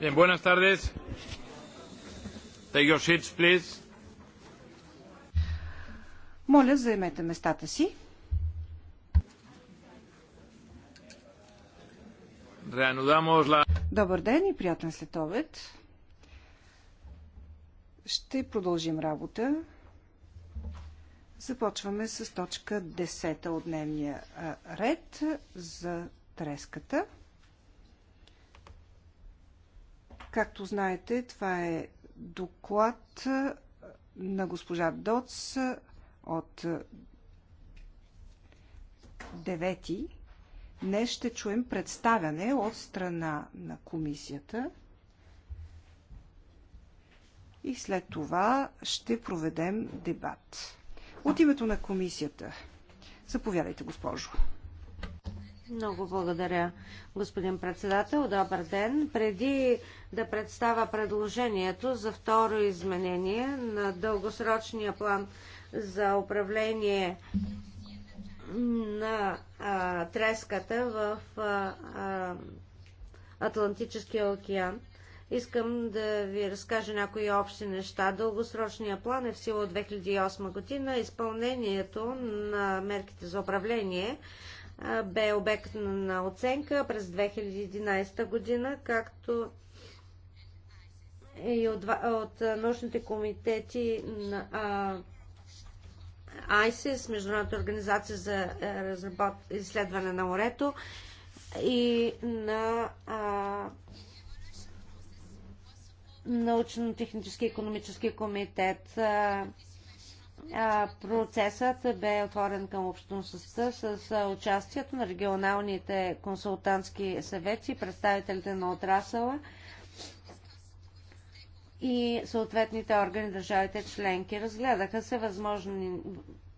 Bien, buenas tardes. Take your seats, please. Моля, заемете местата си. Добър ден и приятен след обед. Ще продължим работа. Започваме с точка 10 от дневния ред за треската. Както знаете, това е доклад на госпожа Доц от 9. Днес ще чуем представяне от страна на комисията и след това ще проведем дебат. От името на комисията. Заповядайте, госпожо. Много благодаря, господин председател. Добър ден. Преди да представя предложението за второ изменение на дългосрочния план за управление на а, треската в а, а, Атлантическия океан, искам да ви разкажа някои общи неща. Дългосрочния план е в сила от 2008 година. Изпълнението на мерките за управление бе обект на оценка през 2011 година, както и от, от научните комитети на ISIS, Международната организация за разработ... изследване на морето и на научно-технически и економически комитет. Процесът бе отворен към общността с участието на регионалните консултантски съвети, представителите на отрасъла и съответните органи държавите членки. Разгледаха се възможни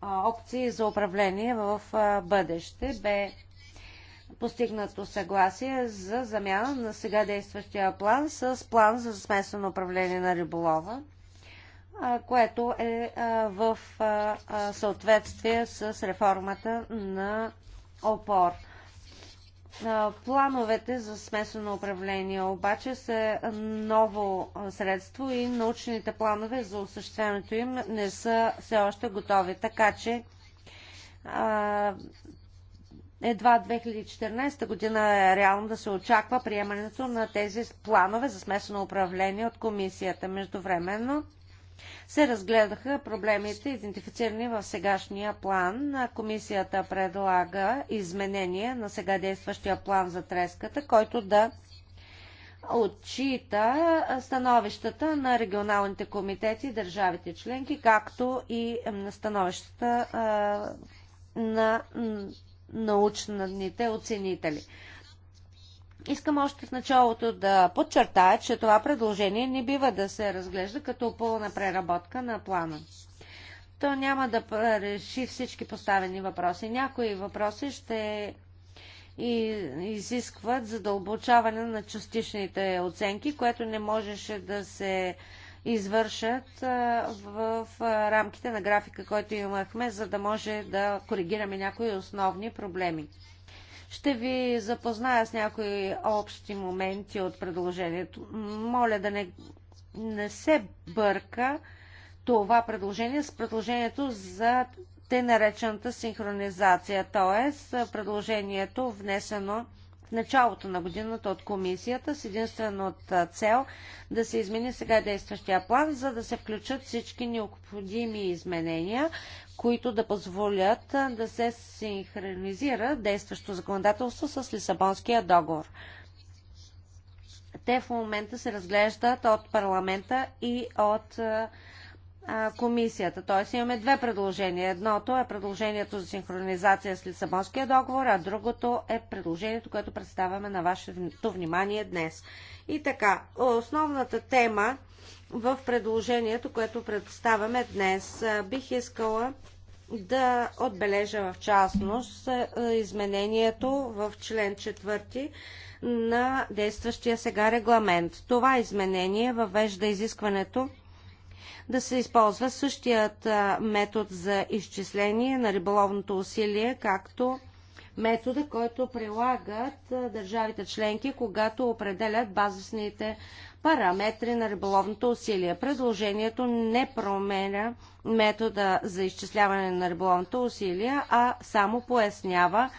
опции за управление в бъдеще. Бе постигнато съгласие за замяна на сега действащия план с план за смесено управление на риболова което е в съответствие с реформата на ОПОР. Плановете за смесено управление обаче са ново средство и научните планове за осъществяването им не са все още готови. Така че едва 2014 година е реално да се очаква приемането на тези планове за смесено управление от комисията. Междувременно се разгледаха проблемите, идентифицирани в сегашния план. Комисията предлага изменение на сега действащия план за треската, който да отчита становищата на регионалните комитети държавите членки, както и становищата на научните оценители. Искам още в началото да подчертая, че това предложение не бива да се разглежда като пълна преработка на плана. То няма да реши всички поставени въпроси. Някои въпроси ще и изискват задълбочаване на частичните оценки, което не можеше да се извършат в рамките на графика, който имахме, за да може да коригираме някои основни проблеми. Ще ви запозная с някои общи моменти от предложението. Моля да не, не се бърка това предложение с предложението за те наречената синхронизация, т.е. предложението внесено в началото на годината от комисията с единствената цел да се измени сега действащия план, за да се включат всички необходими изменения, които да позволят да се синхронизира действащо законодателство с Лисабонския договор. Те в момента се разглеждат от парламента и от комисията. Т.е. имаме две предложения. Едното е предложението за синхронизация с Лисабонския договор, а другото е предложението, което представяме на вашето внимание днес. И така, основната тема в предложението, което представяме днес. Бих искала да отбележа в частност е, изменението в член 4 на действащия сега регламент. Това изменение въвежда изискването да се използва същият е, метод за изчисление на риболовното усилие, както метода, който прилагат е, държавите членки, когато определят базисните параметри на риболовното усилие. Предложението не променя метода за изчисляване на риболовното усилие, а само пояснява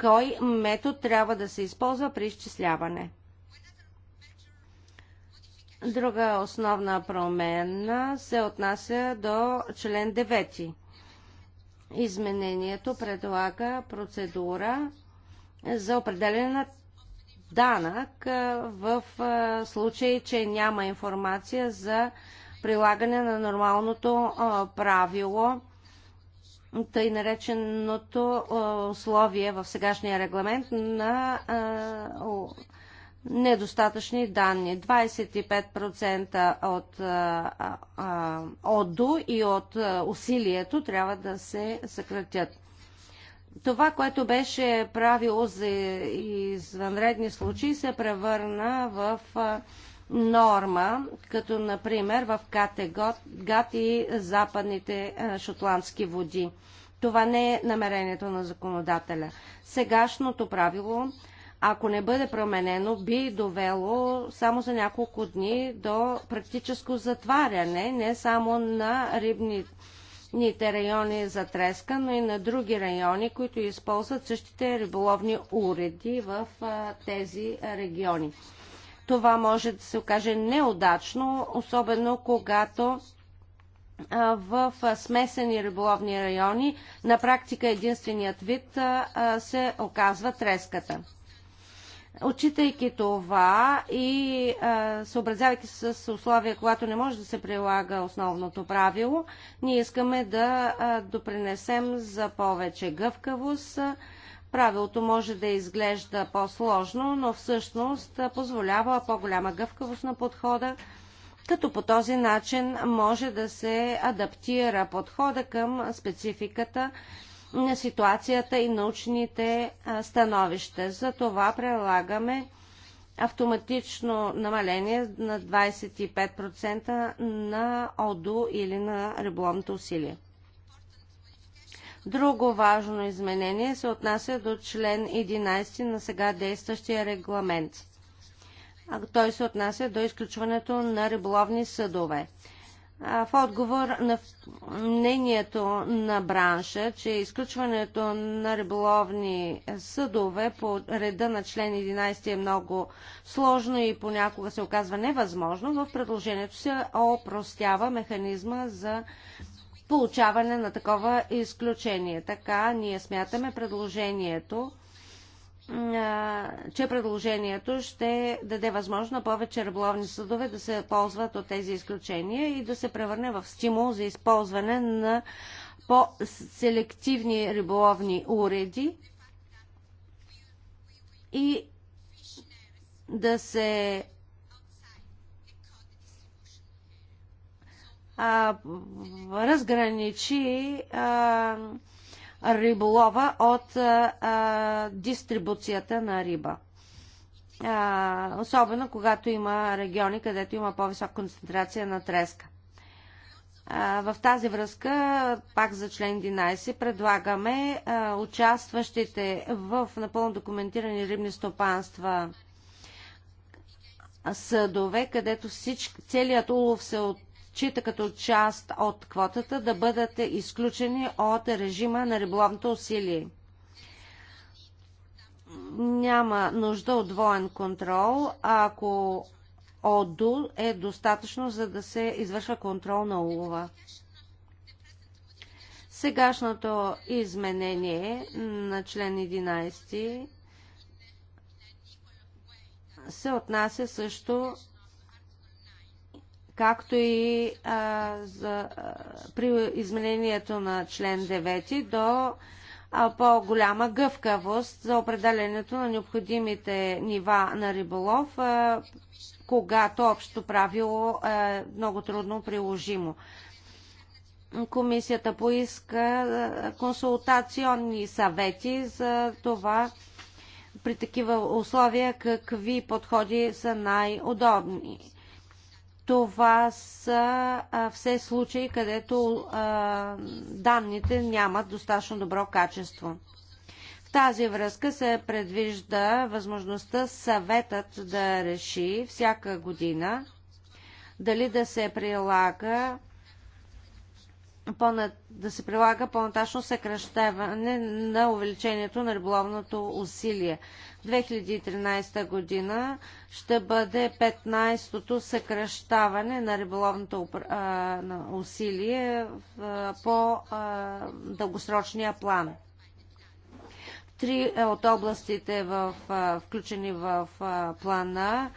кой метод трябва да се използва при изчисляване. Друга основна промена се отнася до член 9. Изменението предлага процедура за определяне на данък в случай, че няма информация за прилагане на нормалното правило, тъй нареченото условие в сегашния регламент на недостатъчни данни. 25% от а, а, ОДО и от а, усилието трябва да се съкратят това, което беше правило за извънредни случаи, се превърна в норма, като например в Категат и западните шотландски води. Това не е намерението на законодателя. Сегашното правило, ако не бъде променено, би довело само за няколко дни до практическо затваряне не само на рибните ните райони за треска, но и на други райони, които използват същите риболовни уреди в а, тези региони. Това може да се окаже неудачно, особено когато в смесени риболовни райони на практика единственият вид се оказва треската. Отчитайки това и а, съобразявайки се с условия, когато не може да се прилага основното правило, ние искаме да а, допринесем за повече гъвкавост. Правилото може да изглежда по-сложно, но всъщност позволява по-голяма гъвкавост на подхода, като по този начин може да се адаптира подхода към спецификата на ситуацията и научните становища. За това прилагаме автоматично намаление на 25% на ОДО или на риболовното усилие. Друго важно изменение се отнася до член 11 на сега действащия регламент. Той се отнася до изключването на риболовни съдове в отговор на мнението на бранша, че изключването на риболовни съдове по реда на член 11 е много сложно и понякога се оказва невъзможно, в предложението се опростява механизма за получаване на такова изключение. Така ние смятаме предложението че предложението ще даде възможно повече риболовни съдове да се ползват от тези изключения и да се превърне в стимул за използване на по-селективни риболовни уреди и да се а, разграничи а, риболова от а, а, дистрибуцията на риба. А, особено когато има региони, където има по-висока концентрация на треска. А, в тази връзка, пак за член 11, предлагаме а, участващите в напълно документирани рибни стопанства съдове, където всички, целият улов се от счита като част от квотата да бъдат изключени от режима на риболовното усилие. Няма нужда от двоен контрол, ако ОДУ е достатъчно, за да се извършва контрол на улова. Сегашното изменение на член 11 се отнася също както и а, за, а, при изменението на член 9 до по-голяма гъвкавост за определенето на необходимите нива на риболов, а, когато общото правило е много трудно приложимо. Комисията поиска консултационни съвети за това при такива условия какви подходи са най-удобни това са а, все случаи, където а, данните нямат достатъчно добро качество. В тази връзка се предвижда възможността съветът да реши всяка година дали да се прилага да се прилага по наташно съкръщаване на увеличението на риболовното усилие. 2013 година ще бъде 15-то съкръщаване на риболовното усилие по дългосрочния план. Три от областите, в, включени в плана,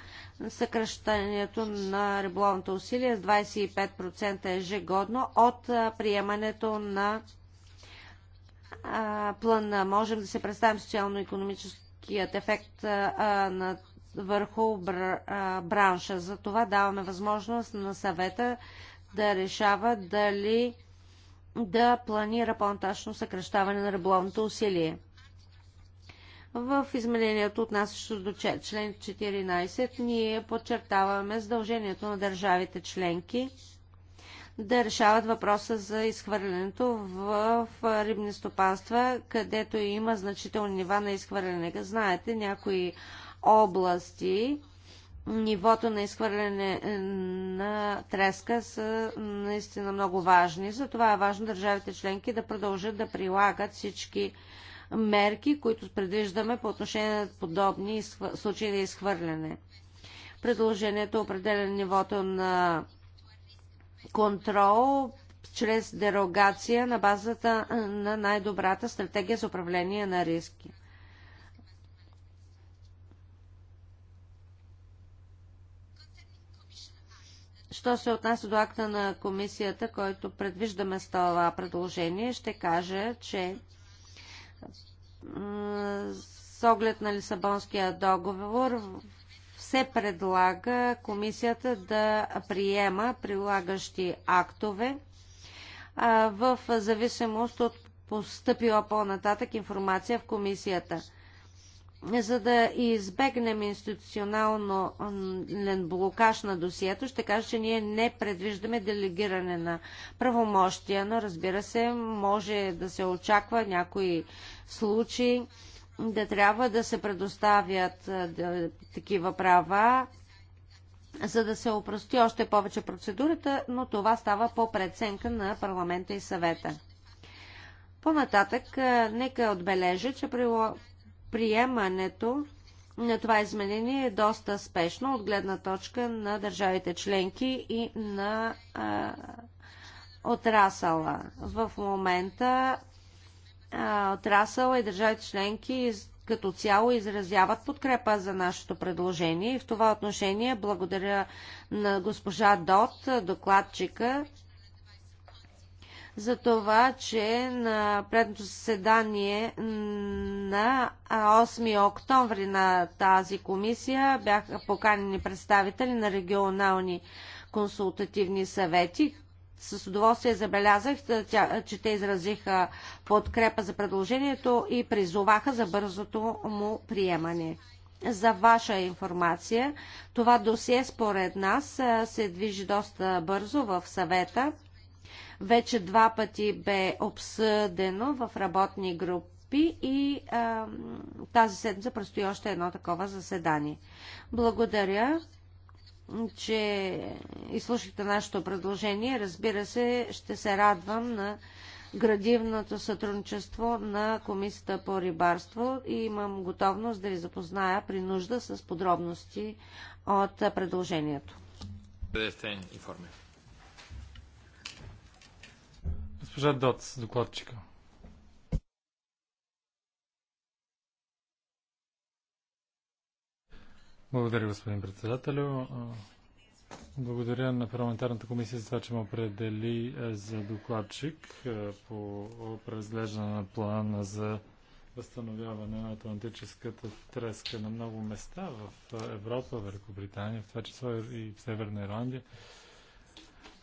съкръщането на риболовното усилие с 25% ежегодно от приемането на плана. Можем да се представим социално-економическото прекият ефект а, на, върху бр, а, бранша. За това даваме възможност на съвета да решава дали да планира по-нататъчно съкрещаване на риболовното усилие. В изменението, отнасящо до член 14, ние подчертаваме задължението на държавите членки – да решават въпроса за изхвърлянето в рибни стопанства, където има значителни нива на изхвърляне. Знаете, някои области нивото на изхвърляне на треска са наистина много важни. Затова е важно държавите членки да продължат да прилагат всички мерки, които предвиждаме по отношение на подобни случаи на изхвърляне. Предложението е определя нивото на контрол чрез дерогация на базата на най-добрата стратегия за управление на риски. Що се отнася до акта на комисията, който предвиждаме с това предложение, ще кажа, че с оглед на Лисабонския договор се предлага комисията да приема прилагащи актове а, в зависимост от постъпила по-нататък информация в комисията. За да избегнем институционално блокаж на досието, ще кажа, че ние не предвиждаме делегиране на правомощия, но разбира се, може да се очаква някои случаи да трябва да се предоставят да, такива права, за да се опрости още повече процедурата, но това става по преценка на парламента и съвета. По-нататък, нека отбележа, че при приемането на това изменение е доста спешно от гледна точка на държавите членки и на а, отрасала. В момента отрасъл и държавите членки като цяло изразяват подкрепа за нашето предложение. И в това отношение благодаря на госпожа Дот, докладчика, за това, че на предното заседание на 8 октомври на тази комисия бяха поканени представители на регионални консултативни съвети, с удоволствие забелязах, че те изразиха подкрепа за предложението и призоваха за бързото му приемане. За ваша информация, това досие според нас се движи доста бързо в съвета. Вече два пъти бе обсъдено в работни групи и а, тази седмица предстои още едно такова заседание. Благодаря че изслушахте нашето предложение. Разбира се, ще се радвам на градивното сътрудничество на Комисията по рибарство и имам готовност да ви запозная при нужда с подробности от предложението. Госпожа Доц, докладчика. Благодаря, господин председателю. Благодаря на парламентарната комисия за това, че ме определи е, за докладчик е, по преразглеждане на плана за възстановяване на атлантическата треска на много места в е, Европа, Великобритания, в това число и в Северна Ирландия.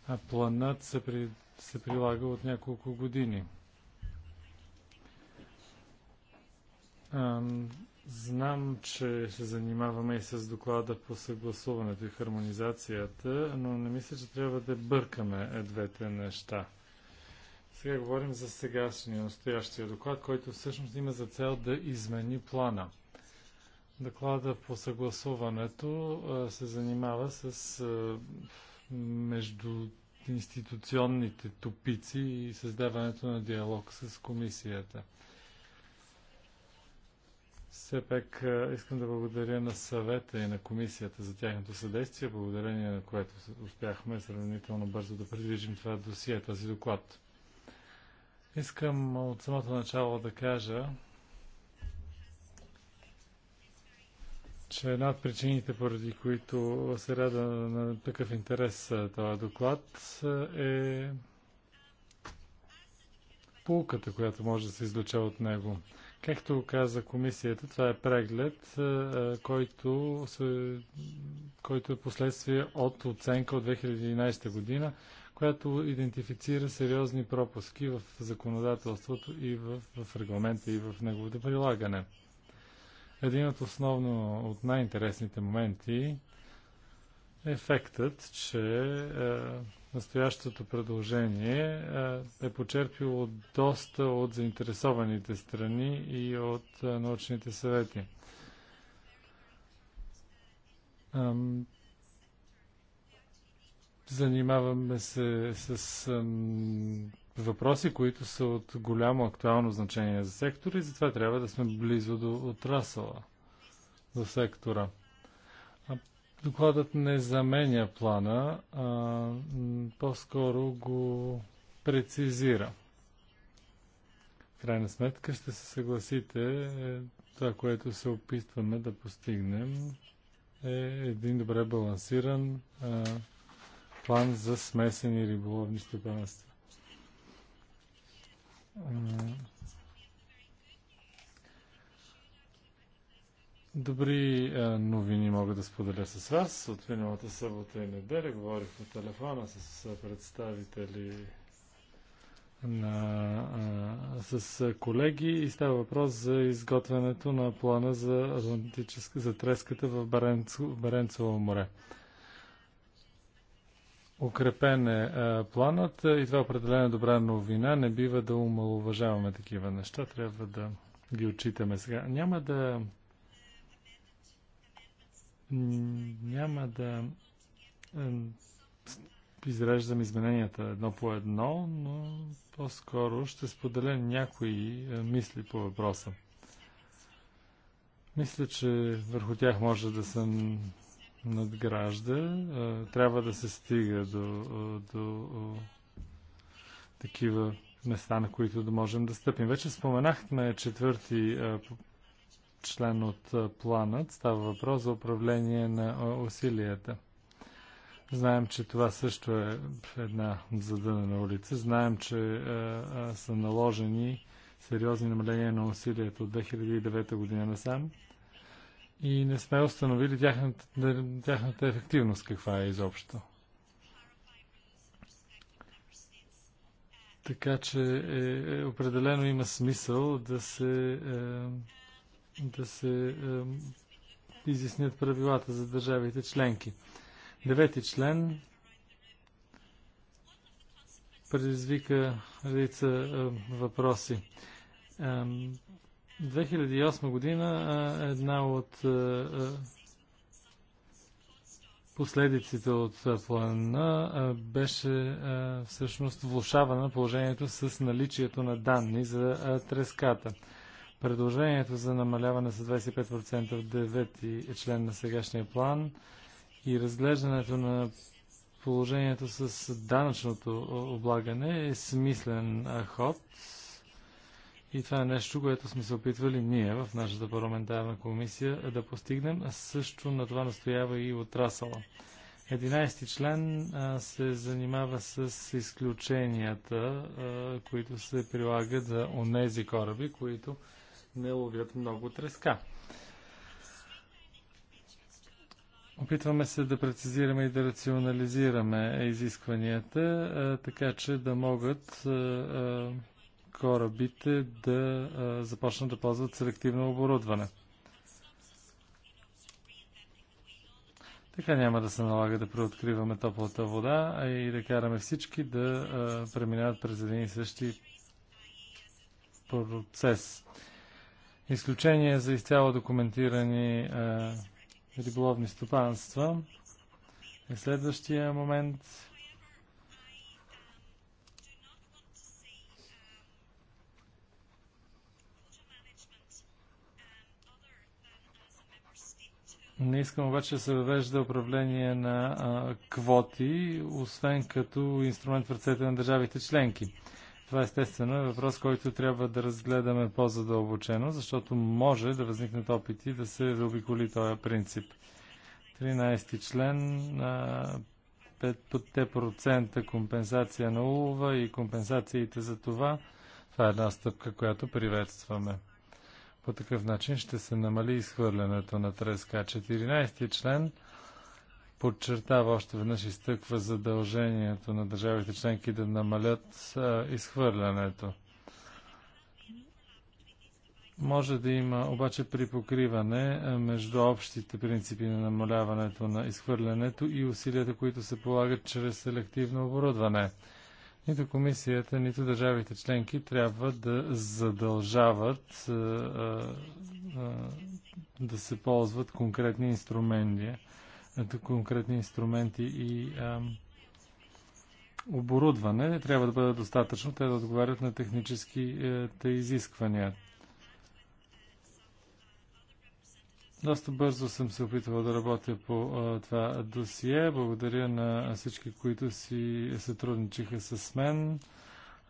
А планът се, при, се прилага от няколко години. Знам, че се занимаваме и с доклада по съгласуването и хармонизацията, но не мисля, че трябва да бъркаме е, двете неща. Сега говорим за сегашния, настоящия доклад, който всъщност има за цел да измени плана. Доклада по съгласуването се занимава с между институционните тупици и създаването на диалог с комисията. Все пак искам да благодаря на съвета и на комисията за тяхното съдействие, благодарение на което успяхме сравнително бързо да придвижим това досие, този доклад. Искам от самото начало да кажа, че една от причините, поради които се рада на такъв интерес този доклад, е полуката, която може да се излуча от него. Както каза комисията, това е преглед, който, се, който е последствие от оценка от 2011 година, която идентифицира сериозни пропуски в законодателството и в, в регламента и в неговото прилагане. Един от основно, от най-интересните моменти ефектът, че е, настоящото предложение е, е почерпило доста от заинтересованите страни и от е, научните съвети. Занимаваме се с въпроси, които са от голямо актуално значение за сектора и затова трябва да сме близо до отрасъла, до сектора. Докладът не заменя плана, а по-скоро го прецизира. В крайна сметка ще се съгласите, е, това, което се опитваме да постигнем е един добре балансиран а, план за смесени риболовни стопанства. Добри е, новини мога да споделя с вас. От миналата събота и неделя говорих по телефона с е, представители на, а, е, с колеги и става въпрос за изготвянето на плана за, за треската в Баренцо, Баренцово море. Укрепен е а, планът и това определено добра новина. Не бива да умалуважаваме такива неща. Трябва да ги отчитаме сега. Няма да няма да изреждам измененията едно по едно, но по-скоро ще споделя някои е, мисли по въпроса. Мисля, че върху тях може да съм надгражда. Е, трябва да се стига до, е, до такива места, на които да можем да стъпим. Вече споменахме четвърти член от планът. Става въпрос за управление на усилията. Знаем, че това също е една задънена улица. Знаем, че а, са наложени сериозни намаления на усилията от 2009 година насам и не сме установили тяхната, тяхната ефективност каква е изобщо. Така че е, е определено има смисъл да се е, да се е, изяснят правилата за държавите членки. Девети член предизвика лица е, въпроси. Е, 2008 година е една от е, е, последиците от плана е, беше е, всъщност влушаване на положението с наличието на данни за треската. Предложението за намаляване с 25% в 9 е член на сегашния план и разглеждането на положението с данъчното облагане е смислен ход. И това е нещо, което сме се опитвали ние в нашата парламентарна комисия да постигнем. Също на това настоява и отрасъла. 11 член а, се занимава с изключенията, а, които се прилагат за онези кораби, които не ловят много треска. Опитваме се да прецизираме и да рационализираме изискванията, така че да могат корабите да започнат да ползват селективно оборудване. Така няма да се налага да преоткриваме топлата вода, а и да караме всички да преминават през един и същи процес изключение за изцяло документирани е, риболовни стопанства е следващия момент. Не искам обаче да се въвежда управление на а, квоти, освен като инструмент в ръцете на държавите членки. Това естествено е въпрос, който трябва да разгледаме по-задълбочено, защото може да възникнат опити да се заобиколи този принцип. 13 член на 5% компенсация на улова и компенсациите за това. Това е една стъпка, която приветстваме. По такъв начин ще се намали изхвърлянето на треска. 14 член подчертава още веднъж изтъква задължението на държавите членки да намалят а, изхвърлянето. Може да има обаче припокриване между общите принципи на намаляването на изхвърлянето и усилията, които се полагат чрез селективно оборудване. Нито комисията, нито държавите членки трябва да задължават а, а, да се ползват конкретни инструменти конкретни инструменти и ам, оборудване трябва да бъдат достатъчно, те да отговарят на техническите е, изисквания. Доста бързо съм се опитвал да работя по а, е, това досие. Благодаря на всички, които си сътрудничиха с мен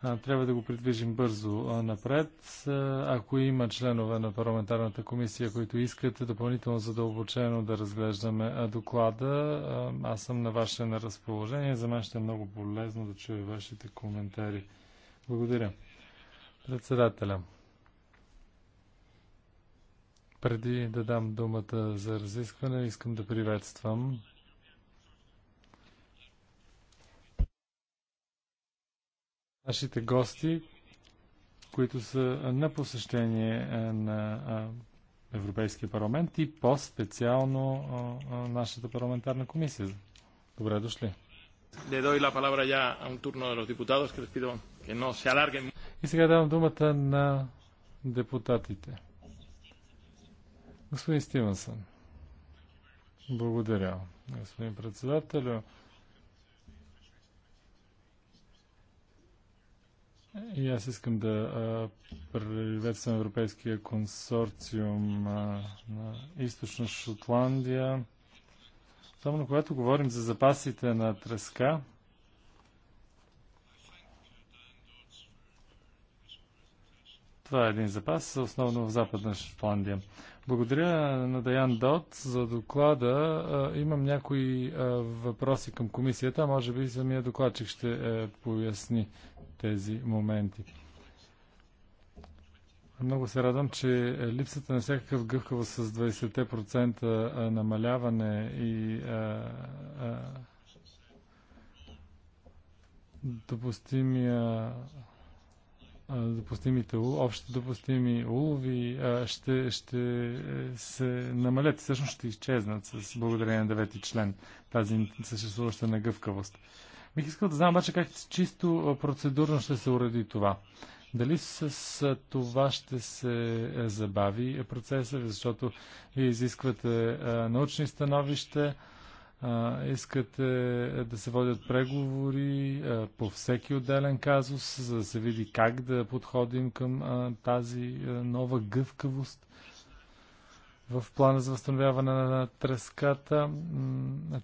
трябва да го придвижим бързо напред. Ако има членове на парламентарната комисия, които искат допълнително задълбочено да разглеждаме доклада, аз съм на ваше на разположение. За мен ще е много полезно да чуя вашите коментари. Благодаря. Председателя. Преди да дам думата за разискване, искам да приветствам нашите гости, които са на посещение на Европейския парламент и по-специално нашата парламентарна комисия. Добре дошли. И сега давам думата на депутатите. Господин Стивенсън. Благодаря, господин председател. И аз искам да приветствам Европейския консорциум а, на Източна Шотландия. на когато говорим за запасите на треска, това е един запас, основно в Западна Шотландия. Благодаря на Даян Дот за доклада. А, имам някои въпроси към комисията, може би самия докладчик ще е, поясни тези моменти. Много се радвам, че липсата на всякакъв гъвкаво с 20% намаляване и а, а, допустимия допустимите, общо допустими улови ще, ще се намалят, всъщност ще изчезнат с благодарение на девети член, тази съществуваща нагъвкавост. гъвкавост. Бих искал да знам обаче как чисто процедурно ще се уреди това. Дали с това ще се е, забави е, процеса, защото вие изисквате е, научни становища, искате да се водят преговори по всеки отделен казус, за да се види как да подходим към тази нова гъвкавост в плана за възстановяване на треската.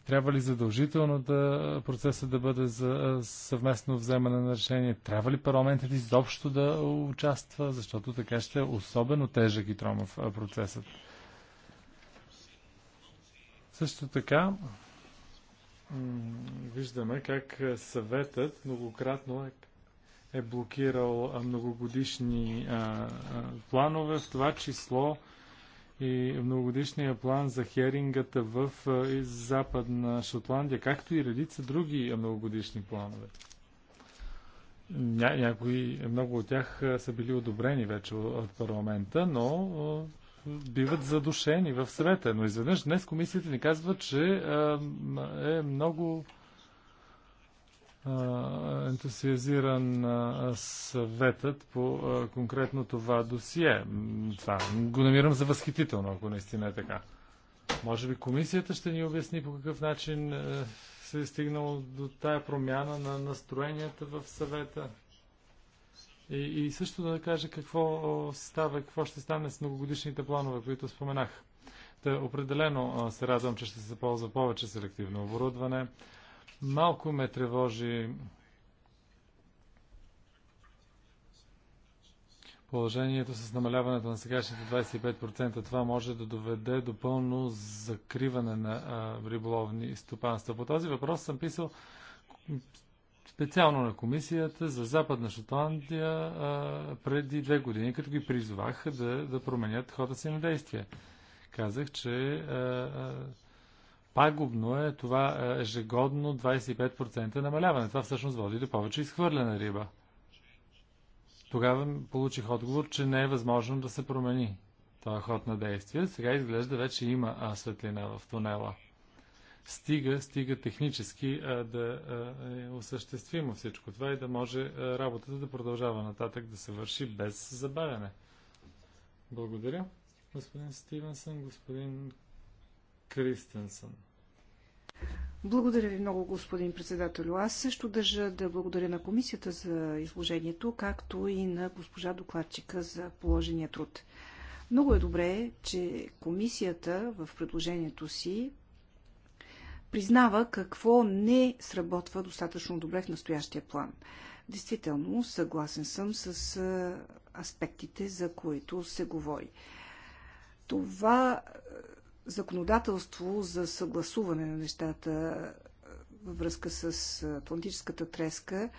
Трябва ли задължително да процесът да бъде за съвместно вземане на решение? Трябва ли парламентът изобщо да участва? Защото така ще е особено тежък и тромав процесът. Също така, виждаме как съветът многократно е е блокирал многогодишни а, а, планове, в това число и многогодишния план за херингата в Западна Шотландия, както и редица други многогодишни планове. Ня, някои, много от тях са били одобрени вече от парламента, но биват задушени в съвета. Но изведнъж днес комисията ни казва, че е много ентусиазиран съветът по конкретно това досие. Това го намирам за възхитително, ако наистина е така. Може би комисията ще ни обясни по какъв начин се е стигнало до тая промяна на настроенията в съвета. И, и също да каже какво става, какво ще стане с многогодишните планове, които споменах. Та, определено се радвам, че ще се ползва повече селективно оборудване Малко ме тревожи положението с намаляването на сегашните 25%. Това може да доведе до пълно закриване на а, риболовни стопанства. По този въпрос съм писал специално на комисията за Западна Шотландия а, преди две години, като ги призовах да, да променят хода си на действие. Казах, че а, а, Пагубно е това е, ежегодно 25% намаляване. Това всъщност води до повече изхвърлена риба. Тогава получих отговор, че не е възможно да се промени това ход на действие. Сега изглежда вече има светлина в тунела. Стига, стига технически а, да а, е осъществимо всичко това и да може а, работата да продължава нататък да се върши без забавяне. Благодаря, господин Стивенсън, господин Кристенсън. Благодаря ви много, господин председател. Аз също държа да благодаря на комисията за изложението, както и на госпожа докладчика за положения труд. Много е добре, че комисията в предложението си признава какво не сработва достатъчно добре в настоящия план. Действително, съгласен съм с аспектите, за които се говори. Това законодателство за съгласуване на нещата във връзка с Атлантическата треска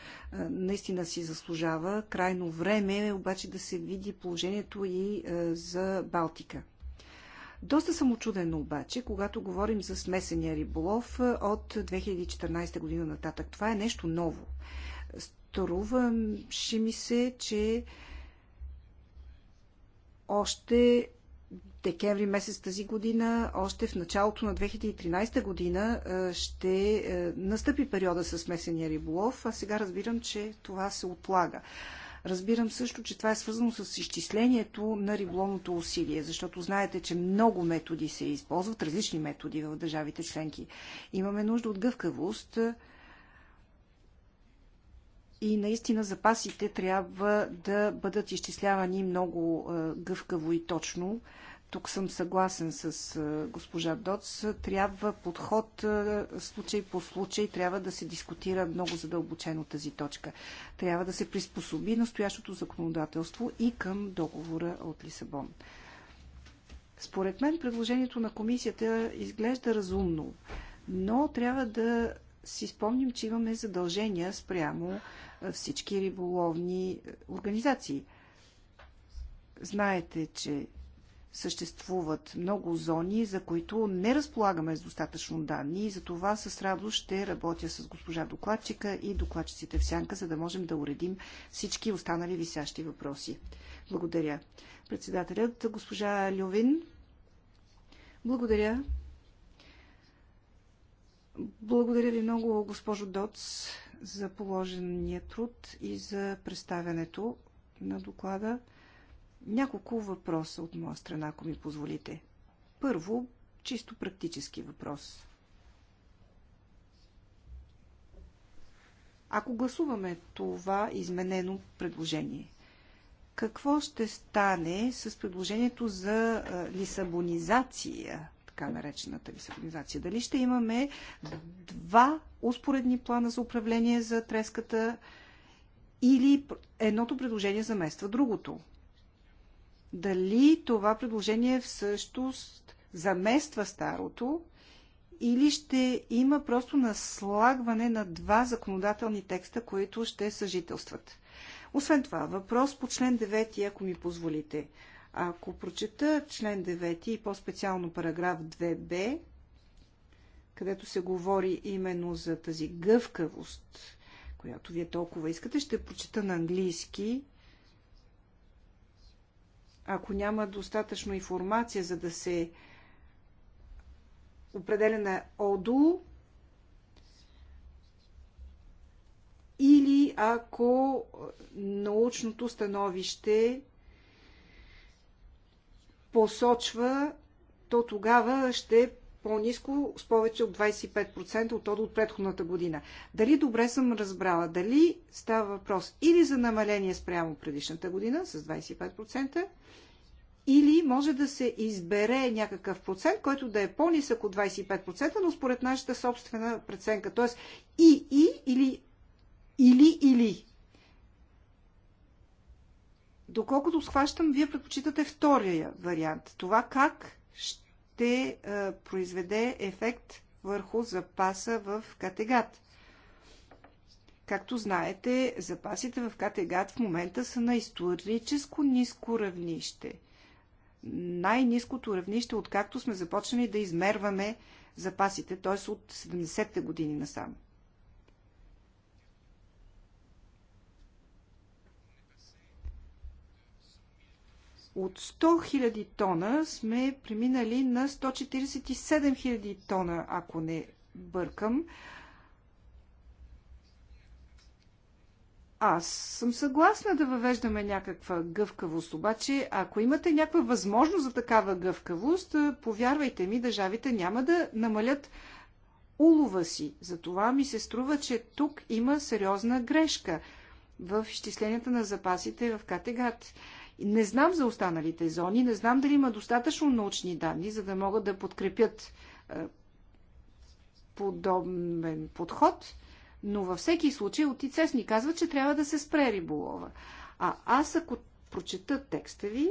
наистина си заслужава. Крайно време е обаче да се види положението и за Балтика. Доста съм очудена обаче, когато говорим за смесения риболов от 2014 година нататък. Това е нещо ново. Струваше ми се, че още декември месец тази година, още в началото на 2013 година е, ще е, настъпи периода с смесения риболов, а сега разбирам, че това се отлага. Разбирам също, че това е свързано с изчислението на риболовното усилие, защото знаете, че много методи се използват, различни методи в държавите членки. Имаме нужда от гъвкавост е, и наистина запасите трябва да бъдат изчислявани много гъвкаво и точно тук съм съгласен с госпожа Доц, трябва подход случай по случай, трябва да се дискутира много задълбочено тази точка. Трябва да се приспособи настоящото законодателство и към договора от Лисабон. Според мен предложението на комисията изглежда разумно, но трябва да си спомним, че имаме задължения спрямо всички риболовни организации. Знаете, че съществуват много зони, за които не разполагаме с достатъчно данни и за това с радост ще работя с госпожа докладчика и докладчиците в сянка, за да можем да уредим всички останали висящи въпроси. Благодаря. Председателят госпожа Лювин. Благодаря. Благодаря ви много, госпожо Доц, за положения труд и за представянето на доклада. Няколко въпроса от моя страна, ако ми позволите. Първо, чисто практически въпрос. Ако гласуваме това изменено предложение, какво ще стане с предложението за лисабонизация, така наречената лисабонизация? Дали ще имаме два успоредни плана за управление за треската или едното предложение замества другото? дали това предложение всъщност замества старото или ще има просто наслагване на два законодателни текста, които ще съжителстват. Освен това, въпрос по член 9, ако ми позволите. Ако прочета член 9 и по-специално параграф 2б, където се говори именно за тази гъвкавост, която вие толкова искате, ще прочета на английски ако няма достатъчно информация, за да се определя на ОДУ, или ако научното становище посочва, то тогава ще по-низко с повече от 25% от от предходната година. Дали добре съм разбрала? Дали става въпрос или за намаление спрямо предишната година с 25%, или може да се избере някакъв процент, който да е по-нисък от 25%, но според нашата собствена преценка. Тоест и, и, или, или, или. Доколкото схващам, вие предпочитате втория вариант. Това как ще ще е, произведе ефект върху запаса в Категат. Както знаете, запасите в Категат в момента са на историческо ниско равнище. Най-низкото равнище, откакто сме започнали да измерваме запасите, т.е. от 70-те години насам. От 100 000 тона сме преминали на 147 000 тона, ако не бъркам. Аз съм съгласна да въвеждаме някаква гъвкавост, обаче ако имате някаква възможност за такава гъвкавост, повярвайте ми, държавите няма да намалят улова си. Затова ми се струва, че тук има сериозна грешка в изчисленията на запасите в Категат. Не знам за останалите зони, не знам дали има достатъчно научни данни, за да могат да подкрепят е, подобен подход, но във всеки случай от ИЦЕС ни казва, че трябва да се спре риболова. А аз ако прочета текста ви,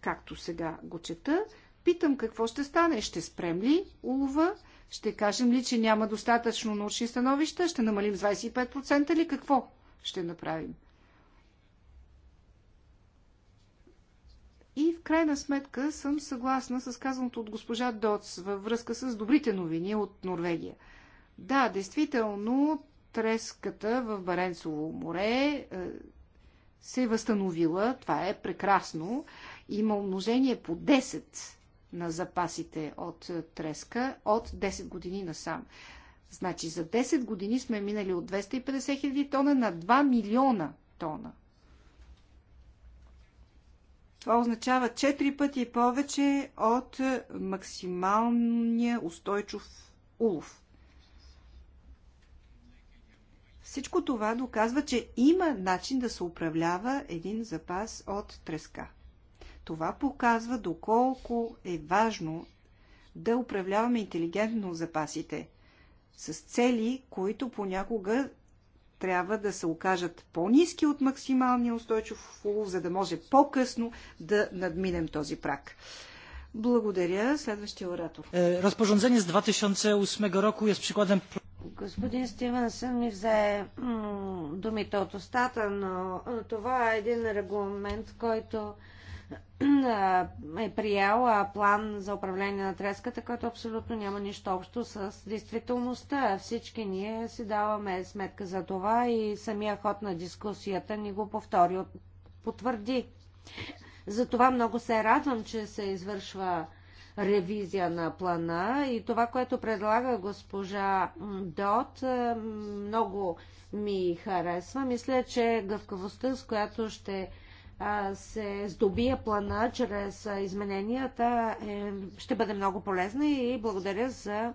както сега го чета, питам какво ще стане. Ще спрем ли улова? Ще кажем ли, че няма достатъчно научни становища? Ще намалим 25% или какво ще направим? И в крайна сметка съм съгласна с казаното от госпожа Доц във връзка с добрите новини от Норвегия. Да, действително, треската в Баренцово море е, се е възстановила. Това е прекрасно. Има умножение по 10 на запасите от е, треска от 10 години насам. Значи за 10 години сме минали от 250 хиляди тона на 2 милиона тона – това означава 4 пъти повече от максималния устойчив улов. Всичко това доказва, че има начин да се управлява един запас от треска. Това показва доколко е важно да управляваме интелигентно запасите, с цели, които понякога трябва да се окажат по-низки от максималния устойчив улов, за да може по-късно да надминем този прак. Благодаря. Следващия оратор. Е, Разпорządzenie с 2008 е с прикладен... Господин Стивенсън ми взе думите от устата, но това е един регламент, който е приел план за управление на треската, който абсолютно няма нищо общо с действителността. Всички ние си даваме сметка за това и самия ход на дискусията ни го повтори, потвърди. Затова много се радвам, че се извършва ревизия на плана и това, което предлага госпожа Дот, е, много ми харесва. Мисля, че гъвкавостта, с която ще се здобия плана чрез измененията, е, ще бъде много полезна и благодаря за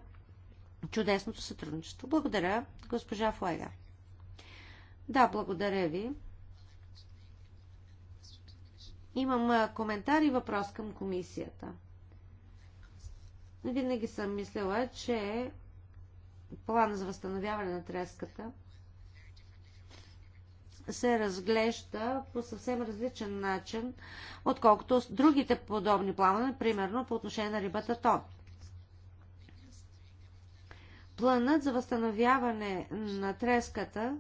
чудесното сътрудничество. Благодаря, госпожа Флайга. Да, благодаря ви. Имам коментар и въпрос към комисията. Винаги съм мислила, че плана за възстановяване на треската – се разглежда по съвсем различен начин, отколкото с другите подобни плаване, примерно по отношение на рибата то. Планът за възстановяване на треската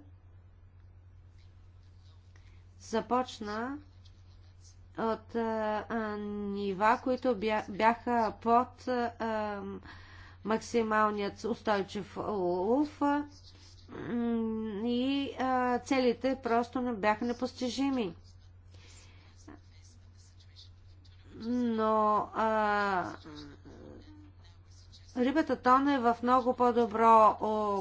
започна от а, а, нива, които бя, бяха под а, максималният устойчив улов и а, целите просто не бяха непостижими. Но а, рибата тон е в много по-добро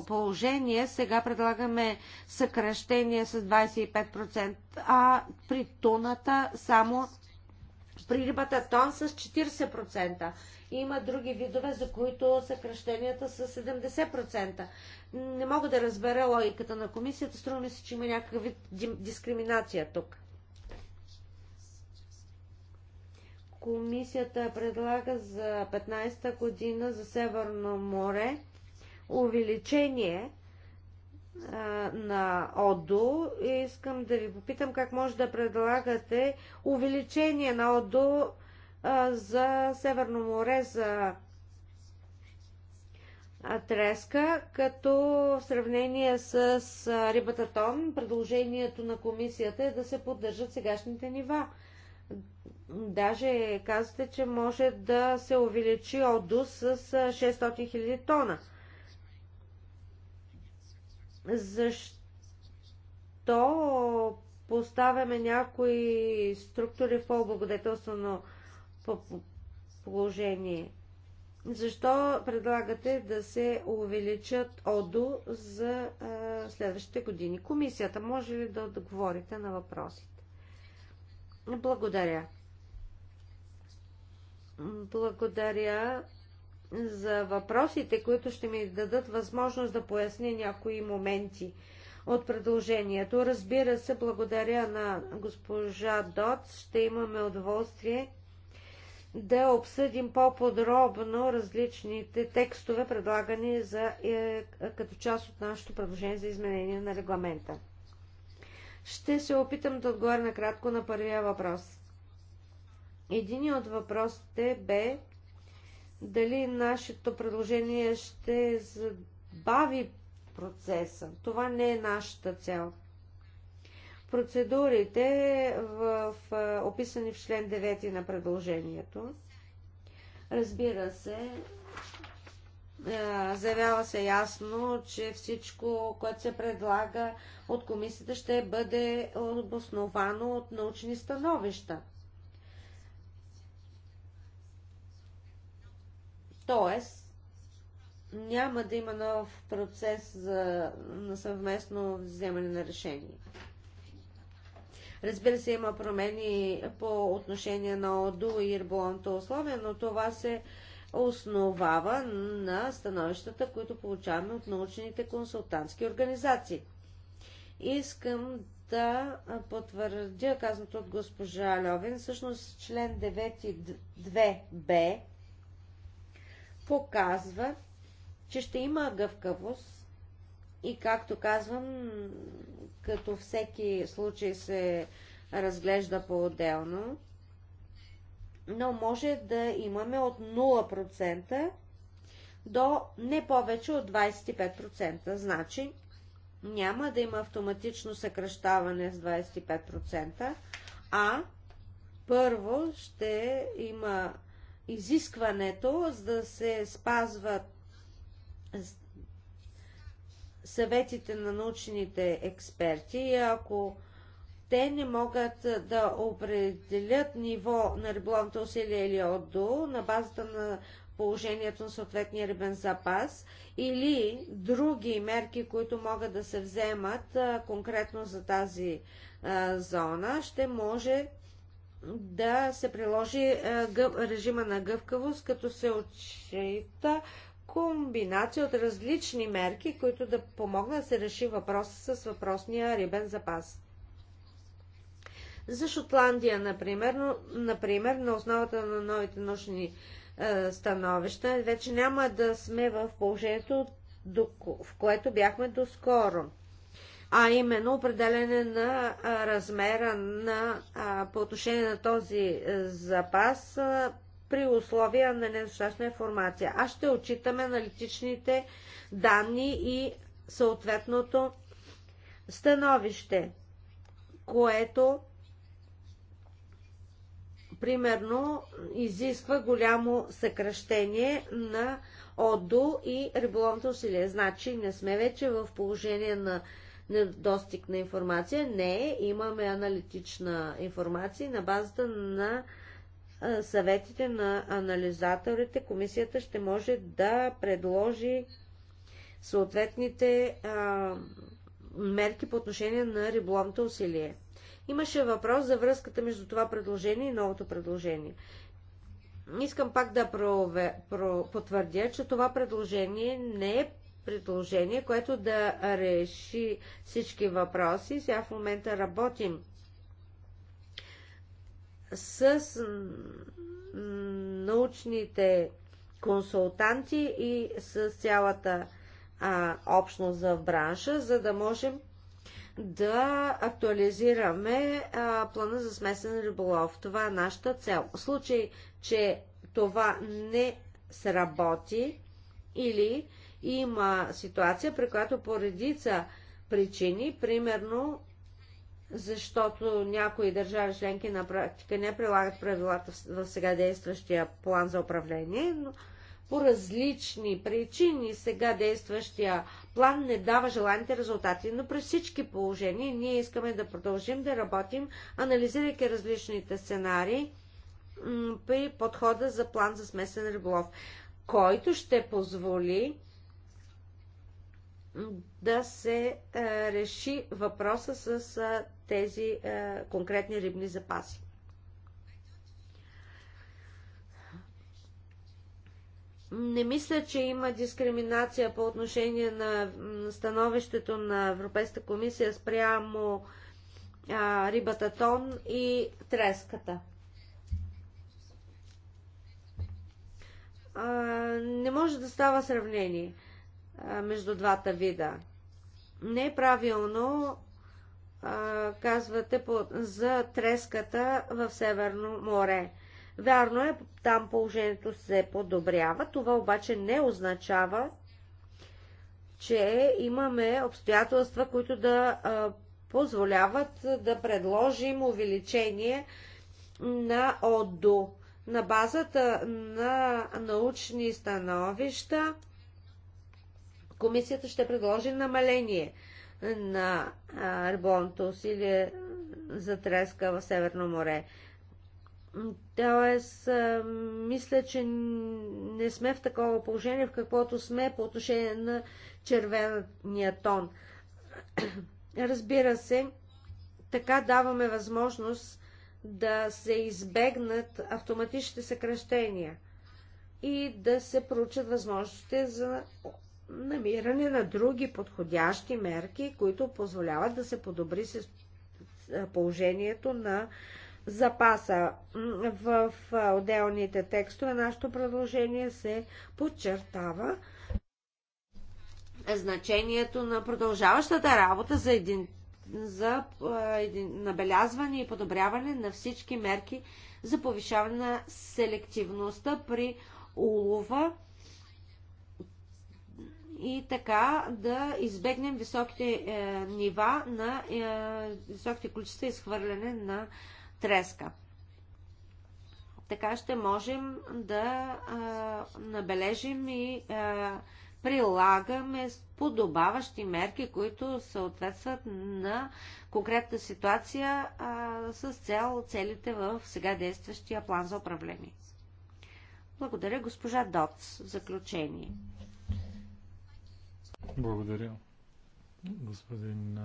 положение. Сега предлагаме съкръщение с 25%, а при туната само рибата тон с 40%. Има други видове, за които съкръщенията са 70%. Не мога да разбера логиката на комисията. Струва ми се, че има някакъв вид дискриминация тук. Комисията предлага за 15-та година за Северно море увеличение на ОДО и искам да ви попитам как може да предлагате увеличение на ОДО за Северно море, за треска, като в сравнение с рибата тон, предложението на комисията е да се поддържат сегашните нива. Даже казвате, че може да се увеличи ОДО с 600 000 тона защо поставяме някои структури в по-облагодетелствено положение. Защо предлагате да се увеличат ОДО за а, следващите години? Комисията може ли да отговорите на въпросите? Благодаря. Благодаря за въпросите, които ще ми дадат възможност да поясня някои моменти от предложението. Разбира се, благодаря на госпожа Дот. Ще имаме удоволствие да обсъдим по-подробно различните текстове, предлагани за, е, като част от нашето предложение за изменение на регламента. Ще се опитам да отговоря накратко на първия въпрос. Един от въпросите бе дали нашето предложение ще забави процеса. Това не е нашата цел. Процедурите в, в описани в член 9 на предложението. Разбира се, заявява се ясно, че всичко, което се предлага от комисията, ще бъде обосновано от научни становища. Тоест, няма да има нов процес за, на съвместно вземане на решение. Разбира се, има промени по отношение на ОДУ и риболовното условие, но това се основава на становищата, които получаваме от научните консултантски организации. Искам да потвърдя казаното от госпожа Льовин. Всъщност член 9.2б показва, че ще има гъвкавост и както казвам, като всеки случай се разглежда по-отделно, но може да имаме от 0% до не повече от 25%. Значи няма да има автоматично съкръщаване с 25%, а първо ще има изискването, за да се спазват съветите на научните експерти и ако те не могат да определят ниво на риболовното усилие или отдо на базата на положението на съответния рибен запас или други мерки, които могат да се вземат конкретно за тази зона, ще може да се приложи е, режима на гъвкавост, като се отчита комбинация от различни мерки, които да помогнат да се реши въпроса с въпросния рибен запас. За Шотландия, например, но, например на основата на новите научни е, становища, вече няма да сме в положението, в което бяхме доскоро а именно определене на размера на, по отношение на този запас при условия на недостатъчна информация. А ще отчитаме аналитичните данни и съответното становище, което примерно изисква голямо съкръщение на ОДО и риболовното усилие. Значи не сме вече в положение на недостиг на информация. Не, имаме аналитична информация на базата на съветите на анализаторите. Комисията ще може да предложи съответните а, мерки по отношение на риболовното усилие. Имаше въпрос за връзката между това предложение и новото предложение. Искам пак да прове, про, потвърдя, че това предложение не е предложение, което да реши всички въпроси. Сега в момента работим с научните консултанти и с цялата а, общност за бранша, за да можем да актуализираме а, плана за смесен риболов. Това е нашата цел. В случай, че това не сработи или има ситуация, при която по редица причини, примерно защото някои държави членки на практика не прилагат правилата в сега действащия план за управление, но по различни причини сега действащия план не дава желаните резултати. Но при всички положения ние искаме да продължим да работим, анализирайки различните сценарии при подхода за план за смесен риболов, който ще позволи да се реши въпроса с тези конкретни рибни запаси. Не мисля, че има дискриминация по отношение на становището на Европейската комисия спрямо рибата тон и треската. А, не може да става сравнение. А, между двата вида. Неправилно правилно, казвате за треската в Северно море. Вярно е, там положението се подобрява, това обаче не означава, че имаме обстоятелства, които да позволяват да предложим увеличение на ОДО на базата на научни становища комисията ще предложи намаление на риболното усилие за треска в Северно море. Тоест, мисля, че не сме в такова положение, в каквото сме по отношение на червения тон. Разбира се, така даваме възможност да се избегнат автоматичните съкръщения и да се проучат възможностите за намиране на други подходящи мерки, които позволяват да се подобри с положението на запаса. В отделните текстове нашето предложение се подчертава значението на продължаващата работа за, един, за един, набелязване и подобряване на всички мерки за повишаване на селективността при улова и така да избегнем високите е, нива на е, високите количества изхвърляне на треска. Така ще можем да е, набележим и е, прилагаме подобаващи мерки, които съответстват на конкретна ситуация е, с цел целите в сега действащия план за управление. Благодаря, госпожа Доц, в заключение. Благодаря, господин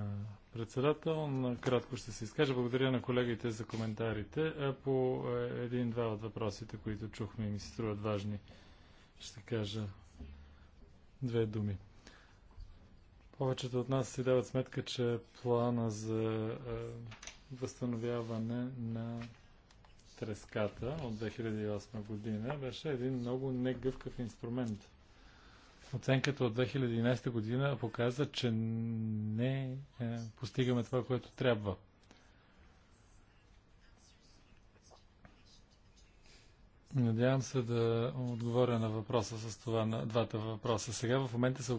председател. Накратко ще се изкажа. Благодаря на колегите за коментарите. По един-два от въпросите, които чухме и ми се струват важни, ще кажа две думи. Повечето от нас си дават сметка, че плана за възстановяване на треската от 2008 година беше един много негъвкав инструмент – Оценката от 2011 година показа, че не е, постигаме това, което трябва. Надявам се да отговоря на въпроса с това, на двата въпроса. Сега в момента се,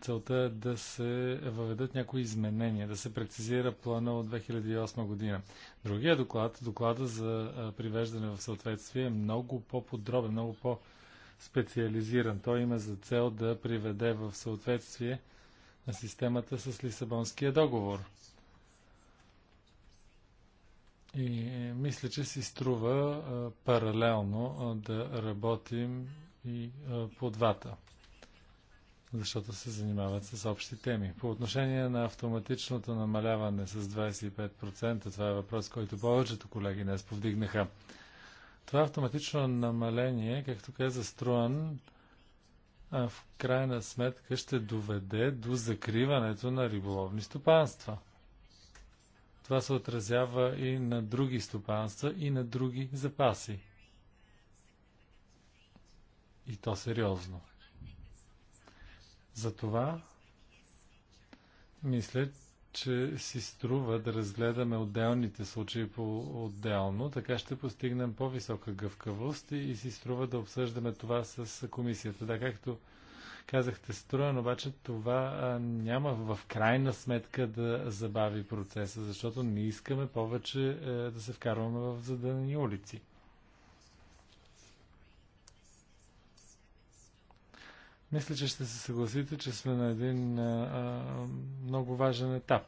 целта е да се въведат някои изменения, да се прецизира плана от 2008 година. Другия доклад, доклада за привеждане в съответствие, е много по-подробен, много по-подробен специализиран. Той има за цел да приведе в съответствие на системата с Лисабонския договор. И мисля, че си струва а, паралелно а, да работим и а, по двата, защото се занимават с общи теми. По отношение на автоматичното намаляване с 25%, това е въпрос, който повечето колеги днес повдигнаха. Това е автоматично намаление, както каза Струан, в крайна сметка ще доведе до закриването на риболовни стопанства. Това се отразява и на други стопанства и на други запаси. И то сериозно. Затова мисля, че си струва да разгледаме отделните случаи по-отделно, така ще постигнем по-висока гъвкавост и, и си струва да обсъждаме това с комисията. Да, както казахте, но обаче това а, няма в крайна сметка да забави процеса, защото не искаме повече е, да се вкарваме в задънени улици. Мисля, че ще се съгласите, че сме на един а, а, много важен етап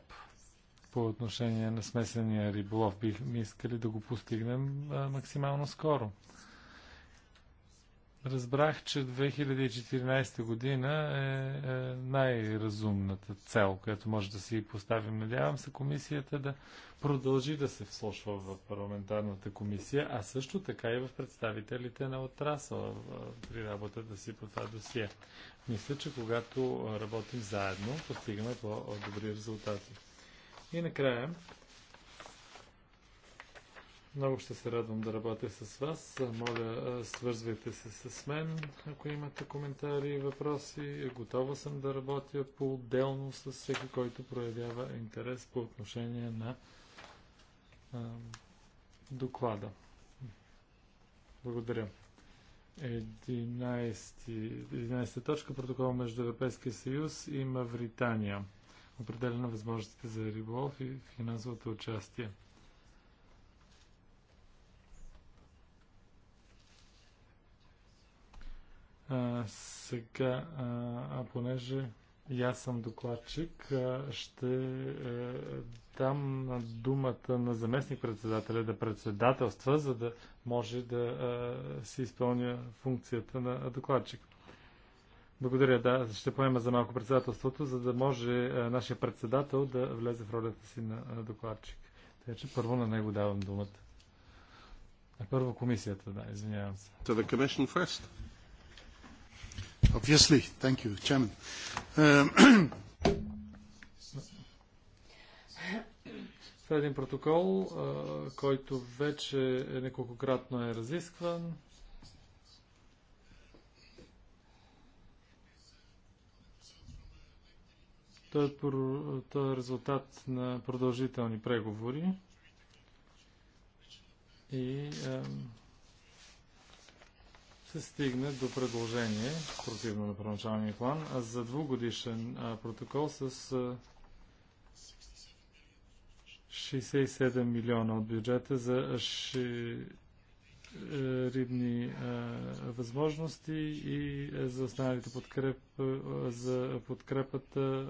по отношение на смесения риболов. Бихме искали да го постигнем а, максимално скоро. Разбрах, че 2014 година е, е, най-разумната цел, която може да си поставим. Надявам се комисията да продължи да се вслушва в парламентарната комисия, а също така и в представителите на отрасъла при работата си по това досие. Мисля, че когато работим заедно, постигаме по-добри резултати. И накрая, много ще се радвам да работя с вас. Моля, свързвайте се с мен, ако имате коментари и въпроси. Готова съм да работя по-отделно с всеки, който проявява интерес по отношение на а, доклада. Благодаря. 11, та точка протокол между Европейския съюз и Мавритания. Определена възможностите за риболов и финансовото участие. А, сега, а, понеже и аз съм докладчик, а, ще е, дам думата на заместник-председателя да председателства, за да може да а, си изпълня функцията на докладчик. Благодаря, да. Ще поема за малко председателството, за да може а, нашия председател да влезе в ролята си на а, докладчик. Така че първо на него давам думата. А първо комисията, да, извинявам се. To the commission first. Obviously. Thank you, Chairman. Um, е протокол, който вече е неколкократно е разискван. Той е, той е резултат на продължителни преговори и е, се стигне до предложение, противно на първоначалния план, за двугодишен протокол с 67 милиона от бюджета за ши... Е, рибни възможности и е, за останалите подкреп, е, за подкрепата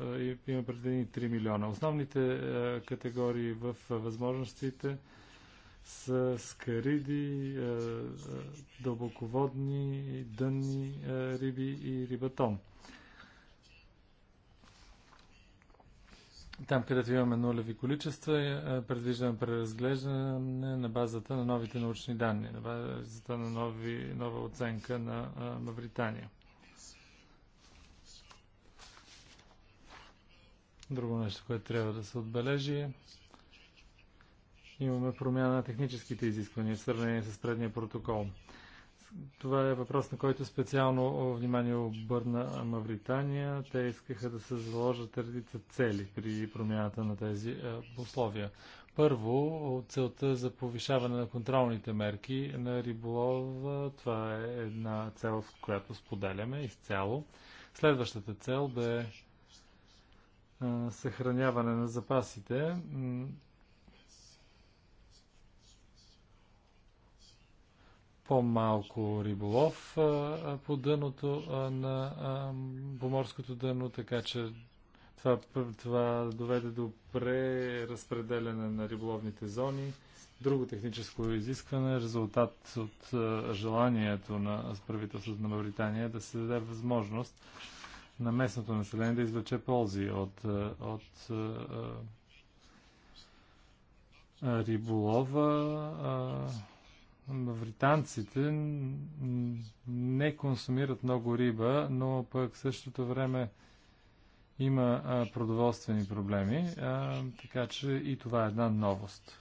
има предвидени 3 милиона. Основните категории в възможностите с скариди, е, е, дълбоководни, дънни е, риби и рибатон. Там, където имаме нулеви количества, предвиждаме преразглеждане на базата на новите научни данни, на базата на нови, нова оценка на Мавритания. Друго нещо, което трябва да се отбележи е, имаме промяна на техническите изисквания в сравнение с предния протокол. Това е въпрос, на който специално внимание обърна Мавритания. Те искаха да се заложат редица цели при промяната на тези е, условия. Първо, целта за повишаване на контролните мерки на риболова, това е една цел, която споделяме изцяло. Следващата цел бе е, съхраняване на запасите. по-малко риболов по дъното на поморското дъно, така че това, това доведе до преразпределяне на риболовните зони. Друго техническо изискване е резултат от желанието на правителството на Мавритания да се даде възможност на местното население да извлече ползи от, от риболова мавританците не консумират много риба, но пък в същото време има продоволствени проблеми, така че и това е една новост.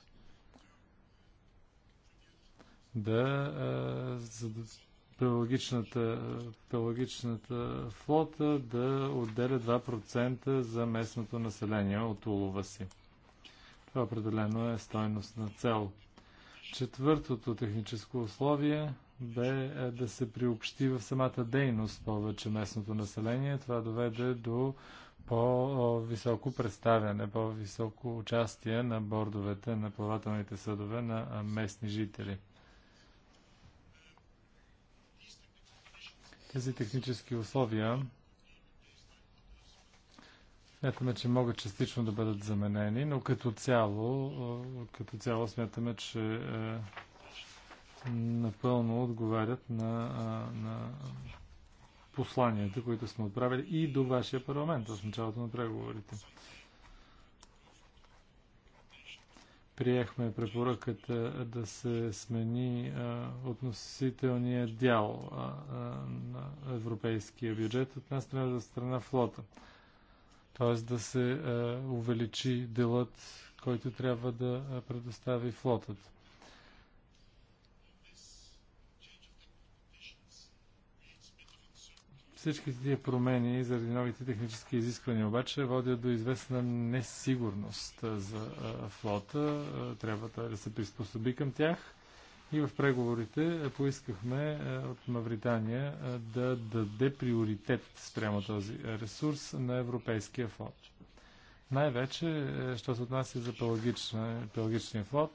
Да, за да пелагичната, пелагичната флота да отделя 2% за местното население от улова си. Това определено е стойност на цел Четвъртото техническо условие бе е, да се приобщи в самата дейност повече местното население. Това доведе до по-високо представяне, по-високо участие на бордовете на плавателните съдове на местни жители. Тези технически условия Смятаме, че могат частично да бъдат заменени, но като цяло, като цяло смятаме, че е, напълно отговарят на, на посланията, които сме отправили и до вашия парламент в началото на преговорите. Приехме препоръката да се смени а, относителния дял а, а, на европейския бюджет от една страна за страна флота т.е. да се е, увеличи делът, който трябва да е, предостави флотът. Всички тия промени заради новите технически изисквания обаче водят до известна несигурност е, за флота. Трябва да се приспособи към тях и в преговорите е, поискахме е, от Мавритания е, да даде приоритет спрямо този ресурс на Европейския флот. Най-вече, що се отнася за пелагичния флот,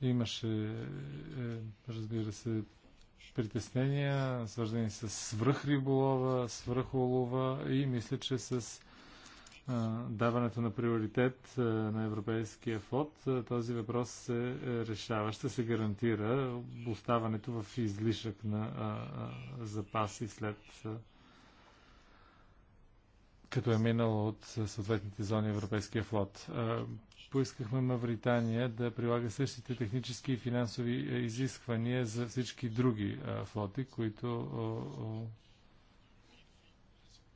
имаше, разбира се, притеснения, свързани с свръхриболова, свръхолова и мисля, че с даването на приоритет на Европейския флот, този въпрос се е, решава. Ще се гарантира оставането в излишък на запаси след като е минал от съответните зони Европейския флот. Поискахме Мавритания да прилага същите технически и финансови изисквания за всички други флоти, които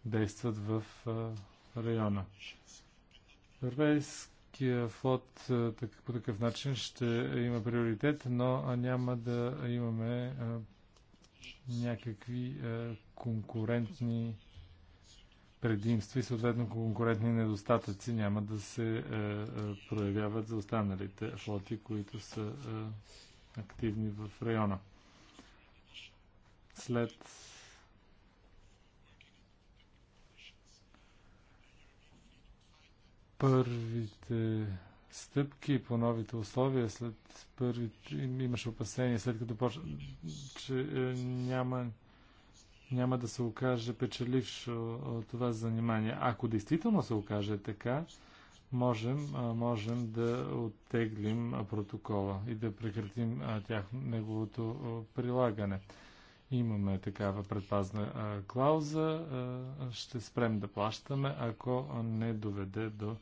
действат в района. Европейския флот е, по такъв начин ще има приоритет, но няма да имаме е, някакви е, конкурентни предимства и съответно конкурентни недостатъци няма да се проявяват за останалите флоти, които са активни в района. След първите стъпки по новите условия, след първите, имаше опасение, след като почна, че е, няма, няма да се окаже печеливш от е, това занимание. Ако действително се окаже така, можем, е, можем да оттеглим е, протокола и да прекратим тях, неговото прилагане. Имаме такава предпазна клауза. Ще спрем да плащаме, ако не доведе до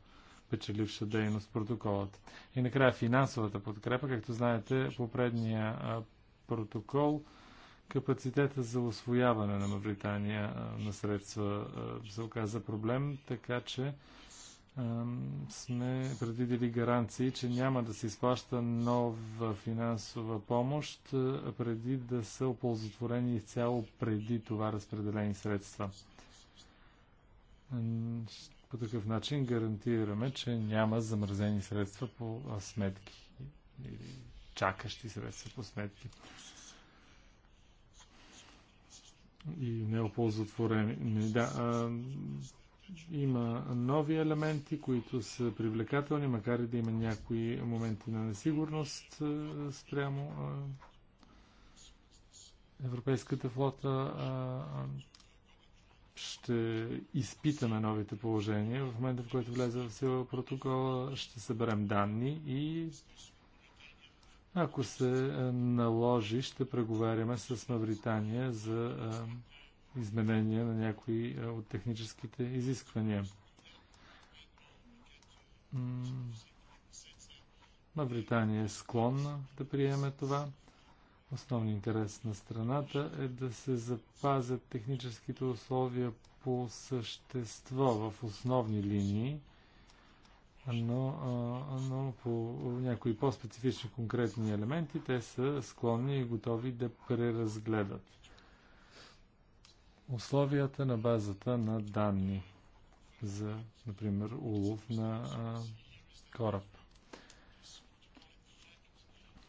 печеливша дейност протоколът. И накрая финансовата подкрепа, както знаете, по предния протокол капацитета за освояване на Мавритания на средства се оказа проблем, така че сме предвидели гаранции, че няма да се изплаща нова финансова помощ преди да са оползотворени изцяло преди това разпределени средства. Ще по такъв начин гарантираме, че няма замразени средства по сметки или чакащи средства по сметки и неоползотворени. Да, а, има нови елементи, които са привлекателни, макар и да има някои моменти на несигурност а, спрямо а, европейската флота. А, ще изпитаме новите положения. В момента, в който влезе в сила протокола, ще съберем данни и ако се е, наложи, ще преговаряме с Мавритания за е, изменение на някои е, от техническите изисквания. Мавритания е склонна да приеме това. Основния интерес на страната е да се запазят техническите условия по същество в основни линии, но, но по някои по-специфични конкретни елементи те са склонни и готови да преразгледат условията на базата на данни за, например, улов на а, кораб.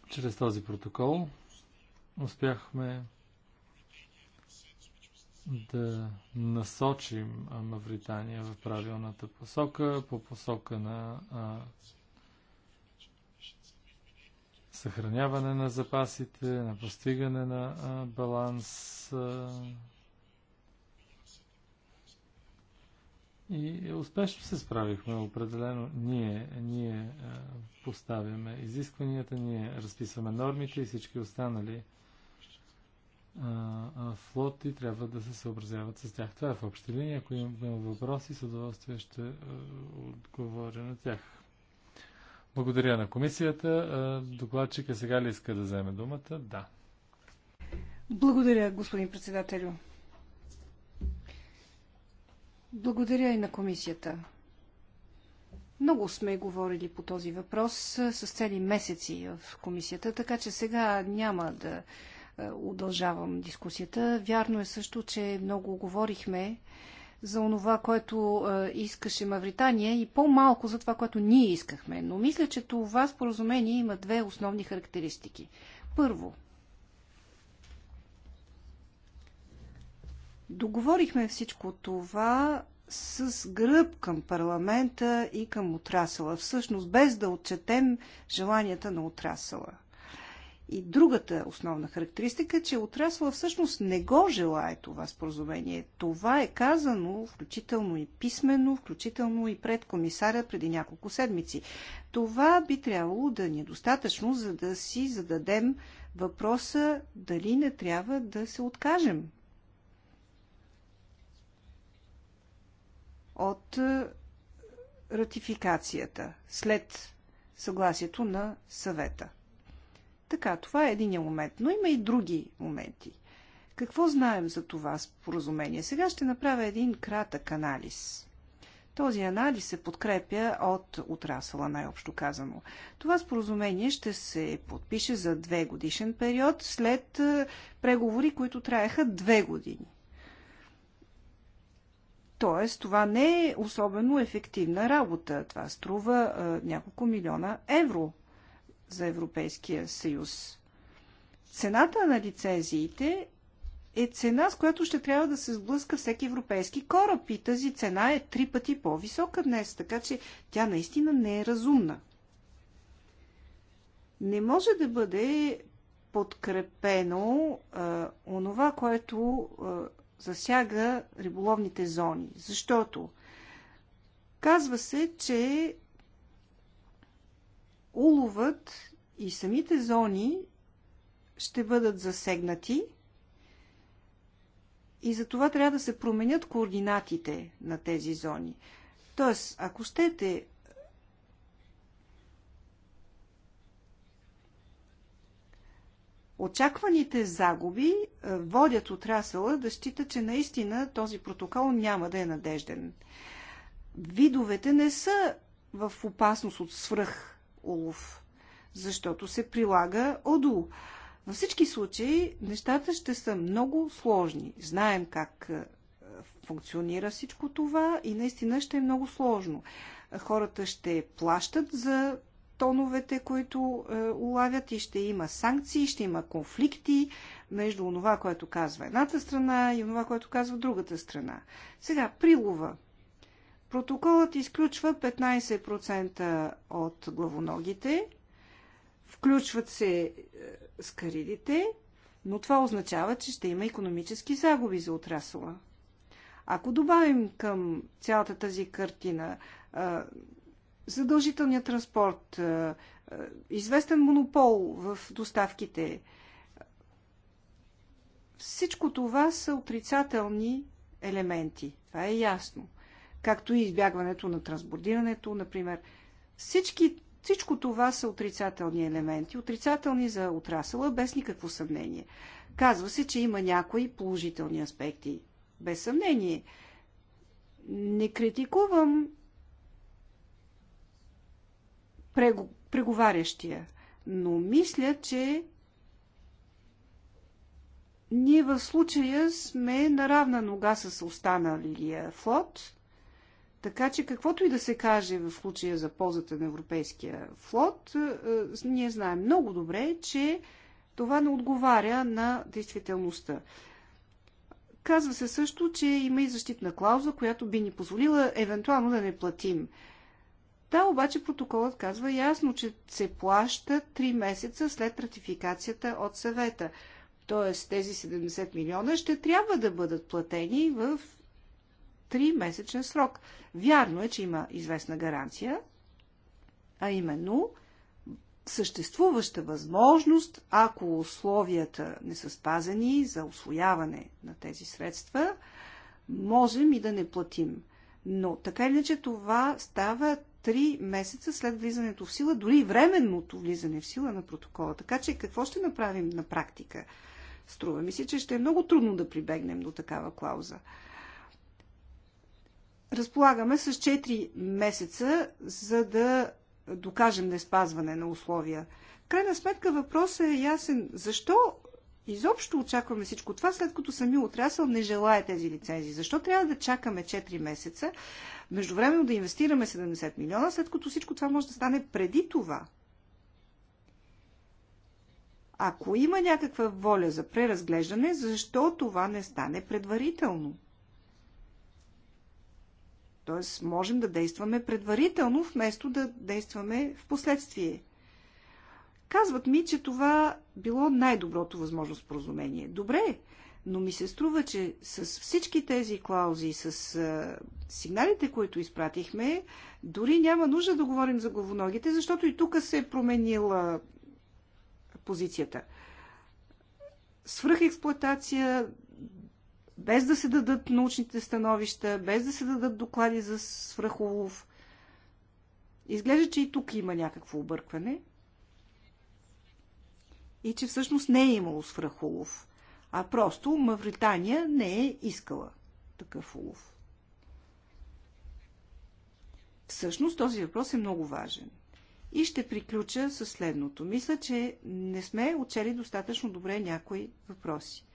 Чрез този протокол успяхме да насочим Мавритания в правилната посока, по посока на а, съхраняване на запасите, на постигане на а, баланс. А, и успешно се справихме, определено. Ние, ние а, поставяме изискванията, ние разписваме нормите и всички останали флот и трябва да се съобразяват с тях. Това е в общи линии. Ако има въпроси, с удоволствие ще отговоря на тях. Благодаря на комисията. Докладчика сега ли иска да вземе думата? Да. Благодаря, господин председателю. Благодаря и на комисията. Много сме говорили по този въпрос с цели месеци в комисията, така че сега няма да е, удължавам дискусията. Вярно е също, че много говорихме за онова, което е, искаше Мавритания и по-малко за това, което ние искахме. Но мисля, че това споразумение има две основни характеристики. Първо, договорихме всичко това с гръб към парламента и към отрасъла, всъщност без да отчетем желанията на отрасъла. И другата основна характеристика е, че отрасла всъщност не го желая това споразумение. Това е казано включително и писменно, включително и пред комисаря преди няколко седмици. Това би трябвало да ни е достатъчно, за да си зададем въпроса дали не трябва да се откажем от е, ратификацията след съгласието на съвета. Така, това е един момент, но има и други моменти. Какво знаем за това споразумение? Сега ще направя един кратък анализ. Този анализ се подкрепя от отрасъла, най-общо казано. Това споразумение ще се подпише за две годишен период след е, преговори, които траеха две години. Тоест, това не е особено ефективна работа. Това струва е, няколко милиона евро за Европейския съюз. Цената на лицензиите е цена, с която ще трябва да се сблъска всеки европейски кораб. И тази цена е три пъти по-висока днес, така че тя наистина не е разумна. Не може да бъде подкрепено а, онова, което а, засяга риболовните зони. Защото казва се, че уловът и самите зони ще бъдат засегнати и за това трябва да се променят координатите на тези зони. Тоест, ако щете, Очакваните загуби е, водят отрасъла да счита, че наистина този протокол няма да е надежден. Видовете не са в опасност от свръх улов, защото се прилага ОДУ. Във всички случаи нещата ще са много сложни. Знаем как е, функционира всичко това и наистина ще е много сложно. Хората ще плащат за тоновете, които е, улавят и ще има санкции, ще има конфликти между това, което казва едната страна и това, което казва другата страна. Сега, прилова. Протоколът изключва 15% от главоногите, включват се е, скаридите, но това означава, че ще има економически загуби за отрасъла. Ако добавим към цялата тази картина е, задължителният транспорт, е, известен монопол в доставките, всичко това са отрицателни елементи. Това е ясно – както и избягването на трансбордирането, например. Всички, всичко това са отрицателни елементи, отрицателни за отрасъла, без никакво съмнение. Казва се, че има някои положителни аспекти. Без съмнение. Не критикувам преговарящия, но мисля, че ние в случая сме на равна нога с останалия флот така че каквото и да се каже в случая за ползата на европейския флот, е, ние знаем много добре, че това не отговаря на действителността. Казва се също, че има и защитна клауза, която би ни позволила евентуално да не платим. Да, обаче протоколът казва ясно, че се плаща 3 месеца след ратификацията от съвета. Тоест тези 70 милиона ще трябва да бъдат платени в 3-месечен срок. Вярно е, че има известна гаранция, а именно съществуваща възможност, ако условията не са спазени за освояване на тези средства, можем и да не платим. Но така или иначе това става 3 месеца след влизането в сила, дори временното влизане в сила на протокола. Така че какво ще направим на практика? Струва ми се, че ще е много трудно да прибегнем до такава клауза. Разполагаме с 4 месеца, за да докажем неспазване на условия. В крайна сметка въпросът е ясен. Защо изобщо очакваме всичко това, след като сами отрасъл не желая тези лицензии? Защо трябва да чакаме 4 месеца, междувременно да инвестираме 70 милиона, след като всичко това може да стане преди това? Ако има някаква воля за преразглеждане, защо това не стане предварително? Тоест, можем да действаме предварително, вместо да действаме в последствие. Казват ми, че това било най-доброто възможно споразумение. Добре, но ми се струва, че с всички тези клаузи, с а, сигналите, които изпратихме, дори няма нужда да говорим за главоногите, защото и тук се е променила позицията. Свръхексплуатация, без да се дадат научните становища, без да се дадат доклади за свръхолов. Изглежда, че и тук има някакво объркване и че всъщност не е имало свръхолов, а просто Мавритания не е искала такъв улов. Всъщност този въпрос е много важен. И ще приключа със следното. Мисля, че не сме отчели достатъчно добре някои въпроси.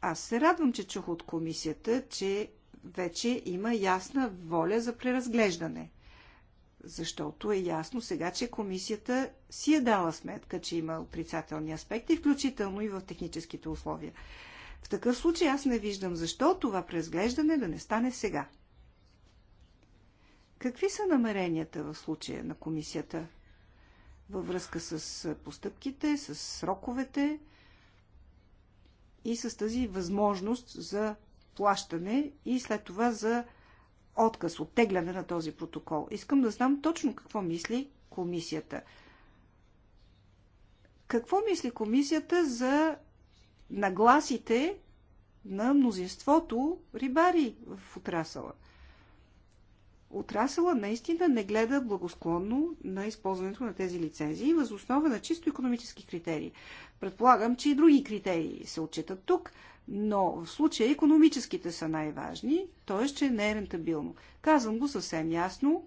Аз се радвам, че чух от комисията, че вече има ясна воля за преразглеждане. Защото е ясно сега, че комисията си е дала сметка, че има отрицателни аспекти, включително и в техническите условия. В такъв случай аз не виждам защо това преразглеждане да не стане сега. Какви са намеренията в случая на комисията във връзка с постъпките, с сроковете? и с тази възможност за плащане и след това за отказ, оттегляне на този протокол. Искам да знам точно какво мисли комисията. Какво мисли комисията за нагласите на мнозинството рибари в отрасъла? отрасъла наистина не гледа благосклонно на използването на тези лицензии въз основа на чисто економически критерии. Предполагам, че и други критерии се отчитат тук, но в случая економическите са най-важни, т.е. че не е рентабилно. Казвам го съвсем ясно.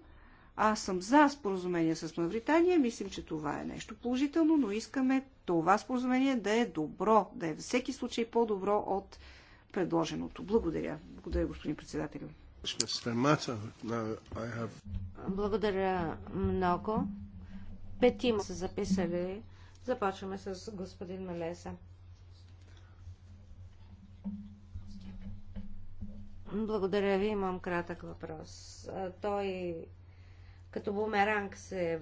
Аз съм за споразумение с Мавритания. Мислим, че това е нещо положително, но искаме това споразумение да е добро, да е във всеки случай по-добро от предложеното. Благодаря. Благодаря, господин председател. Благодаря много. Петима са записали. Започваме с господин Мелеса. Благодаря ви, имам кратък въпрос. Той като бумеранг се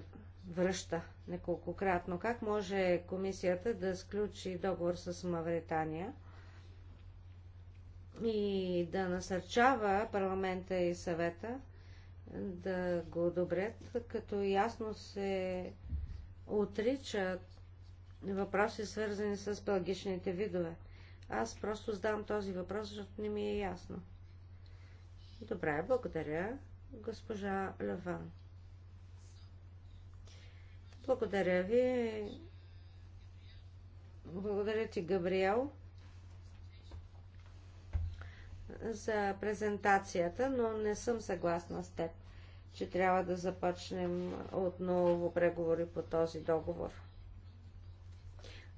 връща неколкократно. Как може комисията да сключи договор с Мавритания? и да насърчава парламента и съвета да го одобрят, като ясно се отричат въпроси, свързани с пелагичните видове. Аз просто задам този въпрос, защото не ми е ясно. Добре, благодаря, госпожа Леван. Благодаря ви. Благодаря ти, Габриел за презентацията, но не съм съгласна с теб, че трябва да започнем отново преговори по този договор.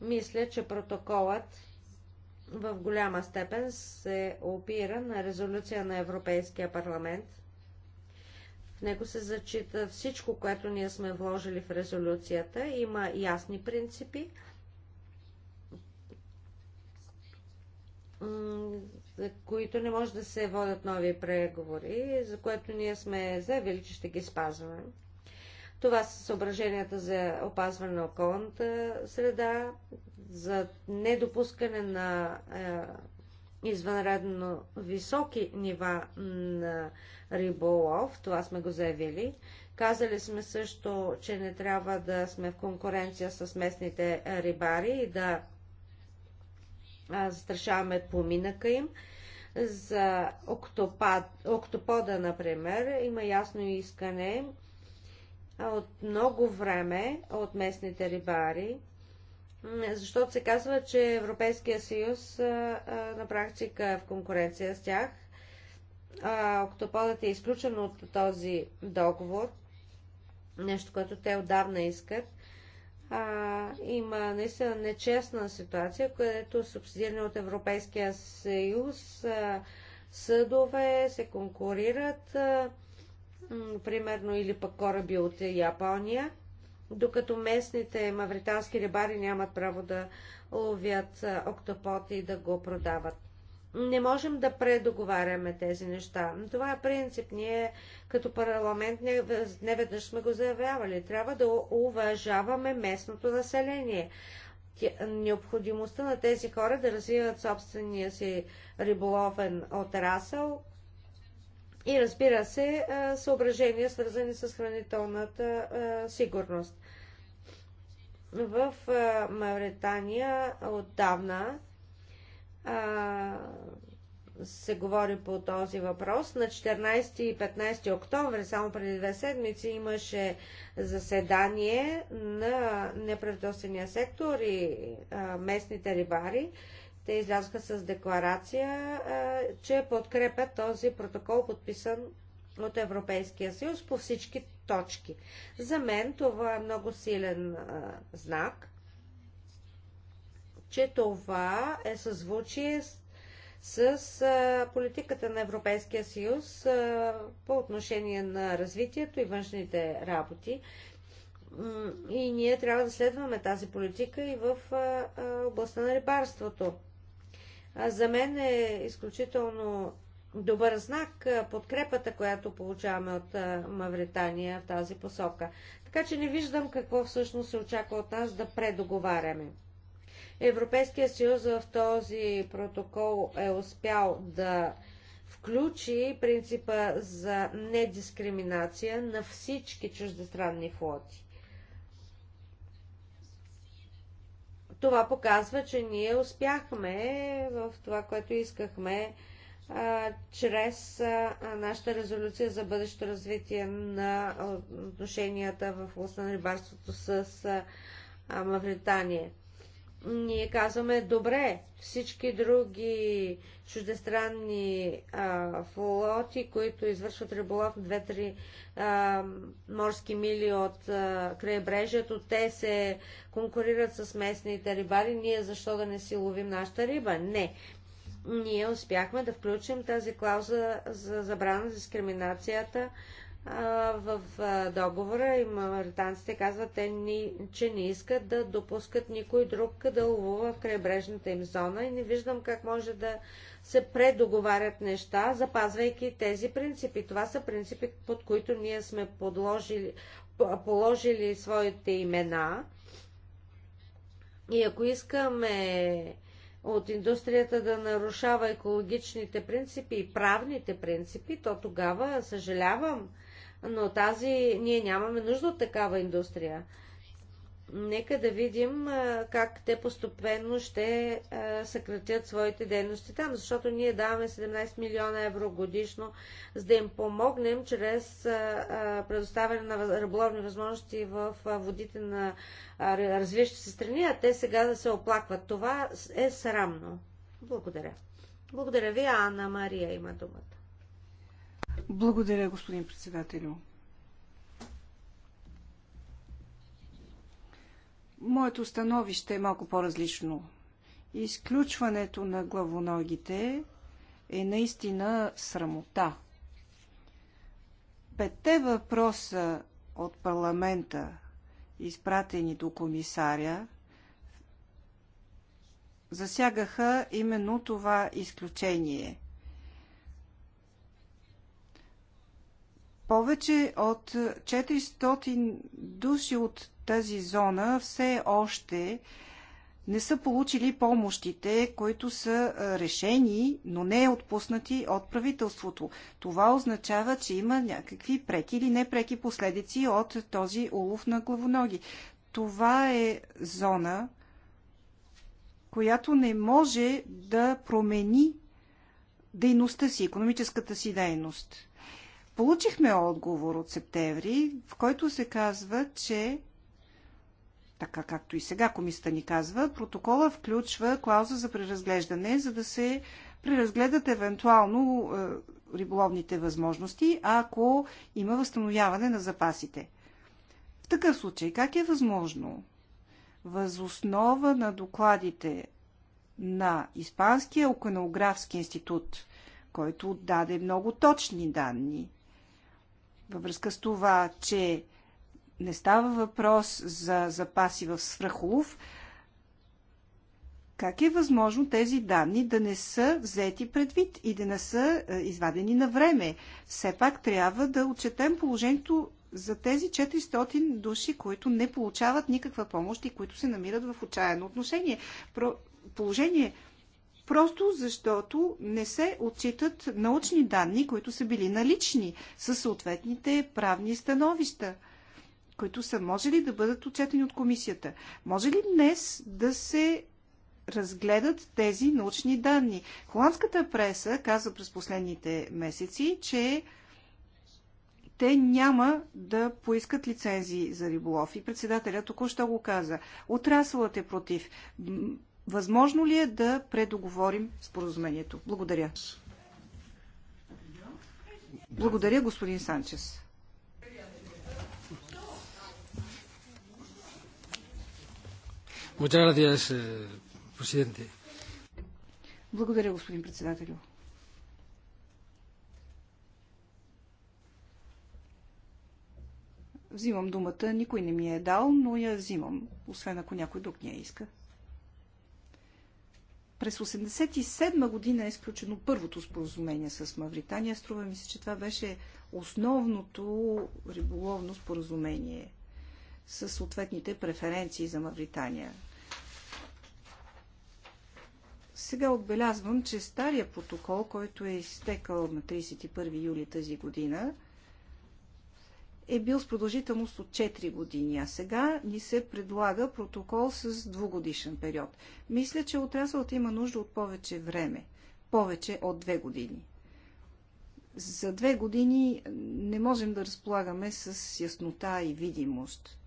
Мисля, че протоколът в голяма степен се опира на резолюция на Европейския парламент. В него се зачита всичко, което ние сме вложили в резолюцията. Има ясни принципи за които не може да се водят нови преговори, за което ние сме заявили, че ще ги спазваме. Това са съображенията за опазване на околната среда, за недопускане на е, извънредно високи нива на риболов, това сме го заявили. Казали сме също, че не трябва да сме в конкуренция с местните рибари и да застрашаваме поминъка им. За октопад, октопода, например, има ясно искане от много време от местните рибари, защото се казва, че Европейския съюз на практика е в конкуренция с тях. Октоподът е изключен от този договор, нещо, което те отдавна искат – а, има наистина нечестна ситуация, където субсидирани от Европейския съюз а, съдове се конкурират, а, м, примерно, или пък кораби от Япония, докато местните мавритански рибари нямат право да ловят октопот и да го продават не можем да предоговаряме тези неща. Това е принцип. Ние като парламент не, не веднъж сме го заявявали. Трябва да уважаваме местното население. Необходимостта на тези хора да развиват собствения си риболовен отрасъл и разбира се е, съображения свързани с хранителната е, сигурност. В е, Мавритания отдавна а, се говори по този въпрос. На 14 и 15 октомври, само преди две седмици, имаше заседание на неправителствения сектор и а, местните рибари. Те излязоха с декларация, а, че подкрепят този протокол, подписан от Европейския съюз по всички точки. За мен това е много силен а, знак – че това е съзвучие с, с политиката на Европейския съюз по отношение на развитието и външните работи. И ние трябва да следваме тази политика и в областта на рибарството. За мен е изключително добър знак подкрепата, която получаваме от Мавритания в тази посока. Така че не виждам какво всъщност се очаква от нас да предоговаряме. Европейския съюз в този протокол е успял да включи принципа за недискриминация на всички чуждестранни флоти. Това показва, че ние успяхме в това, което искахме а, чрез а, нашата резолюция за бъдещо развитие на отношенията в областта на рибарството с а, Мавритания ние казваме, добре, всички други чуждестранни а, флоти, които извършват риболов 2-3 а, морски мили от а, крайбрежието, те се конкурират с местните рибари, ние защо да не си ловим нашата риба? Не. Ние успяхме да включим тази клауза за забрана за дискриминацията в договора и мавританците казват, те ни, че не искат да допускат никой друг да ловува в крайбрежната им зона и не виждам как може да се предоговарят неща, запазвайки тези принципи. Това са принципи, под които ние сме подложили, положили своите имена. И ако искаме от индустрията да нарушава екологичните принципи и правните принципи, то тогава съжалявам, но тази, ние нямаме нужда от такава индустрия. Нека да видим как те постепенно ще съкратят своите дейности там, защото ние даваме 17 милиона евро годишно, за да им помогнем чрез предоставяне на ръболовни възможности в водите на развиващи се страни, а те сега да се оплакват. Това е срамно. Благодаря. Благодаря ви, Анна Мария има думата. Благодаря, господин председателю. Моето становище е малко по-различно. Изключването на главоногите е наистина срамота. Петте въпроса от парламента, изпратени до комисаря, засягаха именно това изключение. Повече от 400 души от тази зона все още не са получили помощите, които са решени, но не е отпуснати от правителството. Това означава, че има някакви преки или непреки последици от този улов на главоноги. Това е зона, която не може да промени дейността си, економическата си дейност. Получихме отговор от септември, в който се казва, че така както и сега комисията ни казва, протокола включва клауза за преразглеждане, за да се преразгледат евентуално е, риболовните възможности, ако има възстановяване на запасите. В такъв случай, как е възможно възоснова на докладите на Испанския океанографски институт, който даде много точни данни – във връзка с това, че не става въпрос за запаси в свръхолов, как е възможно тези данни да не са взети предвид и да не са е, извадени на време? Все пак трябва да отчетем положението за тези 400 души, които не получават никаква помощ и които се намират в отчаяно отношение. Про... Положение просто защото не се отчитат научни данни, които са били налични със съответните правни становища, които са можели да бъдат отчетени от комисията. Може ли днес да се разгледат тези научни данни? Холандската преса каза през последните месеци, че те няма да поискат лицензии за риболов. И председателя току-що го каза. Отрасълът е против възможно ли е да предоговорим споразумението? Благодаря. Благодаря, господин Санчес. Eh, Благодаря, господин председателю. Взимам думата, никой не ми е дал, но я взимам, освен ако някой друг не я иска. През 1987 година е изключено първото споразумение с Мавритания. Струва ми се, че това беше основното риболовно споразумение с съответните преференции за Мавритания. Сега отбелязвам, че стария протокол, който е изтекал на 31 юли тази година, е бил с продължителност от 4 години, а сега ни се предлага протокол с двугодишен период. Мисля, че отрасълът има нужда от повече време, повече от 2 години. За две години не можем да разполагаме с яснота и видимост.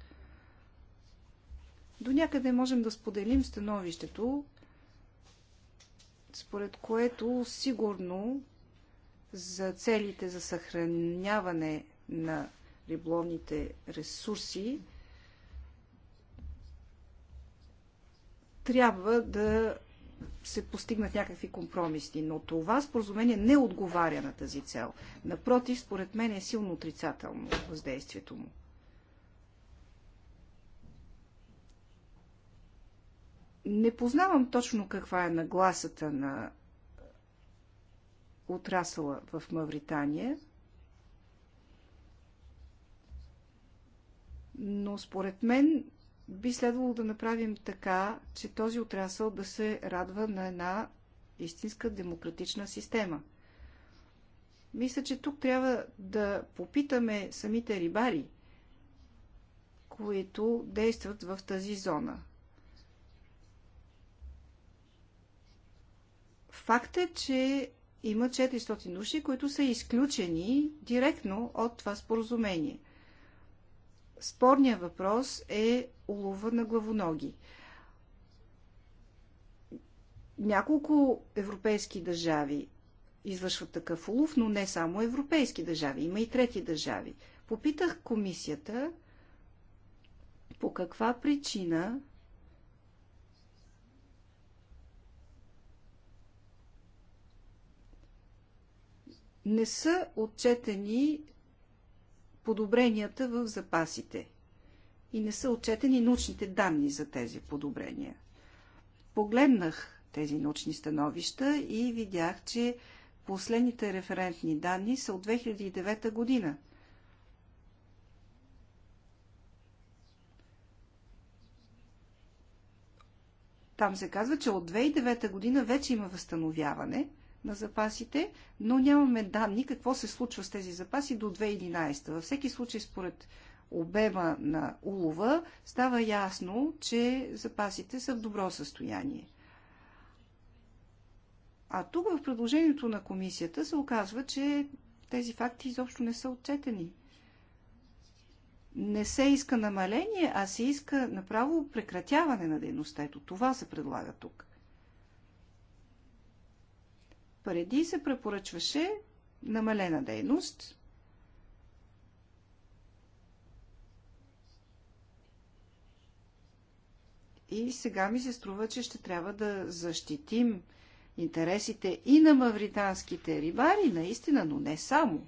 До някъде можем да споделим становището, според което сигурно за целите за съхраняване на Рибловните ресурси, трябва да се постигнат някакви компромиси, но това споразумение не отговаря на тази цел. Напротив, според мен е силно отрицателно въздействието му. Не познавам точно каква е нагласата на отрасъла в Мавритания, Но според мен би следвало да направим така, че този отрасъл да се радва на една истинска демократична система. Мисля, че тук трябва да попитаме самите рибари, които действат в тази зона. Факт е, че има 400 души, които са изключени директно от това споразумение. Спорният въпрос е улова на главоноги. Няколко европейски държави извършват такъв улов, но не само европейски държави, има и трети държави. Попитах комисията по каква причина не са отчетени подобренията в запасите и не са отчетени научните данни за тези подобрения. Погледнах тези научни становища и видях, че последните референтни данни са от 2009 година. Там се казва, че от 2009 година вече има възстановяване – на запасите, но нямаме данни какво се случва с тези запаси до 2011. Във всеки случай, според обема на улова, става ясно, че запасите са в добро състояние. А тук в предложението на комисията се оказва, че тези факти изобщо не са отчетени. Не се иска намаление, а се иска направо прекратяване на дейността. Ето това се предлага тук. Преди се препоръчваше намалена дейност. И сега ми се струва, че ще трябва да защитим интересите и на мавританските рибари, наистина, но не само.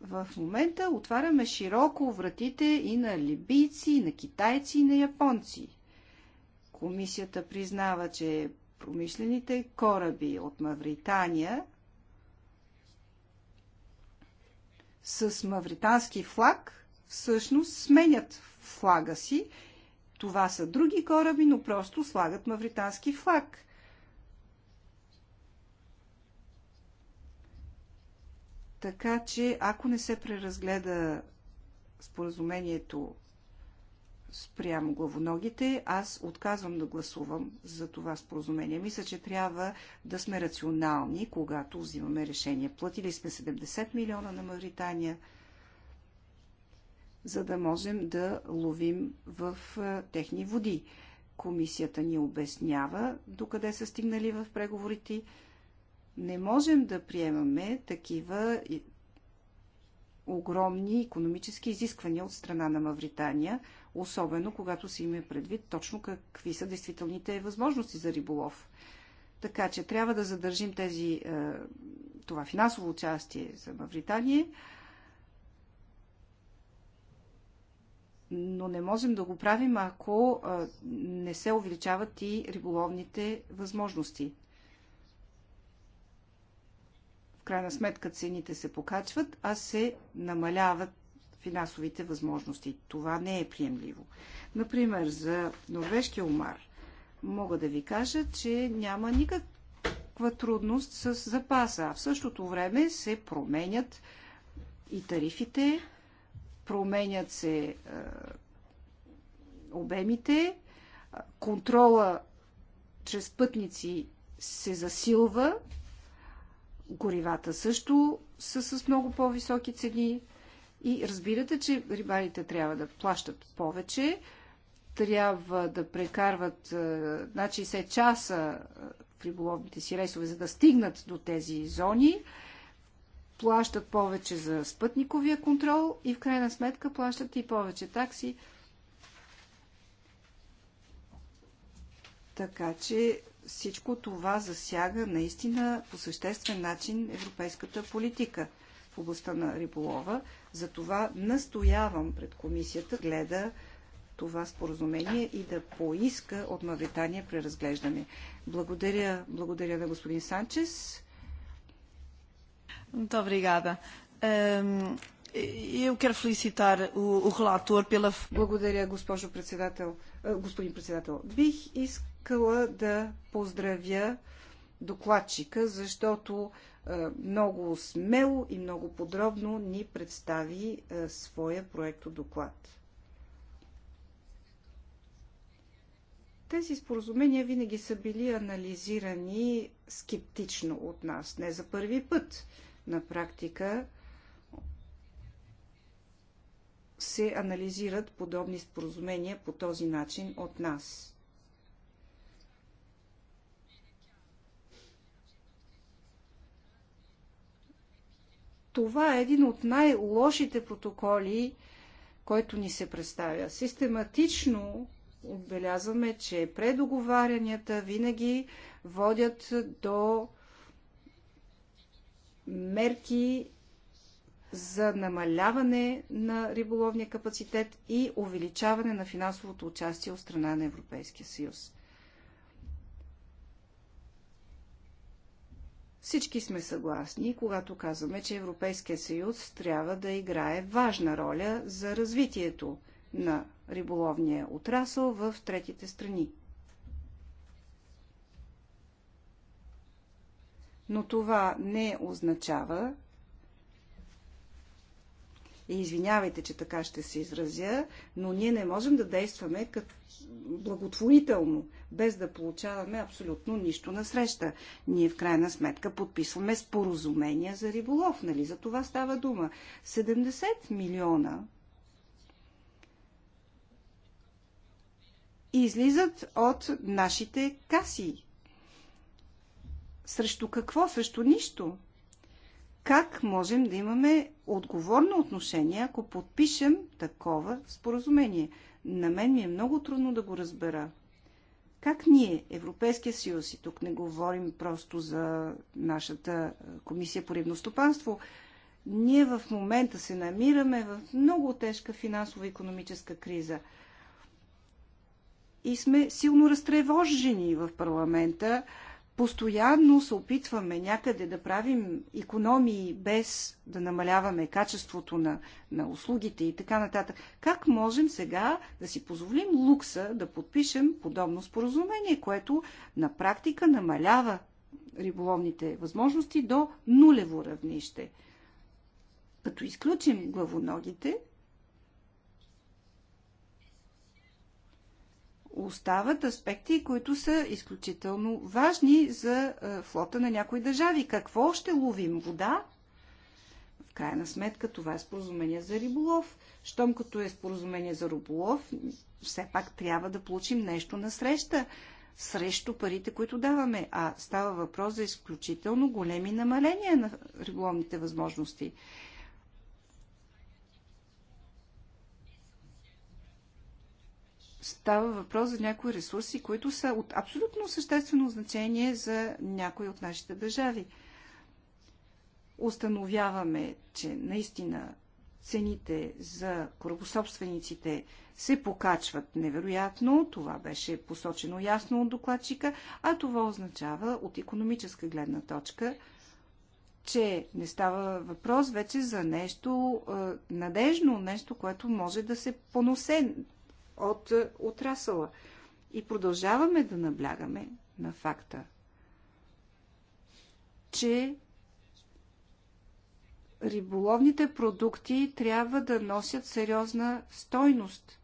В момента отваряме широко вратите и на либийци, и на китайци, и на японци. Комисията признава, че промишлените кораби от Мавритания с мавритански флаг всъщност сменят флага си. Това са други кораби, но просто слагат мавритански флаг. Така че, ако не се преразгледа споразумението спрямо главоногите, аз отказвам да гласувам за това споразумение. Мисля, че трябва да сме рационални, когато взимаме решение. Платили сме 70 милиона на Мавритания, за да можем да ловим в е, техни води. Комисията ни обяснява докъде са стигнали в преговорите. Не можем да приемаме такива огромни економически изисквания от страна на Мавритания, особено когато си има предвид точно какви са действителните възможности за риболов. Така че трябва да задържим тези, е, това финансово участие за Мавритания, но не можем да го правим, ако е, не се увеличават и риболовните възможности. В крайна сметка цените се покачват, а се намаляват финансовите възможности. Това не е приемливо. Например, за норвежкия омар мога да ви кажа, че няма никаква трудност с запаса, а в същото време се променят и тарифите, променят се е, обемите, е, контрола чрез пътници се засилва, горивата също са с много по-високи цени, и разбирате, че рибарите трябва да плащат повече, трябва да прекарват е, значи 60 часа е, в риболовните си рейсове, за да стигнат до тези зони, плащат повече за спътниковия контрол и в крайна сметка плащат и повече такси. Така че всичко това засяга наистина по съществен начин европейската политика в областта на риболова. Затова настоявам пред комисията гледа това споразумение и да поиска от Мавритания преразглеждане. Благодаря, благодаря на господин Санчес. Muito obrigada. Eu quero felicitar o relator pela... Благодаря, госпожо председател, е, господин председател. Бих искала да поздравя докладчика, защото е, много смело и много подробно ни представи е, своя проект доклад. Тези споразумения винаги са били анализирани скептично от нас, не за първи път. На практика се анализират подобни споразумения по този начин от нас. това е един от най-лошите протоколи, който ни се представя. Систематично отбелязваме, че предоговарянията винаги водят до мерки за намаляване на риболовния капацитет и увеличаване на финансовото участие от страна на Европейския съюз. Всички сме съгласни, когато казваме, че Европейския съюз трябва да играе важна роля за развитието на риболовния отрасъл в третите страни. Но това не означава, и извинявайте, че така ще се изразя, но ние не можем да действаме като благотворително, без да получаваме абсолютно нищо на среща. Ние в крайна сметка подписваме споразумения за риболов, нали? За това става дума. 70 милиона излизат от нашите каси. Срещу какво? Срещу нищо как можем да имаме отговорно отношение, ако подпишем такова споразумение. На мен ми е много трудно да го разбера. Как ние, Европейския съюз, и тук не говорим просто за нашата комисия по ревностопанство, стопанство, ние в момента се намираме в много тежка финансово-економическа криза. И сме силно разтревожени в парламента Постоянно се опитваме някъде да правим економии без да намаляваме качеството на, на услугите и така нататък. Как можем сега да си позволим лукса да подпишем подобно споразумение, което на практика намалява риболовните възможности до нулево равнище? Като изключим главоногите, остават аспекти, които са изключително важни за е, флота на някои държави. Какво ще ловим? Вода? В крайна сметка това е споразумение за риболов. Щом като е споразумение за риболов, все пак трябва да получим нещо на среща срещу парите, които даваме. А става въпрос за изключително големи намаления на риболовните възможности. става въпрос за някои ресурси, които са от абсолютно съществено значение за някои от нашите държави. Установяваме, че наистина цените за корабособствениците се покачват невероятно. Това беше посочено ясно от докладчика, а това означава от економическа гледна точка, че не става въпрос вече за нещо е, надежно, нещо, което може да се поносе, от е, отрасъла. И продължаваме да наблягаме на факта, че риболовните продукти трябва да носят сериозна стойност.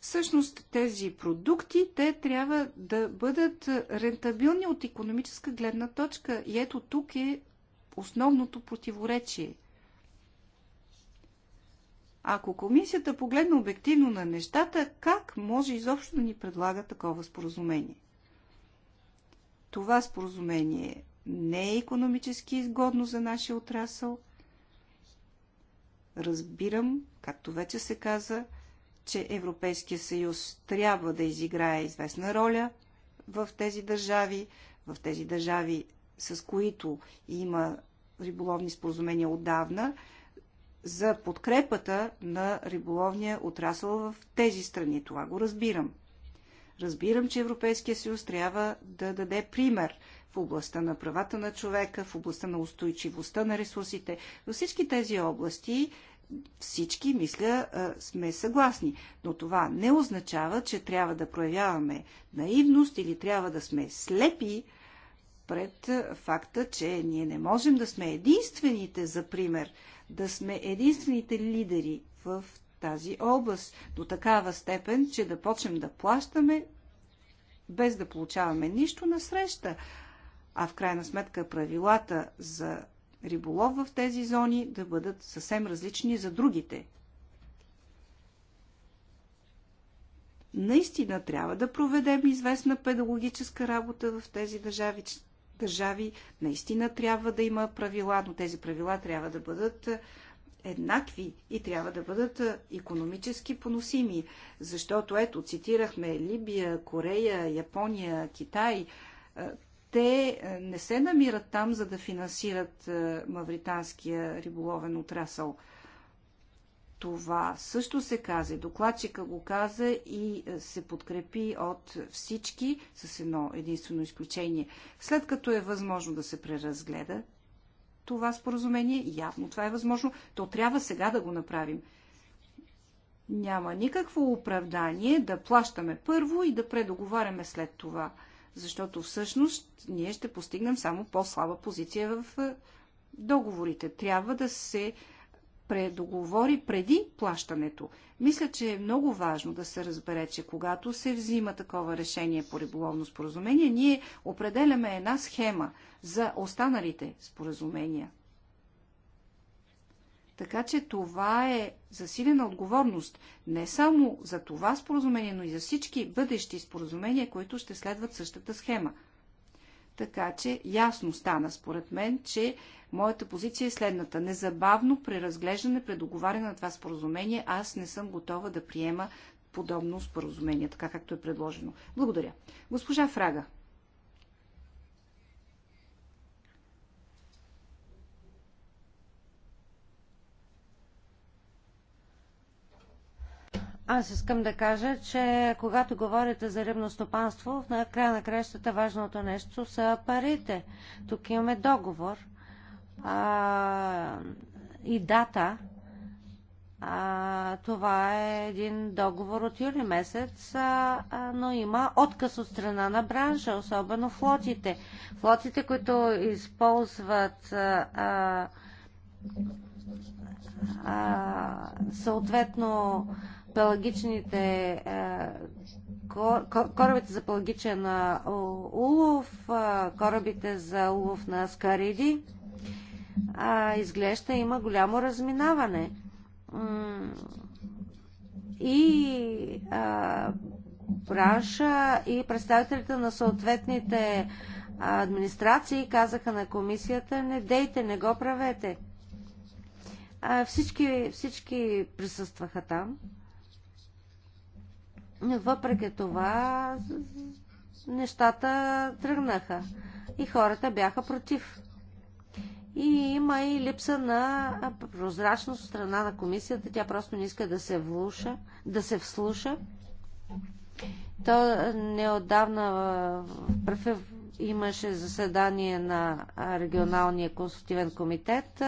Всъщност тези продукти, те трябва да бъдат рентабилни от економическа гледна точка. И ето тук е основното противоречие – ако комисията погледна обективно на нещата, как може изобщо да ни предлага такова споразумение? Това споразумение не е економически изгодно за нашия отрасъл. Разбирам, както вече се каза, че Европейския съюз трябва да изиграе известна роля в тези държави, в тези държави, с които има риболовни споразумения отдавна, за подкрепата на риболовния отрасъл в тези страни. Това го разбирам. Разбирам, че Европейския съюз трябва да даде пример в областта на правата на човека, в областта на устойчивостта на ресурсите. Във всички тези области всички, мисля, сме съгласни. Но това не означава, че трябва да проявяваме наивност или трябва да сме слепи пред факта, че ние не можем да сме единствените за пример – да сме единствените лидери в тази област до такава степен, че да почнем да плащаме без да получаваме нищо на среща, а в крайна сметка правилата за риболов в тези зони да бъдат съвсем различни за другите. Наистина трябва да проведем известна педагогическа работа в тези държави държави наистина трябва да има правила, но тези правила трябва да бъдат е, еднакви и трябва да бъдат економически поносими. Защото, ето, цитирахме Либия, Корея, Япония, Китай. Е, те е, не се намират там, за да финансират мавританския риболовен отрасъл – това също се каза, докладчика го каза и е, се подкрепи от всички, с едно единствено изключение. След като е възможно да се преразгледа това споразумение, явно това е възможно, то трябва сега да го направим. Няма никакво оправдание да плащаме първо и да предоговаряме след това, защото всъщност ние ще постигнем само по-слаба позиция в е, договорите. Трябва да се предоговори преди плащането. Мисля, че е много важно да се разбере, че когато се взима такова решение по риболовно споразумение, ние определяме една схема за останалите споразумения. Така че това е засилена отговорност не само за това споразумение, но и за всички бъдещи споразумения, които ще следват същата схема – така че ясно стана според мен, че моята позиция е следната. Незабавно при при предоговаряне на това споразумение, аз не съм готова да приема подобно споразумение, така както е предложено. Благодаря. Госпожа Фрага. Аз искам да кажа, че когато говорите за рибно стопанство, на края на кращата важното нещо са парите. Тук имаме договор а, и дата. А, това е един договор от юли месец, а, а, но има отказ от страна на бранша, особено флотите. Флотите, които използват а, а, съответно а, пелагичните е, корабите за пелагичен е, улов, е, корабите за улов на скариди, изглежда има голямо разминаване. И бранша и представителите на съответните администрации казаха на комисията не дейте, не го правете. всички, всички присъстваха там. Въпреки това, нещата тръгнаха и хората бяха против. И има и липса на прозрачност от страна на комисията. Тя просто не иска да се, влуша, да се вслуша. То неодавна имаше заседание на регионалния консултивен комитет.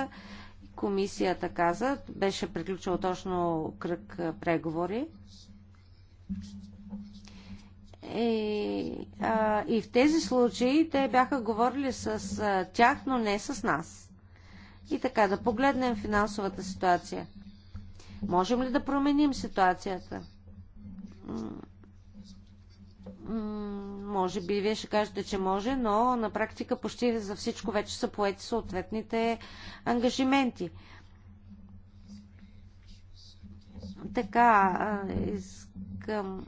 Комисията каза, беше приключил точно кръг преговори и, е, а, и в тези случаи те бяха говорили с а, тях, но не с нас. И така, да погледнем финансовата ситуация. Можем ли да променим ситуацията? може би вие ще кажете, че може, но на практика почти за всичко вече са поети съответните ангажименти. Така, из искам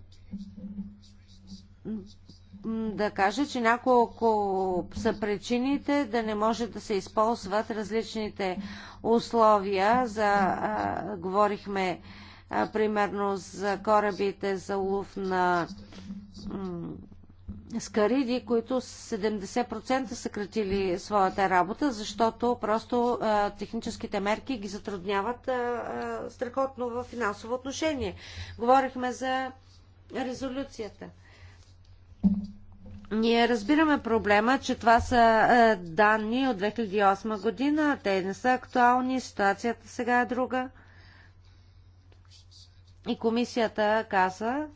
да кажа, че няколко са причините да не може да се използват различните условия. За, а, говорихме а, примерно за корабите за лов на скариди, които 70% са кратили своята работа, защото просто а, техническите мерки ги затрудняват а, а, страхотно в финансово отношение. Говорихме за резолюцията. Ние разбираме проблема, че това са а, данни от 2008 година, те не са актуални, ситуацията сега е друга. И комисията каза,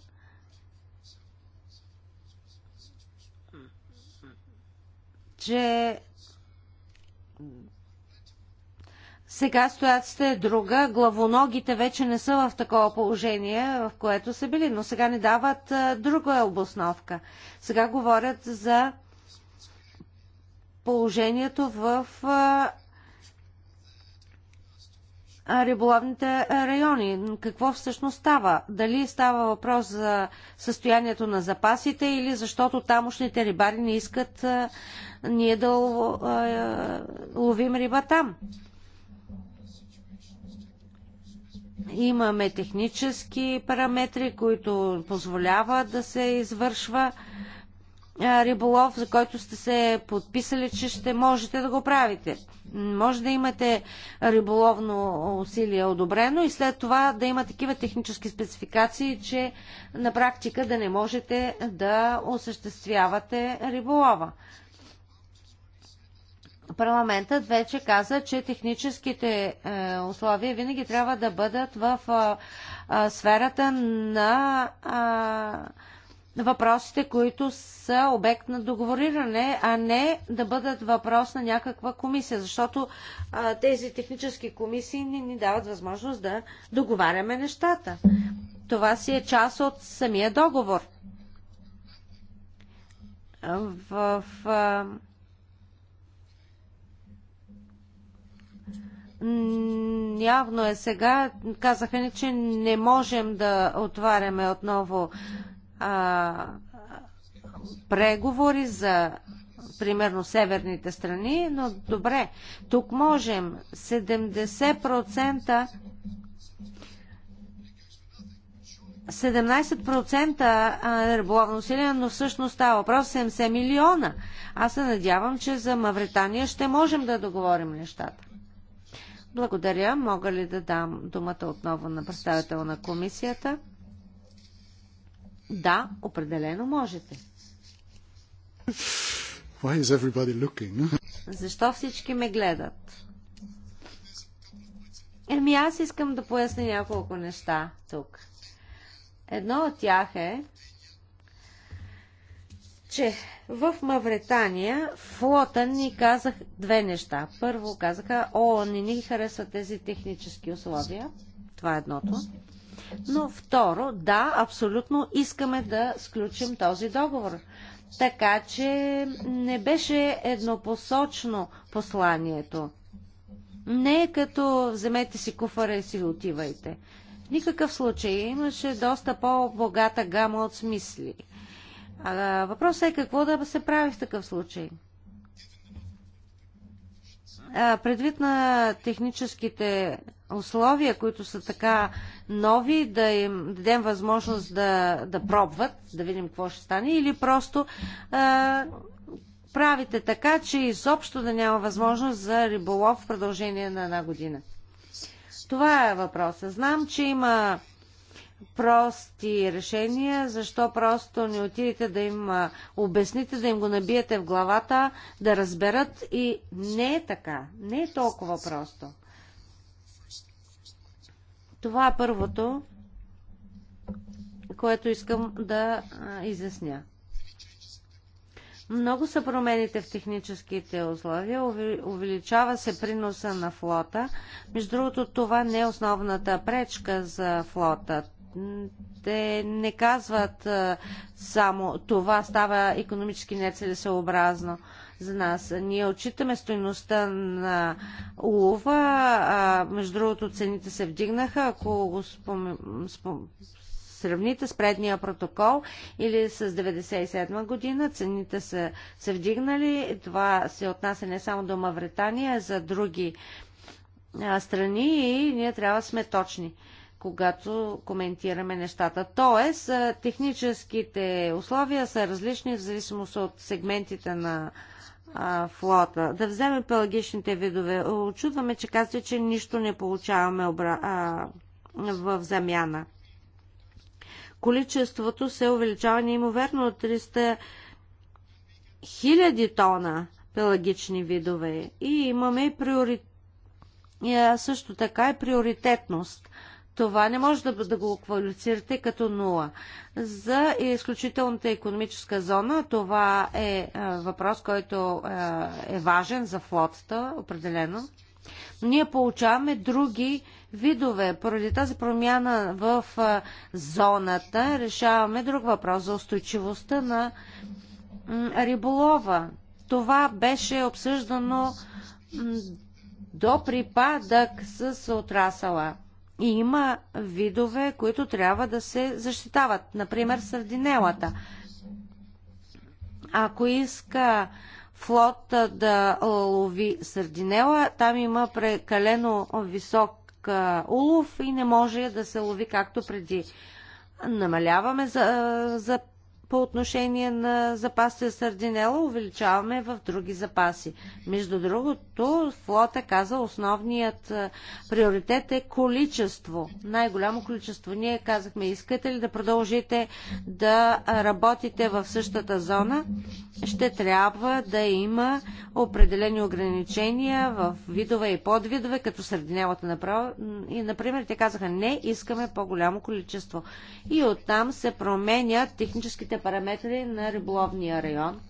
че сега ситуацията е друга. Главоногите вече не са в такова положение, в което са били, но сега не дават друга обосновка. Сега говорят за положението в риболовните райони. Какво всъщност става? Дали става въпрос за състоянието на запасите или защото тамошните рибари не искат а, ние да ловим риба там? Имаме технически параметри, които позволяват да се извършва а, риболов, за който сте се подписали, че ще можете да го правите. Може да имате риболовно усилие одобрено и след това да има такива технически спецификации, че на практика да не можете да осъществявате риболова. Парламентът вече каза, че техническите е, условия винаги трябва да бъдат в е, е, сферата на е, въпросите, които са обект на договориране, а не да бъдат въпрос на някаква комисия, защото а, тези технически комисии ни, ни дават възможност да договаряме нещата. Това си е част от самия договор. В, в явно е сега, казаха ни, че не можем да отваряме отново а, преговори за примерно северните страни, но добре, тук можем 70% 17% риболовно усилие, но всъщност става въпрос 70 милиона. Аз се надявам, че за Мавритания ще можем да договорим нещата. Благодаря. Мога ли да дам думата отново на представител на комисията? Да, определено можете. Why is everybody looking? Защо всички ме гледат? Еми аз искам да поясня няколко неща тук. Едно от тях е, че в Мавретания флота ни казах две неща. Първо казаха, о, не ни харесват тези технически условия. Това е едното. Но второ, да, абсолютно искаме да сключим този договор. Така че не беше еднопосочно посланието. Не е като вземете си куфара и си отивайте. В никакъв случай имаше доста по-богата гама от смисли. А, въпросът е какво да се прави в такъв случай. А, предвид на техническите условия, които са така нови, да им дадем възможност да, да пробват, да видим какво ще стане, или просто а, правите така, че изобщо да няма възможност за риболов в продължение на една година. Това е въпросът. Знам, че има прости решения, защо просто не отидете да им обясните, да им го набиете в главата, да разберат и не е така. Не е толкова просто. Това е първото, което искам да изясня. Много са промените в техническите условия, увеличава се приноса на флота. Между другото, това не е основната пречка за флота. Те не казват само това става економически нецелесообразно за нас. Ние отчитаме стоеността на улова. А, между другото, цените се вдигнаха. Ако го спом... Спом... сравните с предния протокол или с 1997 година, цените са се вдигнали. Това се отнася не само до Мавритания, а за други а, страни и ние трябва да сме точни когато коментираме нещата. Тоест, техническите условия са различни в зависимост от сегментите на а, флота. Да вземе пелагичните видове. Очудваме, че казва, че нищо не получаваме обра... а, в замяна. Количеството се увеличава неимоверно от 300 хиляди тона пелагични видове и имаме и приори... също така и приоритетност – това не може да, да го квалифицирате като нула. За изключителната економическа зона това е а, е, въпрос, който а, е, е важен за флотата, определено. ние получаваме други видове. Поради тази промяна в а, е, зоната решаваме друг въпрос за устойчивостта на риболова. Това беше обсъждано до припадък с отрасала. И има видове, които трябва да се защитават. Например, сърдинелата. Ако иска флота да лови сърдинела, там има прекалено висок улов и не може да се лови както преди. Намаляваме за, за по отношение на запасите сърдинела, увеличаваме в други запаси. Между другото, флота каза, основният приоритет е количество, най-голямо количество. Ние казахме, искате ли да продължите да работите в същата зона, ще трябва да има определени ограничения в видове и подвидове, като сърдинелата направо. И, например, те казаха, не, искаме по-голямо количество. И оттам се променят техническите параметри на риболовния район.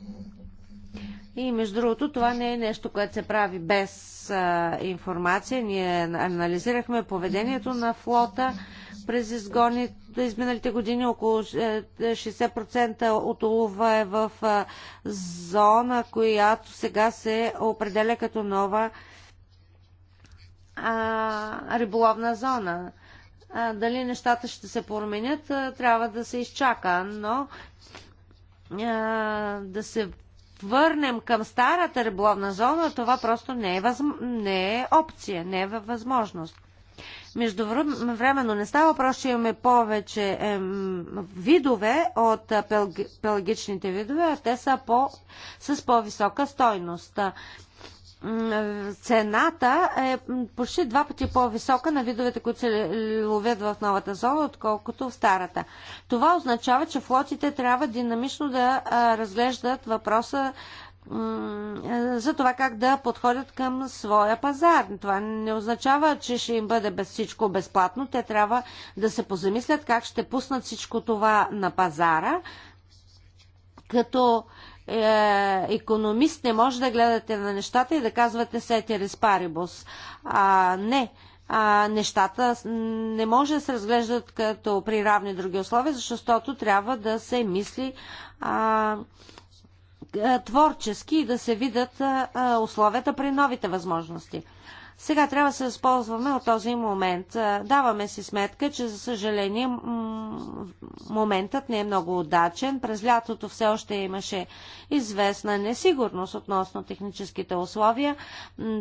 И между другото, това не е нещо, което се прави без а, информация. Ние анализирахме поведението на флота през изгоните, изминалите години. Около 60% е, е, от улова е в а, зона, която сега се определя като нова а, риболовна зона а, дали нещата ще се променят, а, трябва да се изчака, но а, да се върнем към старата риболовна зона, това просто не е, възм... не е опция, не е възможност. Между времено не става въпрос, че имаме повече ем, видове от пелагичните видове, а те са по... с по-висока стойност цената е почти два пъти по-висока на видовете, които се ловят в новата зона, отколкото в старата. Това означава, че флотите трябва динамично да разглеждат въпроса за това как да подходят към своя пазар. Това не означава, че ще им бъде без всичко безплатно. Те трябва да се позамислят как ще пуснат всичко това на пазара, като е, економист не може да гледате на нещата и да казвате сети респарибус. А, не. А, нещата не може да се разглеждат като при равни други условия, защото трябва да се мисли а, е, творчески и да се видят а, е, условията при новите възможности. Сега трябва да се използваме от този момент. Е, даваме си сметка, че за съжаление моментът не е много удачен. През лятото все още имаше известна несигурност относно техническите условия.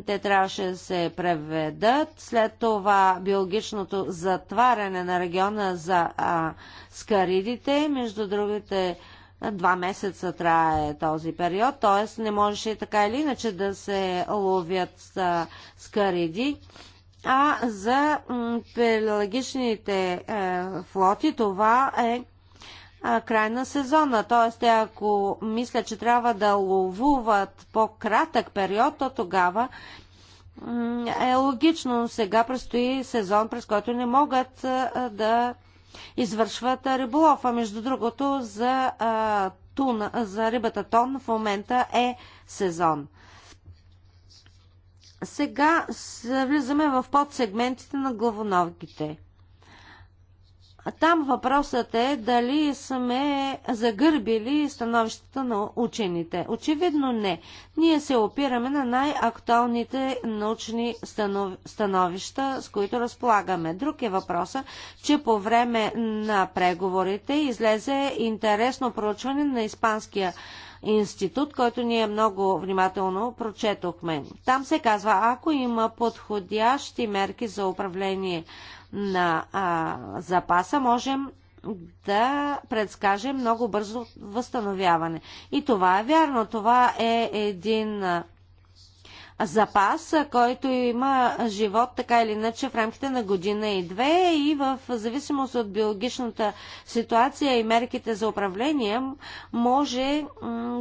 Те трябваше да се преведат. След това биологичното затваряне на региона за а, скаридите, между другите Два месеца трае този период, т.е. не можеше така или иначе да се ловят скариди. А за пелагичните е, флоти това е край на сезона. Т.е. ако мисля, че трябва да ловуват по-кратък период, то тогава е логично. Сега предстои сезон, през който не могат да извършват риболов. А между другото, за, а, туна, за рибата тон в момента е сезон. Сега влизаме в подсегментите на главоногите. Там въпросът е дали сме загърбили становищата на учените. Очевидно не. Ние се опираме на най-актуалните научни становища, с които разполагаме. Друг е въпросът, че по време на преговорите излезе интересно проучване на Испанския институт, който ние много внимателно прочетохме. Там се казва, ако има подходящи мерки за управление на а, запаса, можем да предскажем много бързо възстановяване. И това е вярно. Това е един а, запас, който има живот така или иначе в рамките на година и две и в зависимост от биологичната ситуация и мерките за управление може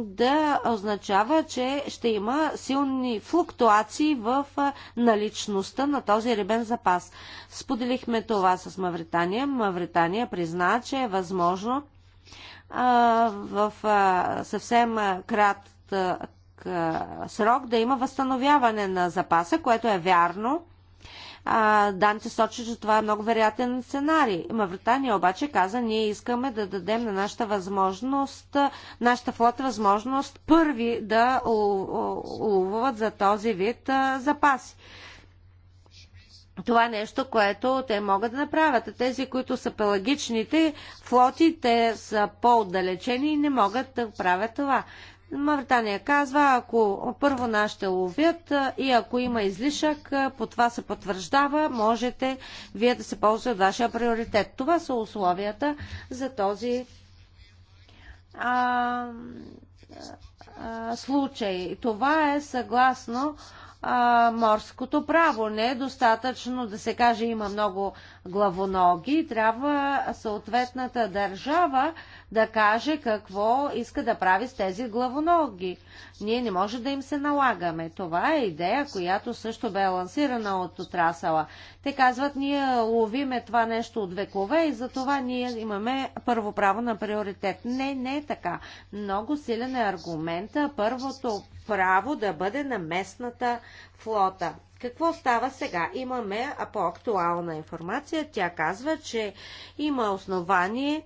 да означава, че ще има силни флуктуации в наличността на този рибен запас. Споделихме това с Мавритания. Мавритания призна, че е възможно в съвсем крат е, срок да има възстановяване на запаса, което е вярно. се сочи, че това е много вероятен сценарий. Мавритания обаче каза, ние искаме да дадем на нашата възможност, нашата флота възможност първи да ловуват за този вид запаси. Това е нещо, което те могат да направят. Тези, които са пелагичните флоти, те са по-отдалечени и не могат да правят това. Мавритания казва, ако първо нашите ловят и ако има излишък, по това се потвърждава, можете вие да се ползвате от вашия приоритет. Това са условията за този а, а, случай. Това е съгласно а, морското право. Не е достатъчно да се каже има много главоноги. Трябва съответната държава да каже какво иска да прави с тези главоноги. Ние не може да им се налагаме. Това е идея, която също бе лансирана от отрасала. Те казват, ние ловиме това нещо от векове и за това ние имаме първо право на приоритет. Не, не е така. Много силен е аргумента първото право да бъде на местната флота. Какво става сега? Имаме по-актуална информация. Тя казва, че има основание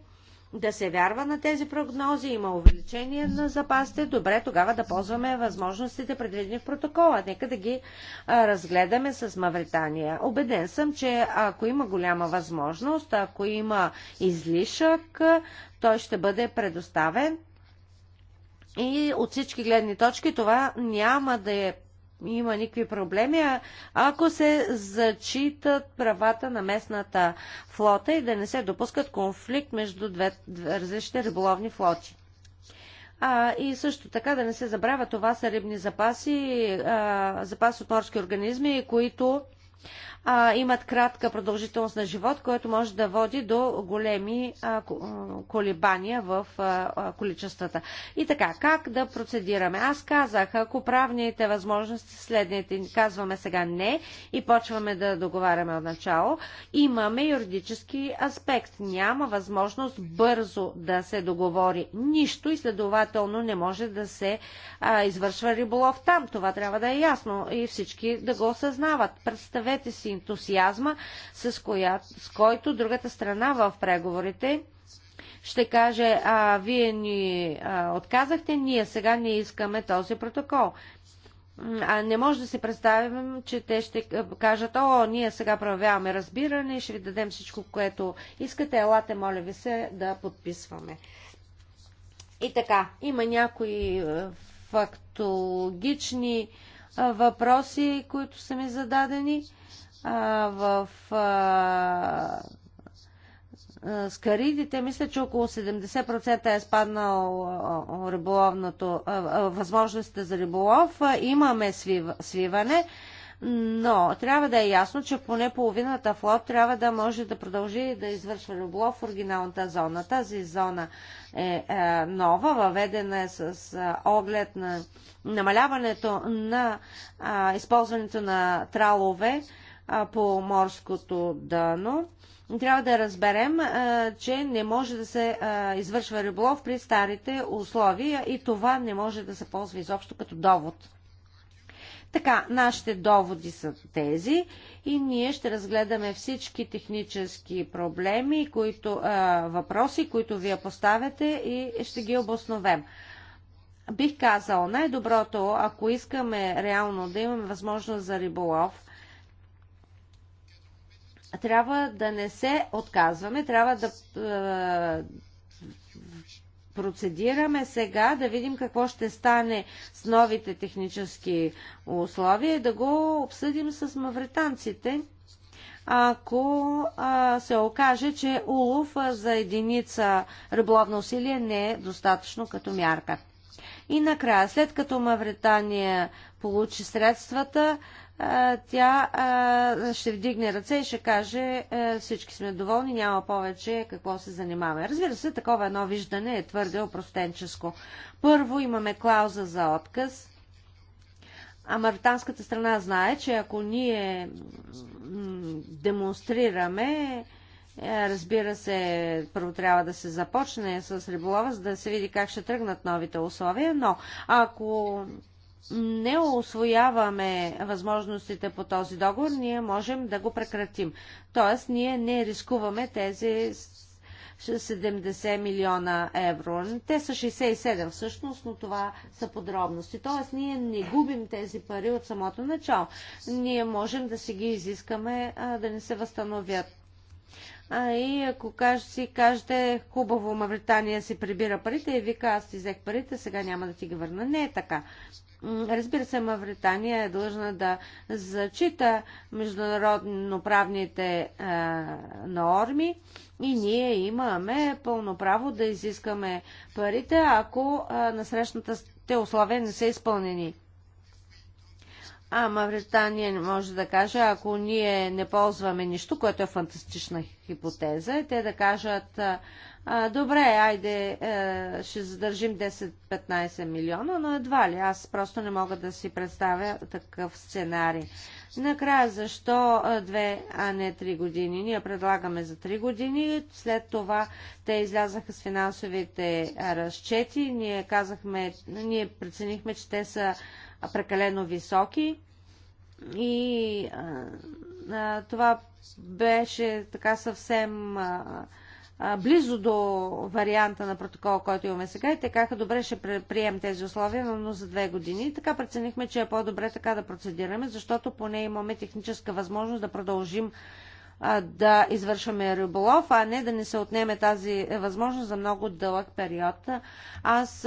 да се вярва на тези прогнози, има увеличение на запасите, добре, тогава да ползваме възможностите предвидени в протокола. Нека да ги а, разгледаме с Мавритания. Обеден съм, че ако има голяма възможност, ако има излишък, той ще бъде предоставен. И от всички гледни точки това няма да е има никакви проблеми, а ако се зачитат правата на местната флота и да не се допускат конфликт между две, две различни риболовни флоти. А, и също така да не се забравя, това са рибни запаси, а, запаси от морски организми, които а, имат кратка продължителност на живот, което може да води до големи а, колебания в а, количествата. И така, как да процедираме? Аз казах, ако правните възможности следните, казваме сега не и почваме да договаряме от начало, имаме юридически аспект. Няма възможност бързо да се договори нищо и следователно не може да се а, извършва риболов там. Това трябва да е ясно и всички да го осъзнават. Представете си и ентусиазма, с, коя, с който другата страна в преговорите ще каже, а вие ни а, отказахте, ние сега не искаме този протокол. А не може да си представим, че те ще кажат, о, ние сега проявяваме разбиране, ще ви дадем всичко, което искате, елате, моля ви се, да подписваме. И така, има някои е, фактологични е, въпроси, които са ми зададени в Скаридите, мисля, че около 70% е спаднал риболовното, възможностите за риболов. Имаме свиване, но трябва да е ясно, че поне половината флот трябва да може да продължи да извършва риболов в оригиналната зона. Тази зона е, е нова, въведена е с оглед на намаляването на използването на тралове по морското дъно, трябва да разберем, че не може да се извършва риболов при старите условия и това не може да се ползва изобщо като довод. Така, нашите доводи са тези и ние ще разгледаме всички технически проблеми, които, въпроси, които вие поставяте и ще ги обосновем бих казал, най-доброто, ако искаме реално да имаме възможност за риболов, трябва да не се отказваме, трябва да е, процедираме сега, да видим какво ще стане с новите технически условия и да го обсъдим с мавританците. Ако а, се окаже, че улов за единица риболовно усилие не е достатъчно като мярка. И накрая, след като Мавритания получи средствата, тя ще вдигне ръце и ще каже всички сме доволни, няма повече какво се занимаваме. Разбира се, такова едно виждане е твърде опростенческо. Първо имаме клауза за отказ. А маританската страна знае, че ако ние демонстрираме, е, разбира се, първо трябва да се започне с риболова, за да се види как ще тръгнат новите условия, но ако не освояваме възможностите по този договор, ние можем да го прекратим. Тоест, ние не рискуваме тези 70 милиона евро. Те са 67 всъщност, но това са подробности. Тоест, ние не губим тези пари от самото начало. Ние можем да си ги изискаме да не се възстановят. А, и ако каж, си кажете, хубаво, Мавритания си прибира парите и вика, аз ти взех парите, сега няма да ти ги върна. Не е така. Разбира се, Мавритания е длъжна да зачита международноправните е, норми и ние имаме пълно право да изискаме парите, ако е, насрещната те условия не са изпълнени. А Мавритания не може да каже, ако ние не ползваме нищо, което е фантастична хипотеза, е те да кажат, а, добре, айде, е, ще задържим 10-15 милиона, но едва ли, аз просто не мога да си представя такъв сценарий. Накрая, защо две, а не три години? Ние предлагаме за три години, след това те излязаха с финансовите разчети, ние казахме, ние преценихме, че те са прекалено високи и а, а, това беше така съвсем а, а, близо до варианта на протокол, който имаме сега и така добре ще прием тези условия, но за две години. И така преценихме, че е по-добре така да процедираме, защото поне имаме техническа възможност да продължим да извършваме риболов, а не да не се отнеме тази възможност за много дълъг период. Аз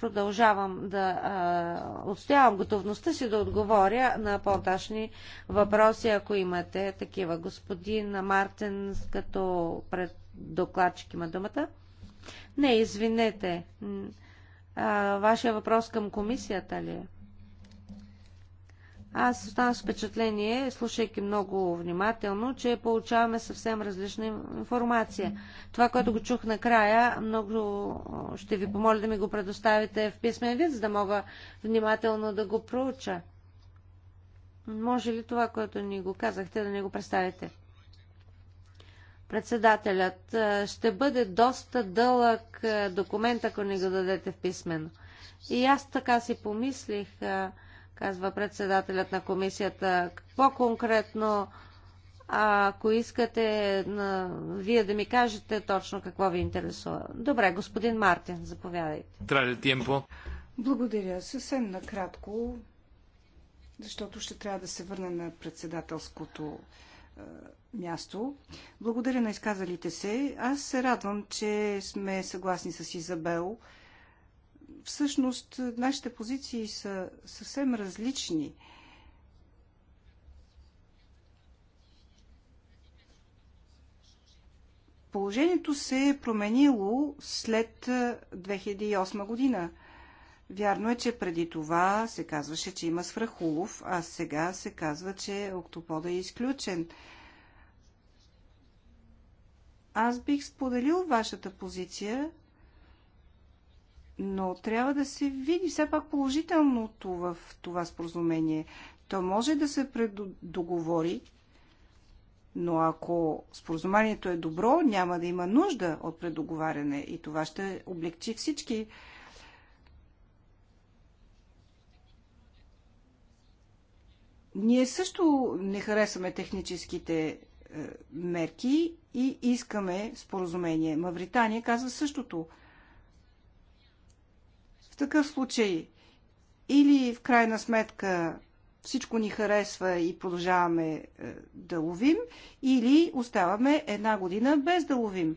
продължавам да отстоявам готовността си да отговоря на по-ташни въпроси, ако имате такива. Господин Мартин, като пред докладчик има думата. Не, извинете. вашия въпрос към комисията ли е? Аз останах с впечатление, слушайки много внимателно, че получаваме съвсем различна информация. Това, което го чух накрая, много ще ви помоля да ми го предоставите в писмен вид, за да мога внимателно да го проуча. Може ли това, което ни го казахте, да ни го представите? Председателят ще бъде доста дълъг документ, ако ни го дадете в писмено. И аз така си помислих, казва председателят на комисията. По-конкретно, ако искате на... вие да ми кажете точно какво ви интересува. Добре, господин Мартин, заповядайте. Трябва темпо. Благодаря. Съвсем накратко, защото ще трябва да се върна на председателското е, място. Благодаря на изказалите се. Аз се радвам, че сме съгласни с Изабел всъщност е, нашите позиции са съвсем различни. Положението се е променило след 2008 е, година. Вярно е, че преди това се казваше, че има свръхулов, а сега се казва, че октопода е изключен. Аз бих споделил вашата позиция, но трябва да се види все пак положителното в това споразумение. То може да се предоговори, но ако споразумението е добро, няма да има нужда от предоговаряне и това ще облегчи всички. Ние също не харесваме техническите е, мерки и искаме споразумение. Мавритания казва същото. В такъв случай или в крайна сметка всичко ни харесва и продължаваме е, да ловим, или оставаме една година без да ловим.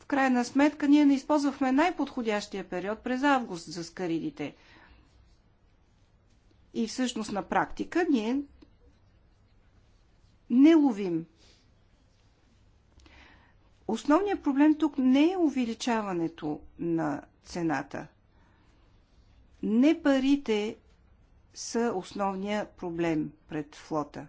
В крайна сметка ние не използвахме най-подходящия период през август за скаридите. И всъщност на практика ние не ловим. Основният проблем тук не е увеличаването на цената – не парите са основния проблем пред флота.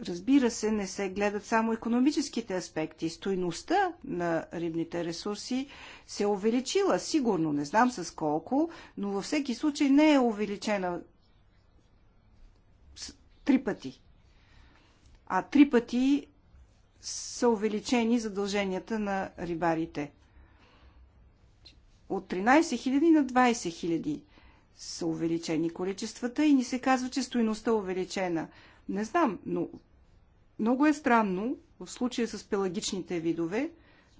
Разбира се, не се гледат само економическите аспекти. Стойността на рибните ресурси се е увеличила, сигурно, не знам с колко, но във всеки случай не е увеличена три пъти. А три пъти са увеличени задълженията на рибарите от 13 000 на 20 000 са увеличени количествата и ни се казва, че стоиността е увеличена. Не знам, но много е странно в случая с пелагичните видове,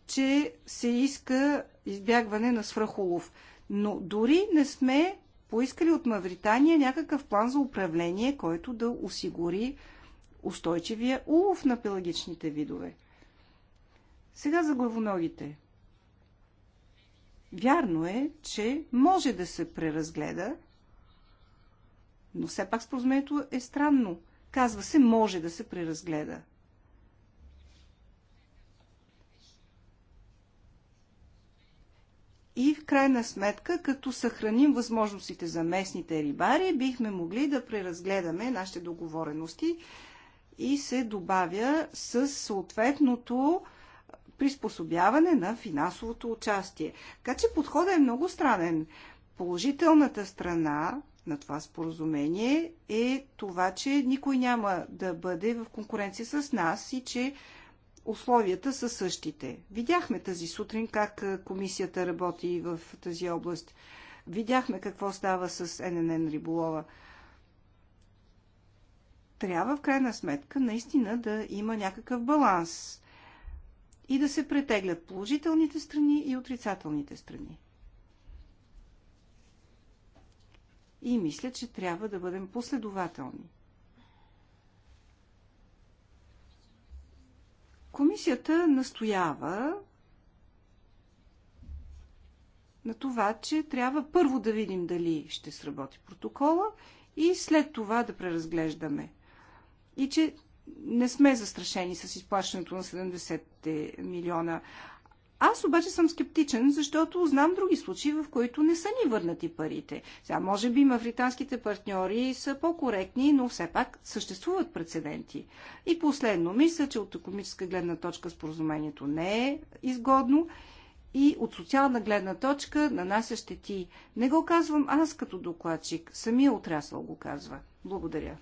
че се иска избягване на свръхолов. Но дори не сме поискали от Мавритания някакъв план за управление, който да осигури устойчивия улов на пелагичните видове. Сега за главоногите. Вярно е, че може да се преразгледа, но все пак споразумението е странно. Казва се, може да се преразгледа. И в крайна сметка, като съхраним възможностите за местните рибари, бихме могли да преразгледаме нашите договорености и се добавя с съответното приспособяване на финансовото участие. Така че подходът е много странен. Положителната страна на това споразумение е това, че никой няма да бъде в конкуренция с нас и че условията са същите. Видяхме тази сутрин как комисията работи в тази област. Видяхме какво става с ННН Риболова. Трябва в крайна сметка наистина да има някакъв баланс и да се претеглят положителните страни и отрицателните страни. И мисля, че трябва да бъдем последователни. Комисията настоява на това, че трябва първо да видим дали ще сработи протокола и след това да преразглеждаме. И че не сме застрашени с изплащането на 70 милиона. Аз обаче съм скептичен, защото знам други случаи, в които не са ни върнати парите. Сега, може би мавританските партньори са по-коректни, но все пак съществуват прецеденти. И последно, мисля, че от економическа гледна точка споразумението не е изгодно и от социална гледна точка нанася е щети. Не го казвам аз като докладчик, самия отрасъл го казва. Благодаря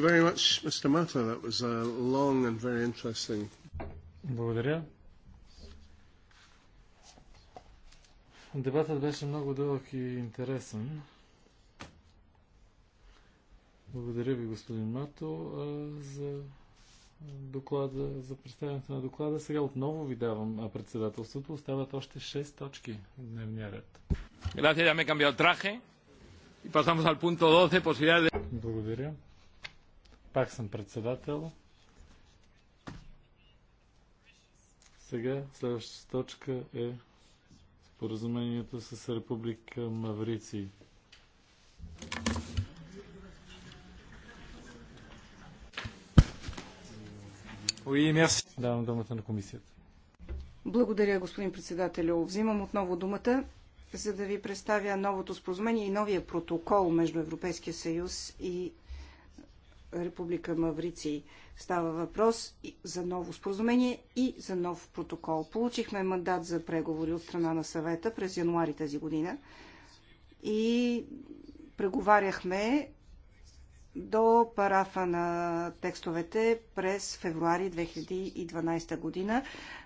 you very much, Mr. Mata. That was a long and very interesting. Благодаря. Дебатът беше много дълъг и интересен. Благодаря ви, господин Мато, за доклада, за представянето на доклада. Сега отново ви давам председателството. Остават още 6 точки в дневния ред. Gracias, я ме he траже. И пасамо Y pasamos 12, posibilidades пак съм председател. Сега следващата точка е споразумението с Република Маврици. Давам думата на комисията. Благодаря, господин председател. Взимам отново думата, за да ви представя новото споразумение и новия протокол между Европейския съюз и Република Маврици. Става въпрос за ново споразумение и за нов протокол. Получихме мандат за преговори от страна на съвета през януари тази година и преговаряхме до парафа на текстовете през февруари 2012 година.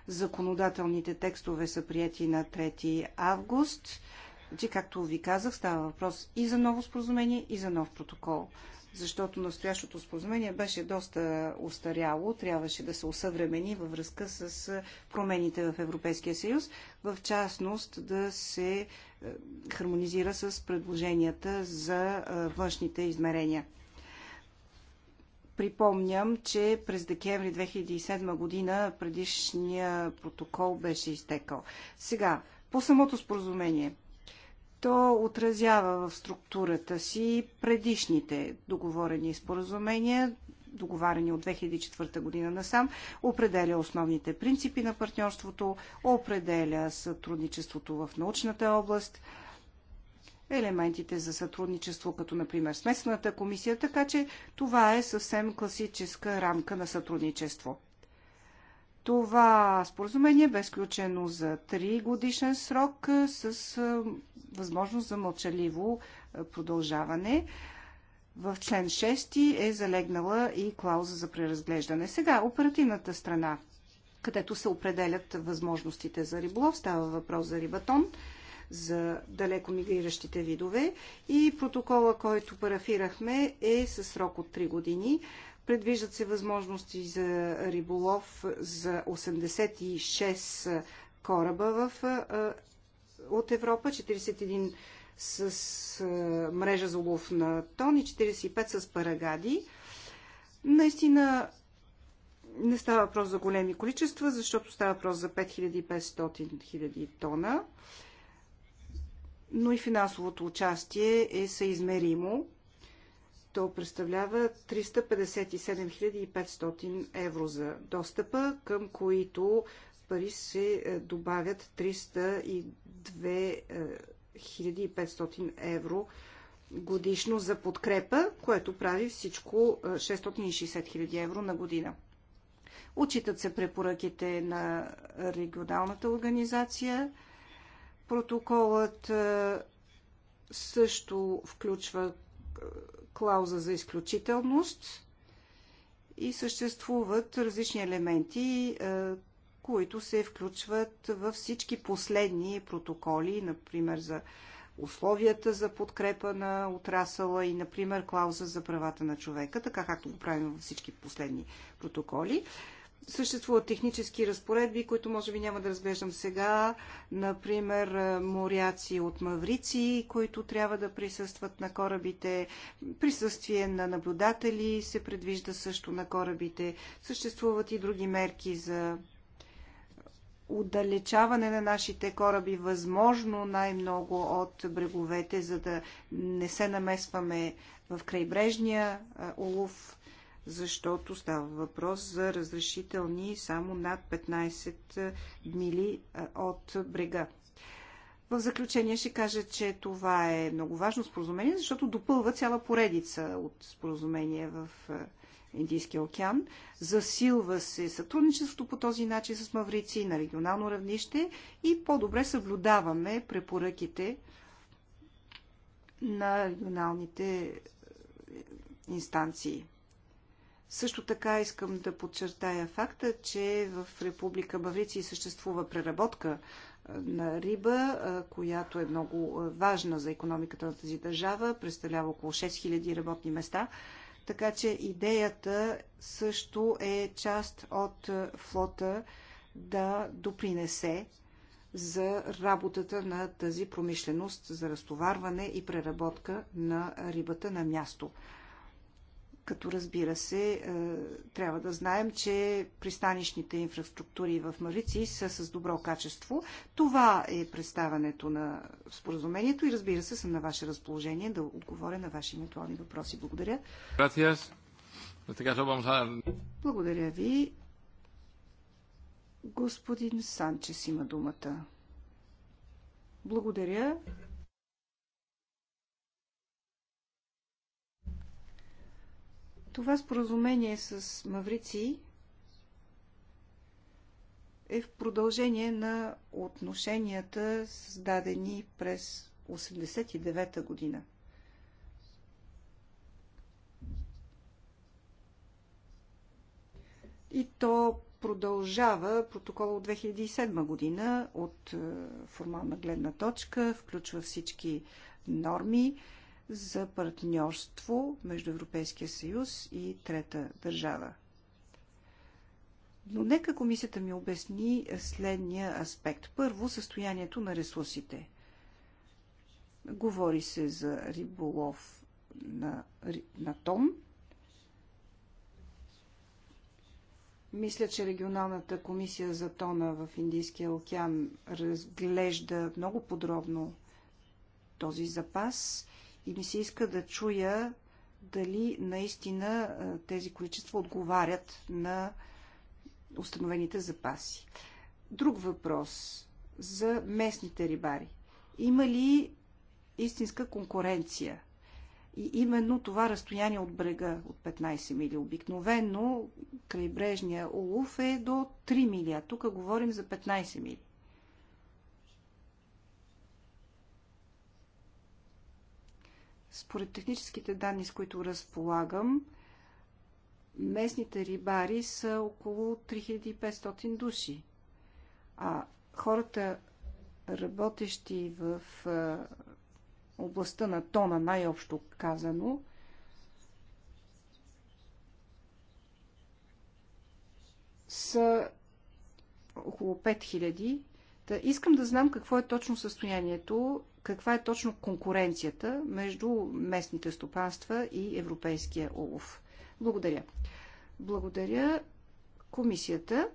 Законодателните текстове са прияти на 3 август. Че, значи, както ви казах, става въпрос и за ново споразумение, и за нов протокол защото настоящото споразумение беше доста устаряло, трябваше да се усъвремени във връзка с промените в Европейския съюз, в частност да се хармонизира с предложенията за външните измерения. Припомням, че през декември 2007 година предишния протокол беше изтекал. Сега, по самото споразумение – то отразява в структурата си предишните договорени споразумения, договарени от 2004 година насам, определя основните принципи на партньорството, определя сътрудничеството в научната област, елементите за сътрудничество, като например Смесената комисия, така че това е съвсем класическа рамка на сътрудничество. Това споразумение бе сключено за 3 годишен срок с възможност за мълчаливо продължаване. В член 6 е залегнала и клауза за преразглеждане. Сега, оперативната страна, където се определят възможностите за риболов, става въпрос за рибатон, за далеко мигриращите видове и протокола, който парафирахме е със срок от 3 години. Предвиждат се възможности за риболов за 86 кораба в, от Европа, 41 с мрежа за лов на тон и 45 с парагади. Наистина не става въпрос за големи количества, защото става въпрос за 5500 000 тона, но и финансовото участие е съизмеримо то представлява 357 500 евро за достъпа, към които пари се е, добавят 302 500 е, евро годишно за подкрепа, което прави всичко 660 е, 000 евро на година. Учитат се препоръките на регионалната организация. Протоколът също включва клауза за изключителност и съществуват различни елементи, е, които се включват във всички последни протоколи, например за условията за подкрепа на отрасъла и, например, клауза за правата на човека, така както го правим във всички последни протоколи. Съществуват технически разпоредби, които може би няма да разглеждам сега. Например, е, моряци от Маврици, които трябва да присъстват на корабите. Присъствие на наблюдатели се предвижда също на корабите. Съществуват и други мерки за отдалечаване на нашите кораби възможно най-много от бреговете, за да не се намесваме в крайбрежния е, улов защото става въпрос за разрешителни само над 15 мили от брега. В заключение ще кажа, че това е много важно споразумение, защото допълва цяла поредица от споразумения в Индийския океан. Засилва се сътрудничеството по този начин с Маврици на регионално равнище и по-добре съблюдаваме препоръките на регионалните инстанции. Също така искам да подчертая факта, че в Република Баврици съществува преработка на риба, която е много важна за економиката на тази държава, представлява около 6000 работни места. Така че идеята също е част от флота да допринесе за работата на тази промишленост за разтоварване и преработка на рибата на място като разбира се, е, трябва да знаем, че пристанищните инфраструктури в Марици са с добро качество. Това е представането на споразумението и разбира се, съм на ваше разположение да отговоря на ваши евентуални въпроси. Благодаря. Благодаря ви. Господин Санчес има думата. Благодаря. Това споразумение с Маврици е в продължение на отношенията, създадени през 89-та година. И то продължава протокол от 2007 година от е, формална гледна точка, включва всички норми, за партньорство между Европейския съюз и трета държава. Но нека комисията ми обясни следния аспект. Първо, състоянието на ресурсите. Говори се за риболов на, на Том. Мисля, че регионалната комисия за тона в Индийския океан разглежда много подробно този запас и ми се иска да чуя дали наистина тези количества отговарят на установените запаси. Друг въпрос за местните рибари. Има ли истинска конкуренция? И именно това разстояние от брега от 15 мили. Обикновено крайбрежния улов е до 3 мили, а тук говорим за 15 мили. Според техническите данни, с които разполагам, местните рибари са около 3500 души. А хората, работещи в областта на тона, най-общо казано, са около 5000. Та искам да знам какво е точно състоянието каква е точно конкуренцията между местните стопанства и европейския улов. Благодаря. Благодаря комисията.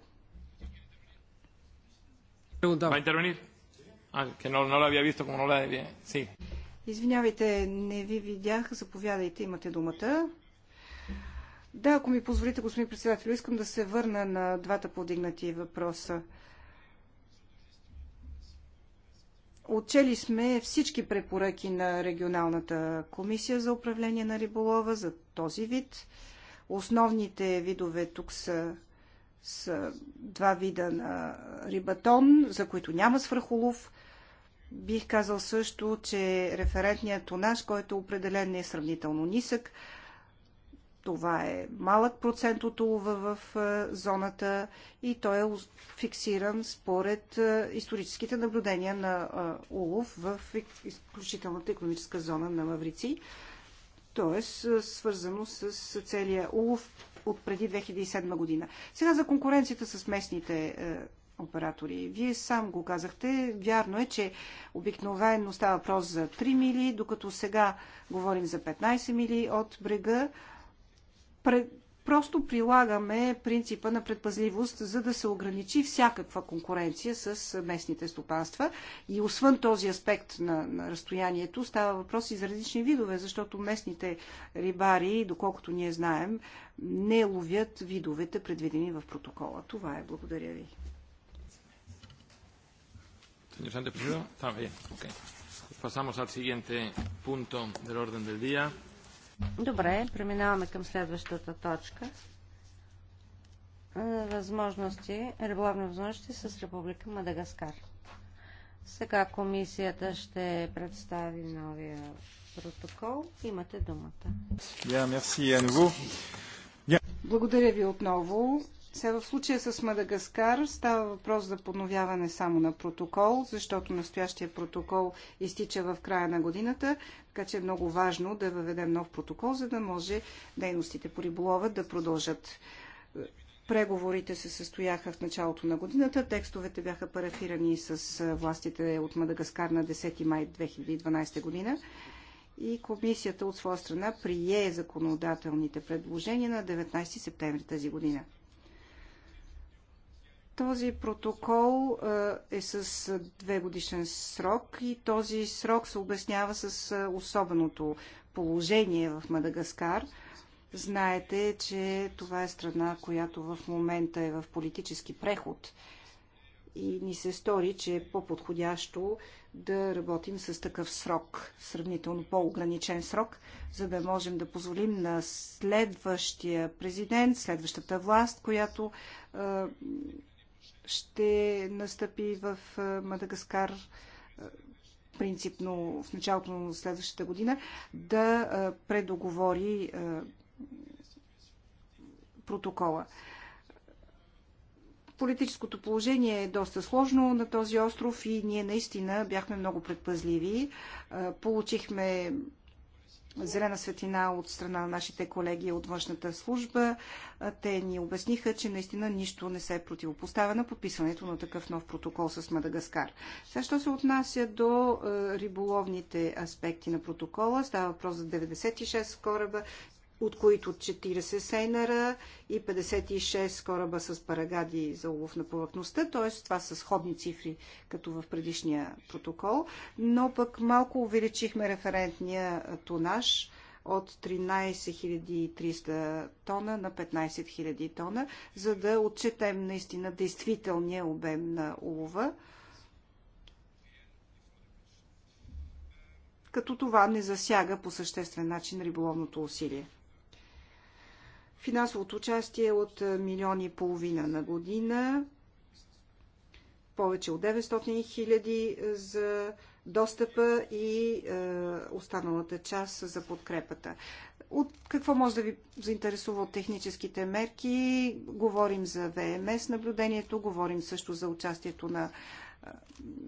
Ah, Извинявайте, не ви видях. Заповядайте, имате думата. Да, ако ми позволите, господин председател, искам да се върна на двата подигнати въпроса. Отчели сме всички препоръки на регионалната комисия за управление на риболова за този вид. Основните видове тук са, са два вида на рибатон, за които няма свръхолов. Бих казал също, че референтният тонаж, който е определен, е сравнително нисък. Това е малък процент от улова в е, зоната и той е фиксиран според е, историческите наблюдения на е, улов в изключителната економическа зона на Маврици, т.е. свързано с целия улов от преди 2007 година. Сега за конкуренцията с местните оператори. Вие сам го казахте. Вярно е, че обикновено става въпрос за 3 мили, докато сега говорим за 15 мили от брега пред, просто прилагаме принципа на предпазливост, за да се ограничи всякаква конкуренция с местните стопанства. И освен този аспект на, на разстоянието, става въпрос и за различни видове, защото местните рибари, доколкото ние знаем, не ловят видовете, предвидени в протокола. Това е. Благодаря ви. Señor está ah, bien. Okay. Pasamos al siguiente punto del orden del día. Добре, преминаваме към следващата точка. Е, възможности, риболовни възможности с Република Мадагаскар. Сега комисията ще представи новия протокол. Имате думата. Благодаря ви отново. Сега в случая с Мадагаскар става въпрос за подновяване само на протокол, защото настоящия протокол изтича в края на годината, така че е много важно да въведем нов протокол, за да може дейностите по риболова да продължат. Преговорите се състояха в началото на годината. Текстовете бяха парафирани с властите от Мадагаскар на 10 май 2012 година и комисията от своя страна прие законодателните предложения на 19 септември тази година. Този протокол е, е с две годишен срок и този срок се обяснява с е, особеното положение в Мадагаскар. Знаете, че това е страна, която в момента е в политически преход и ни се стори, че е по-подходящо да работим с такъв срок, сравнително по-ограничен срок, за да можем да позволим на следващия президент, следващата власт, която е, ще настъпи в Мадагаскар принципно в началото на следващата година да предоговори протокола. Политическото положение е доста сложно на този остров и ние наистина бяхме много предпазливи. Получихме зелена светлина от страна на нашите колеги от външната служба. Те ни обясниха, че наистина нищо не се противопоставя на подписването на такъв нов протокол с Мадагаскар. Сега, що се отнася до риболовните аспекти на протокола, става въпрос за 96 кораба, от които 40 сейнера и 56 кораба с парагади за улов на повърхността, т.е. това са сходни цифри, като в предишния протокол, но пък малко увеличихме референтния тонаж от 13 300 тона на 15 000 тона, за да отчетем наистина действителния обем на улова. като това не засяга по съществен начин риболовното усилие. Финансовото участие е от милиони и половина на година, повече от 900 хиляди за достъпа и е, останалата част за подкрепата. От какво може да ви заинтересува от техническите мерки? Говорим за ВМС наблюдението, говорим също за участието на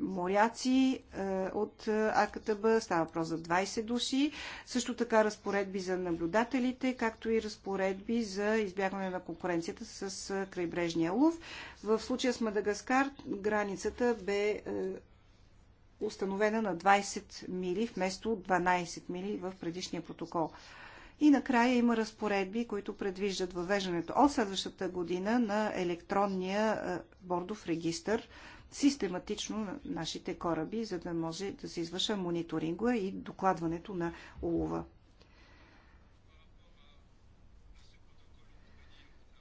моряци е, от е, АКТБ, става въпрос за 20 души. Също така разпоредби за наблюдателите, както и разпоредби за избягване на конкуренцията с е, крайбрежния лов. В случая с Мадагаскар границата бе установена на 20 мили вместо 12 мили в предишния протокол. И накрая има разпоредби, които предвиждат въвеждането от следващата година на електронния бордов регистр систематично нашите кораби, за да може да се извърша мониторинга и докладването на улова.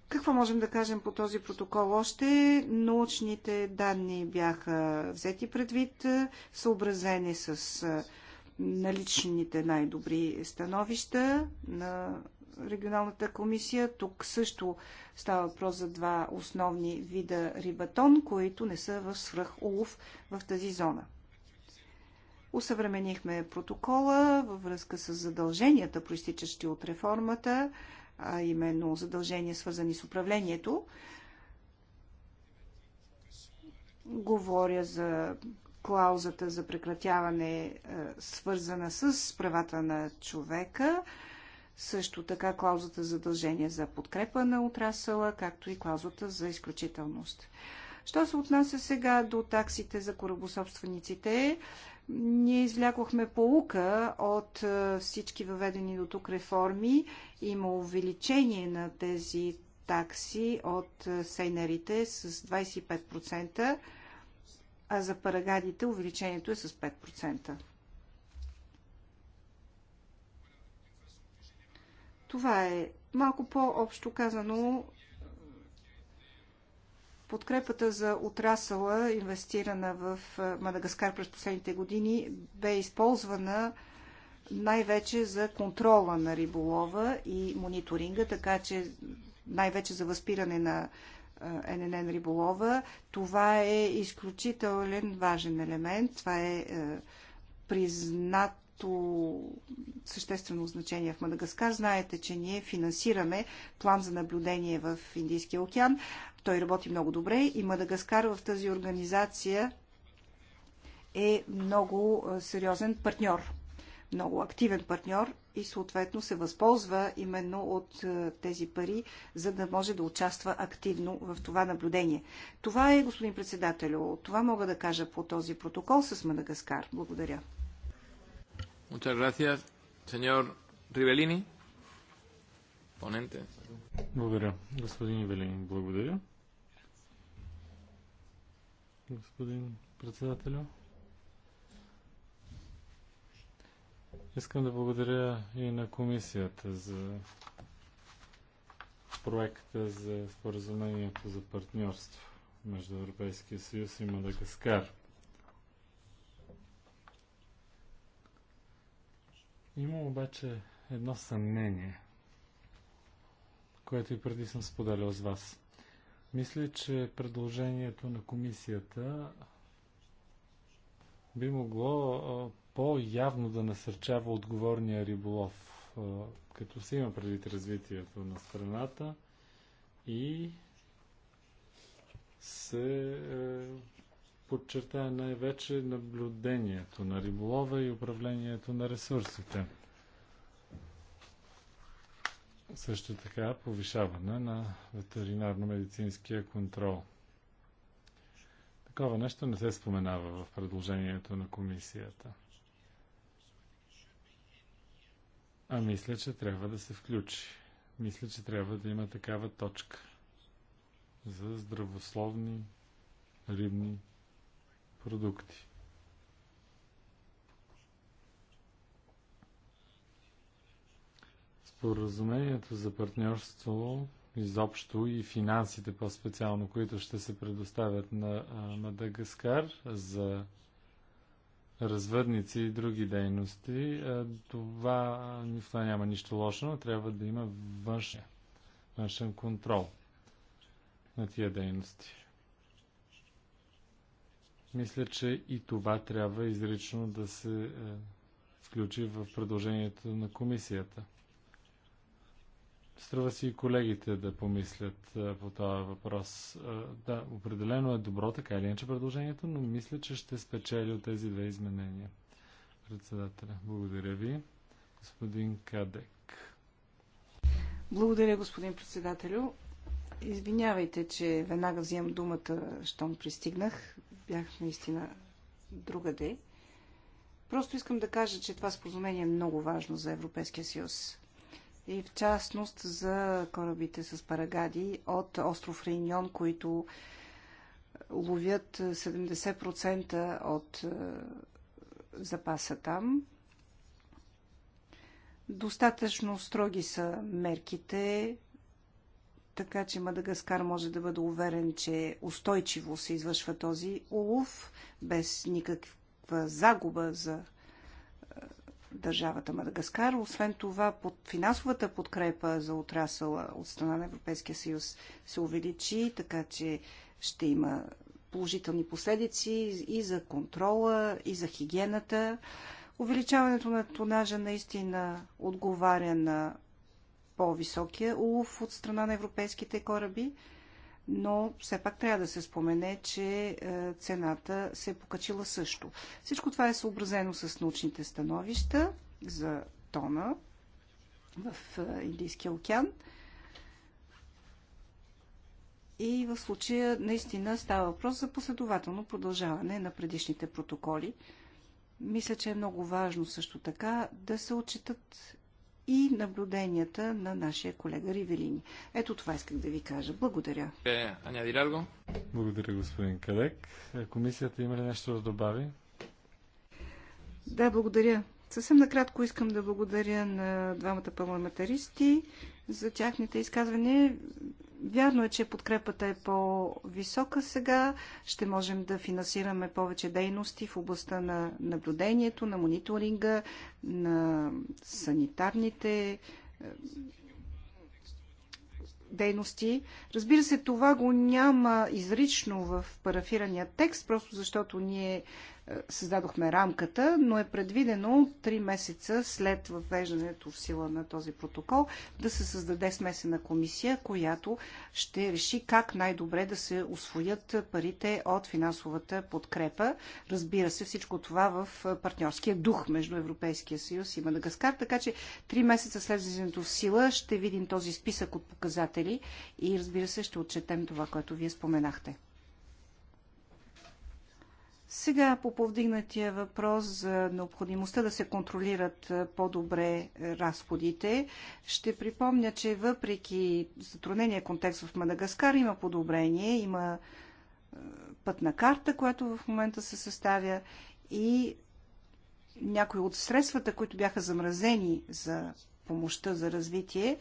Какво можем да кажем по този протокол още? Научните данни бяха взети предвид, съобразени с наличните най-добри становища на регионалната комисия. Тук също става въпрос за два основни вида рибатон, които не са в свръхулов в тази зона. Усъвременихме протокола във връзка с задълженията, проистичащи от реформата, а именно задължения свързани с управлението. Говоря за клаузата за прекратяване, свързана с правата на човека също така клаузата за задължение за подкрепа на отрасъла, както и клаузата за изключителност. Що се отнася сега до таксите за корабособствениците, ние извлякохме полука от е, всички въведени до тук реформи. Има увеличение на тези такси от е, сейнерите с 25%, а за парагадите увеличението е с 5%. Това е малко по-общо казано подкрепата за отрасъла, инвестирана в Мадагаскар през последните години, бе използвана най-вече за контрола на риболова и мониторинга, така че най-вече за възпиране на ННН риболова. Това е изключителен важен елемент. Това е признат като съществено значение в Мадагаскар. Знаете, че ние финансираме план за наблюдение в Индийския океан. Той работи много добре и Мадагаскар в тази организация е много сериозен партньор, много активен партньор и съответно се възползва именно от тези пари, за да може да участва активно в това наблюдение. Това е, господин председателю, това мога да кажа по този протокол с Мадагаскар. Благодаря. Muchas gracias. Señor Rivellini, ponente. Благодаря. Господин Ивелин, благодаря. Господин председателю. Искам да благодаря и на комисията за проекта за споразумението за партньорство между Европейския съюз и Мадагаскар. Има обаче едно съмнение, което и преди съм споделял с вас. Мисля, че предложението на комисията би могло по-явно да насърчава отговорния риболов, като се има предвид развитието на страната и се е, подчертая най-вече наблюдението на риболова и управлението на ресурсите. Също така повишаване на ветеринарно-медицинския контрол. Такова нещо не се споменава в предложението на комисията. А мисля, че трябва да се включи. Мисля, че трябва да има такава точка за здравословни рибни продукти. Споразумението за партньорство изобщо и финансите по-специално, които ще се предоставят на Мадагаскар за развъдници и други дейности. Това, това няма нищо лошо, но трябва да има външен, външен контрол на тия дейности. Мисля, че и това трябва изрично да се е, включи в предложението на комисията. Струва си и колегите да помислят е, по този въпрос. Е, да, определено е добро, така или иначе предложението, но мисля, че ще спечели от тези две изменения. Председателя, благодаря ви. Господин Кадек. Благодаря, господин председателю. Извинявайте, че веднага взимам думата, щом пристигнах бях наистина другаде. Просто искам да кажа, че това споразумение е много важно за Европейския съюз. И в частност за корабите с парагади от остров Рейньон, които ловят 70% от е, запаса там. Достатъчно строги са мерките, така че Мадагаскар може да бъде уверен, че устойчиво се извършва този улов, без никаква загуба за е, държавата Мадагаскар. Освен това, под финансовата подкрепа за отрасъла от страна на Европейския съюз се увеличи, така че ще има положителни последици и за контрола, и за хигиената. Увеличаването на тонажа наистина отговаря на по-високия улов от страна на европейските кораби, но все пак трябва да се спомене, че е, цената се е покачила също. Всичко това е съобразено с научните становища за тона в е, Индийския океан. И в случая наистина става въпрос за последователно продължаване на предишните протоколи. Мисля, че е много важно също така да се отчитат и наблюденията на нашия колега Ривелини. Ето това исках да ви кажа. Благодаря. Е, Аня Диралго. Благодаря, господин Калек. Е, комисията има ли нещо да добави? Да, благодаря. Съвсем накратко искам да благодаря на двамата парламентаристи за тяхните изказвания. Вярно е, че подкрепата е по-висока сега. Ще можем да финансираме повече дейности в областта на наблюдението, на мониторинга, на санитарните е, дейности. Разбира се, това го няма изрично в парафирания текст, просто защото ние е, създадохме рамката, но е предвидено 3 месеца след въвеждането в сила на този протокол да се създаде смесена комисия, която ще реши как най-добре да се освоят парите от финансовата подкрепа. Разбира се, всичко това в партньорския дух между Европейския съюз и Мадагаскар, така че 3 месеца след влизането в сила ще видим този списък от показатели и разбира се ще отчетем това, което вие споменахте. Сега по повдигнатия въпрос за необходимостта да се контролират по-добре разходите, ще припомня, че въпреки затруднения контекст в Мадагаскар има подобрение, има пътна карта, която в момента се съставя и някои от средствата, които бяха замразени за помощта за развитие,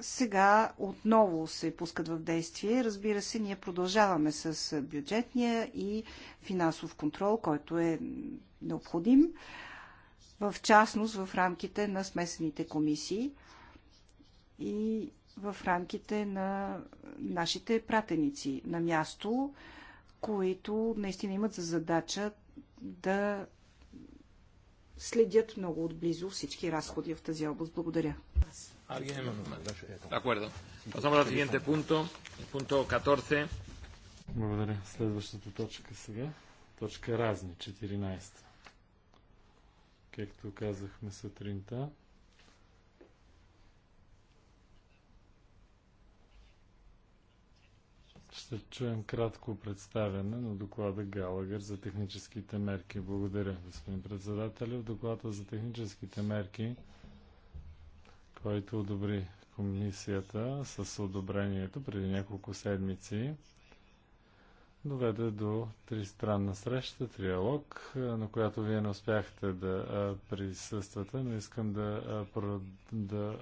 сега отново се пускат в действие. Разбира се, ние продължаваме с бюджетния и финансов контрол, който е необходим, в частност в рамките на смесените комисии и в рамките на нашите пратеници на място, които наистина имат за задача да следят много отблизо всички разходи в тази област. Благодаря. ¿Alguien? De acuerdo. Pasamos al siguiente punto, el punto 14. Благодаря. Следващата точка сега. Точка разни, 14. Както казахме сутринта. Ще чуем кратко представяне на доклада Галагър за техническите мерки. Благодаря, господин председател. В доклада за техническите мерки който одобри комисията с одобрението преди няколко седмици, доведе до тристранна среща, триалог, на която вие не успяхте да присъствате, но искам да, да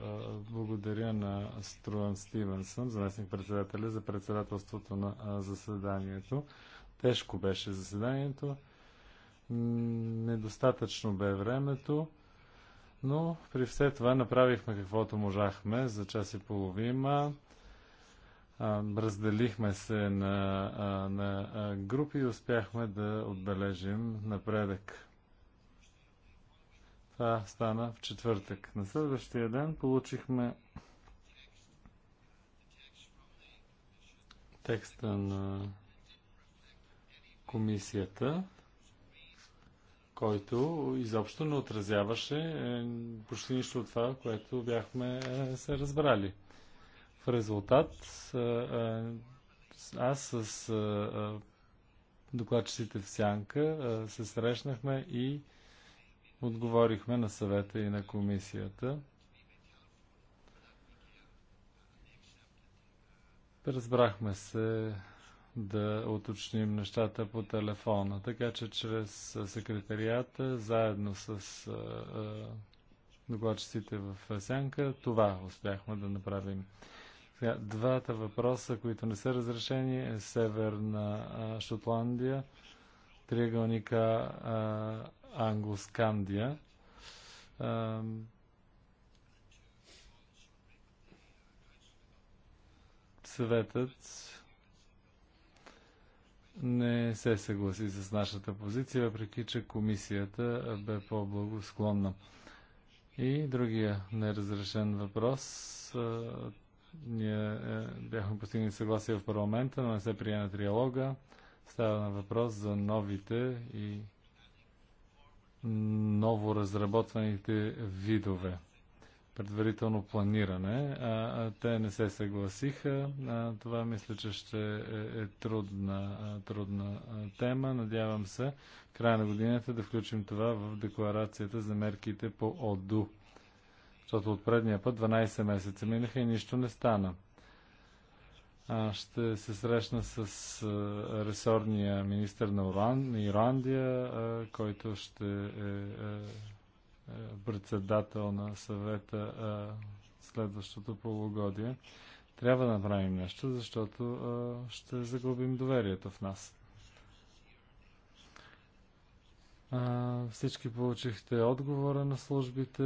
благодаря на Струан Стивенсън, заместник председателя, за председателството на заседанието. Тежко беше заседанието, недостатъчно бе времето но при все това направихме каквото можахме за час и половина. Разделихме се на, на групи и успяхме да отбележим напредък. Това стана в четвъртък. На следващия ден получихме текста на комисията който изобщо не отразяваше е, почти нищо от това, което бяхме е, се разбрали. В резултат е, аз с докладчиците в Сянка се срещнахме и отговорихме на съвета и на комисията. Разбрахме се да уточним нещата по телефона. Така че чрез секретарията, заедно с докладчиците в Сянка, това успяхме да направим. Сега, двата въпроса, които не са разрешени, е Северна а, Шотландия, триъгълника Англоскандия. съветът не се съгласи с нашата позиция, въпреки че комисията бе по-благосклонна. И другия неразрешен въпрос. Ние е, бяхме постигнали съгласие в парламента, но не се прие на триалога. Става на въпрос за новите и ново разработваните видове предварително планиране. А, а те не се съгласиха. А, това мисля, че ще е, е трудна, а, трудна а, тема. Надявам се, края на годината да включим това в декларацията за мерките по ОДУ. Защото от предния път 12 месеца минаха и нищо не стана. А, ще се срещна с а, ресорния министр на Ирландия, а, който ще е, е председател на съвета следващото полугодие. Трябва да направим нещо, защото ще загубим доверието в нас. Всички получихте отговора на службите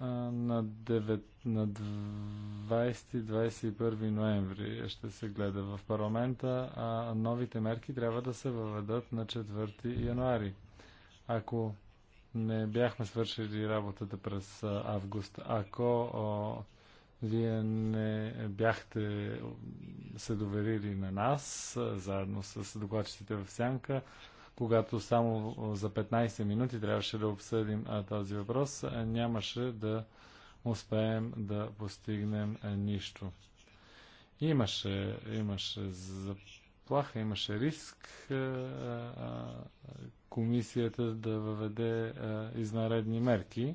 на, 9, на 20-21 ноември ще се гледа в парламента, а новите мерки трябва да се въведат на 4 януари. Ако не бяхме свършили работата през август. Ако о, вие не бяхте се доверили на нас, заедно с докладчиците в Сянка, когато само за 15 минути трябваше да обсъдим този въпрос, нямаше да успеем да постигнем нищо. Имаше, имаше за заплаха, имаше риск а, е, а, е, комисията да въведе а, е, изнаредни мерки,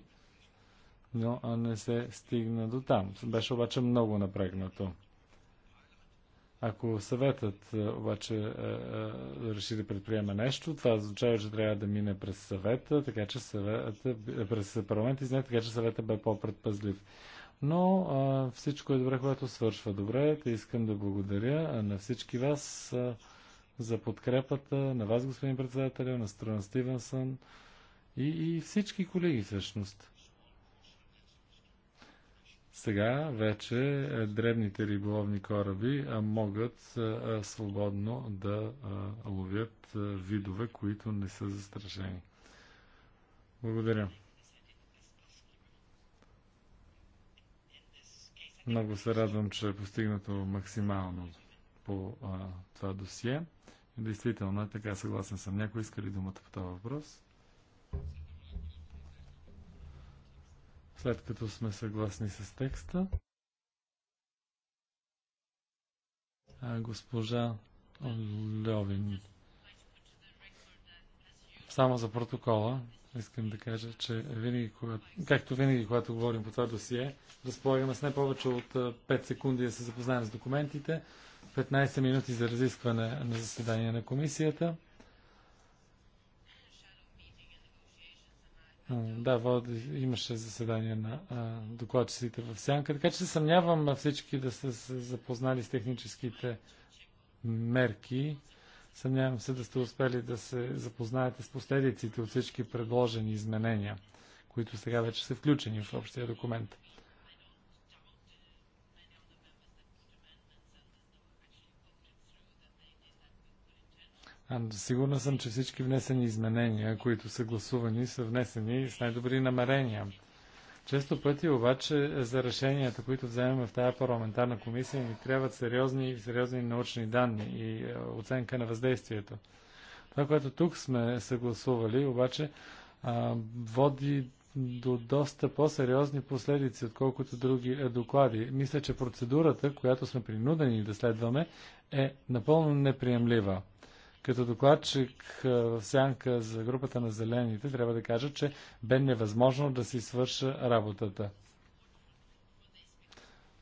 но а не се стигна до там. Беше обаче много напрегнато. Ако съветът обаче а, а, реши да предприеме нещо, това означава, че трябва да мине през съвета, така че съвета, през парламент, извинете, така че съвета бе по-предпазлив но а, всичко е добре, което свършва добре. Те искам да благодаря на всички вас а, за подкрепата, на вас, господин председателя, на Страна Стивенсън и, и всички колеги всъщност. Сега вече дребните риболовни кораби могат свободно да ловят видове, които не са застрашени. Благодаря. Много се радвам, че е постигнато максимално по а, това досие. Действително е така, съгласен съм. Някой иска ли думата по този въпрос? След като сме съгласни с текста, а, госпожа Льовин. Само за протокола Искам да кажа, че винаги, когато, както винаги, когато говорим по това досие, разполагаме с не повече от 5 секунди да се запознаем с документите, 15 минути за разискване на заседание на комисията. Да, води, имаше заседание на а, докладчиците в Сянка, така че се съмнявам всички да са се запознали с техническите мерки. Съмнявам се да сте успели да се запознаете с последиците от всички предложени изменения, които сега вече са включени в общия документ. сигурна съм, че всички внесени изменения, които са гласувани, са внесени с най-добри намерения – често пъти обаче е, за решенията, които вземем в тази парламентарна комисия, ни трябват сериозни, сериозни научни данни и е, оценка на въздействието. Това, което тук сме съгласували, обаче а, води до доста по-сериозни последици, отколкото други е, доклади. Мисля, че процедурата, която сме принудени да следваме, е напълно неприемлива. Като докладчик в сянка за групата на зелените, трябва да кажа, че бе невъзможно да си свърша работата.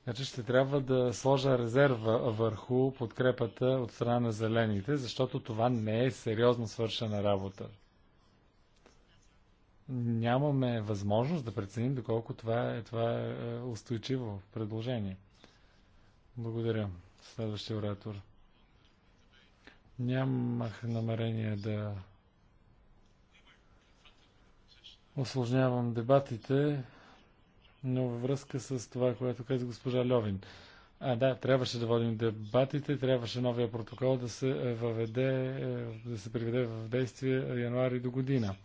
Значи ще трябва да сложа резерва върху подкрепата от страна на зелените, защото това не е сериозно свършена работа. Нямаме възможност да преценим доколко това е, това е, е устойчиво предложение. Благодаря. Следващия оратор. Нямах намерение да осложнявам дебатите, но във връзка с това, което каза госпожа Льовин. А, да, трябваше да водим дебатите, трябваше новия протокол да се е, въведе, е, да се приведе в действие януари до година.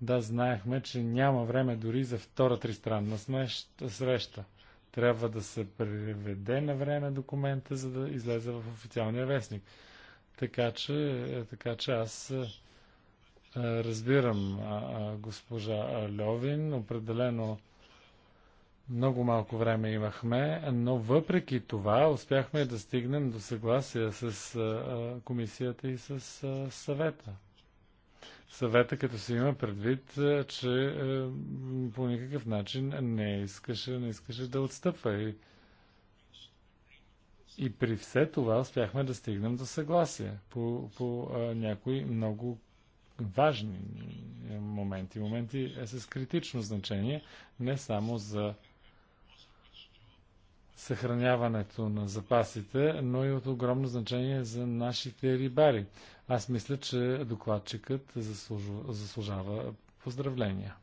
Да, знаехме, че няма време дори за втора тристранна среща. Трябва да се приведе на време документа, за да излезе в официалния вестник. Така че, е, така че аз е, е, разбирам госпожа Льовин. Определено много малко време имахме, но въпреки това успяхме да стигнем до съгласие с комисията и с съвета. Съвета, като се има предвид, че по никакъв начин не искаше, не искаше да отстъпва. И и при все това успяхме да стигнем до съгласие по, по а, някои много важни е, моменти. Моменти е с критично значение, не само за съхраняването на запасите, но и от огромно значение за нашите рибари. Аз мисля, че докладчикът заслужва, заслужава поздравления.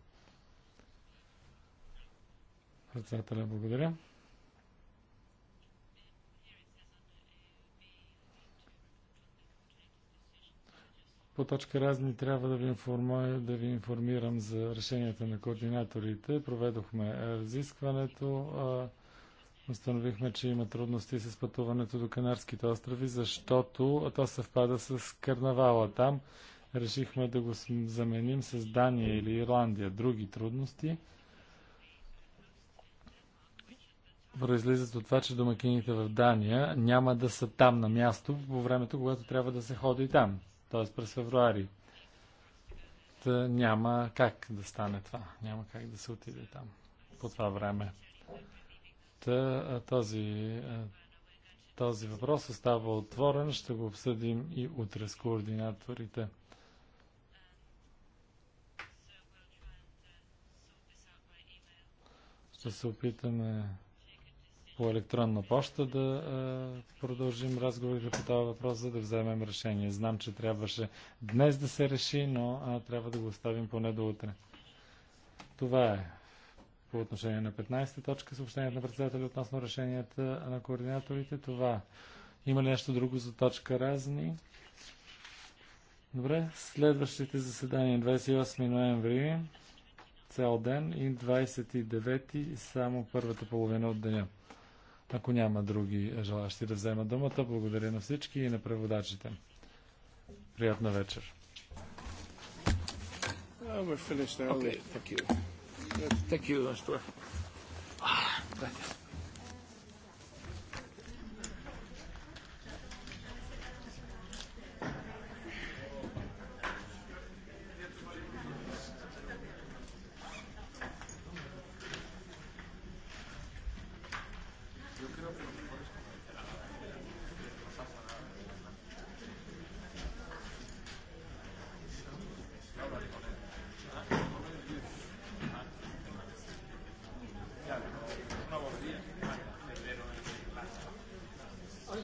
Председателя, благодаря. По точка разни трябва да ви, информа, да ви информирам за решенията на координаторите. Проведохме разискването. Установихме, че има трудности с пътуването до Канарските острови, защото то съвпада с карнавала там. Решихме да го заменим с Дания или Ирландия. Други трудности произлизат от това, че домакините в Дания няма да са там на място по времето, когато трябва да се ходи там т.е. през февруари. Та няма как да стане това. Няма как да се отиде там по това време. Та, този, този въпрос остава отворен. Ще го обсъдим и утре с координаторите. Ще се опитаме по електронна почта да а, продължим разговорите по това въпрос, за да вземем решение. Знам, че трябваше днес да се реши, но а, трябва да го оставим поне до утре. Това е по отношение на 15-та точка, съобщението на председателя относно решенията на координаторите. Това има ли нещо друго за точка разни? Добре, следващите заседания 28 ноември цял ден и 29 само първата половина от деня. Ако няма други желащи да вземат думата, благодаря на всички и на преводачите. Приятна вечер. we're finished early. Okay. Thank you. Thank you, Mr. Ah, thank you.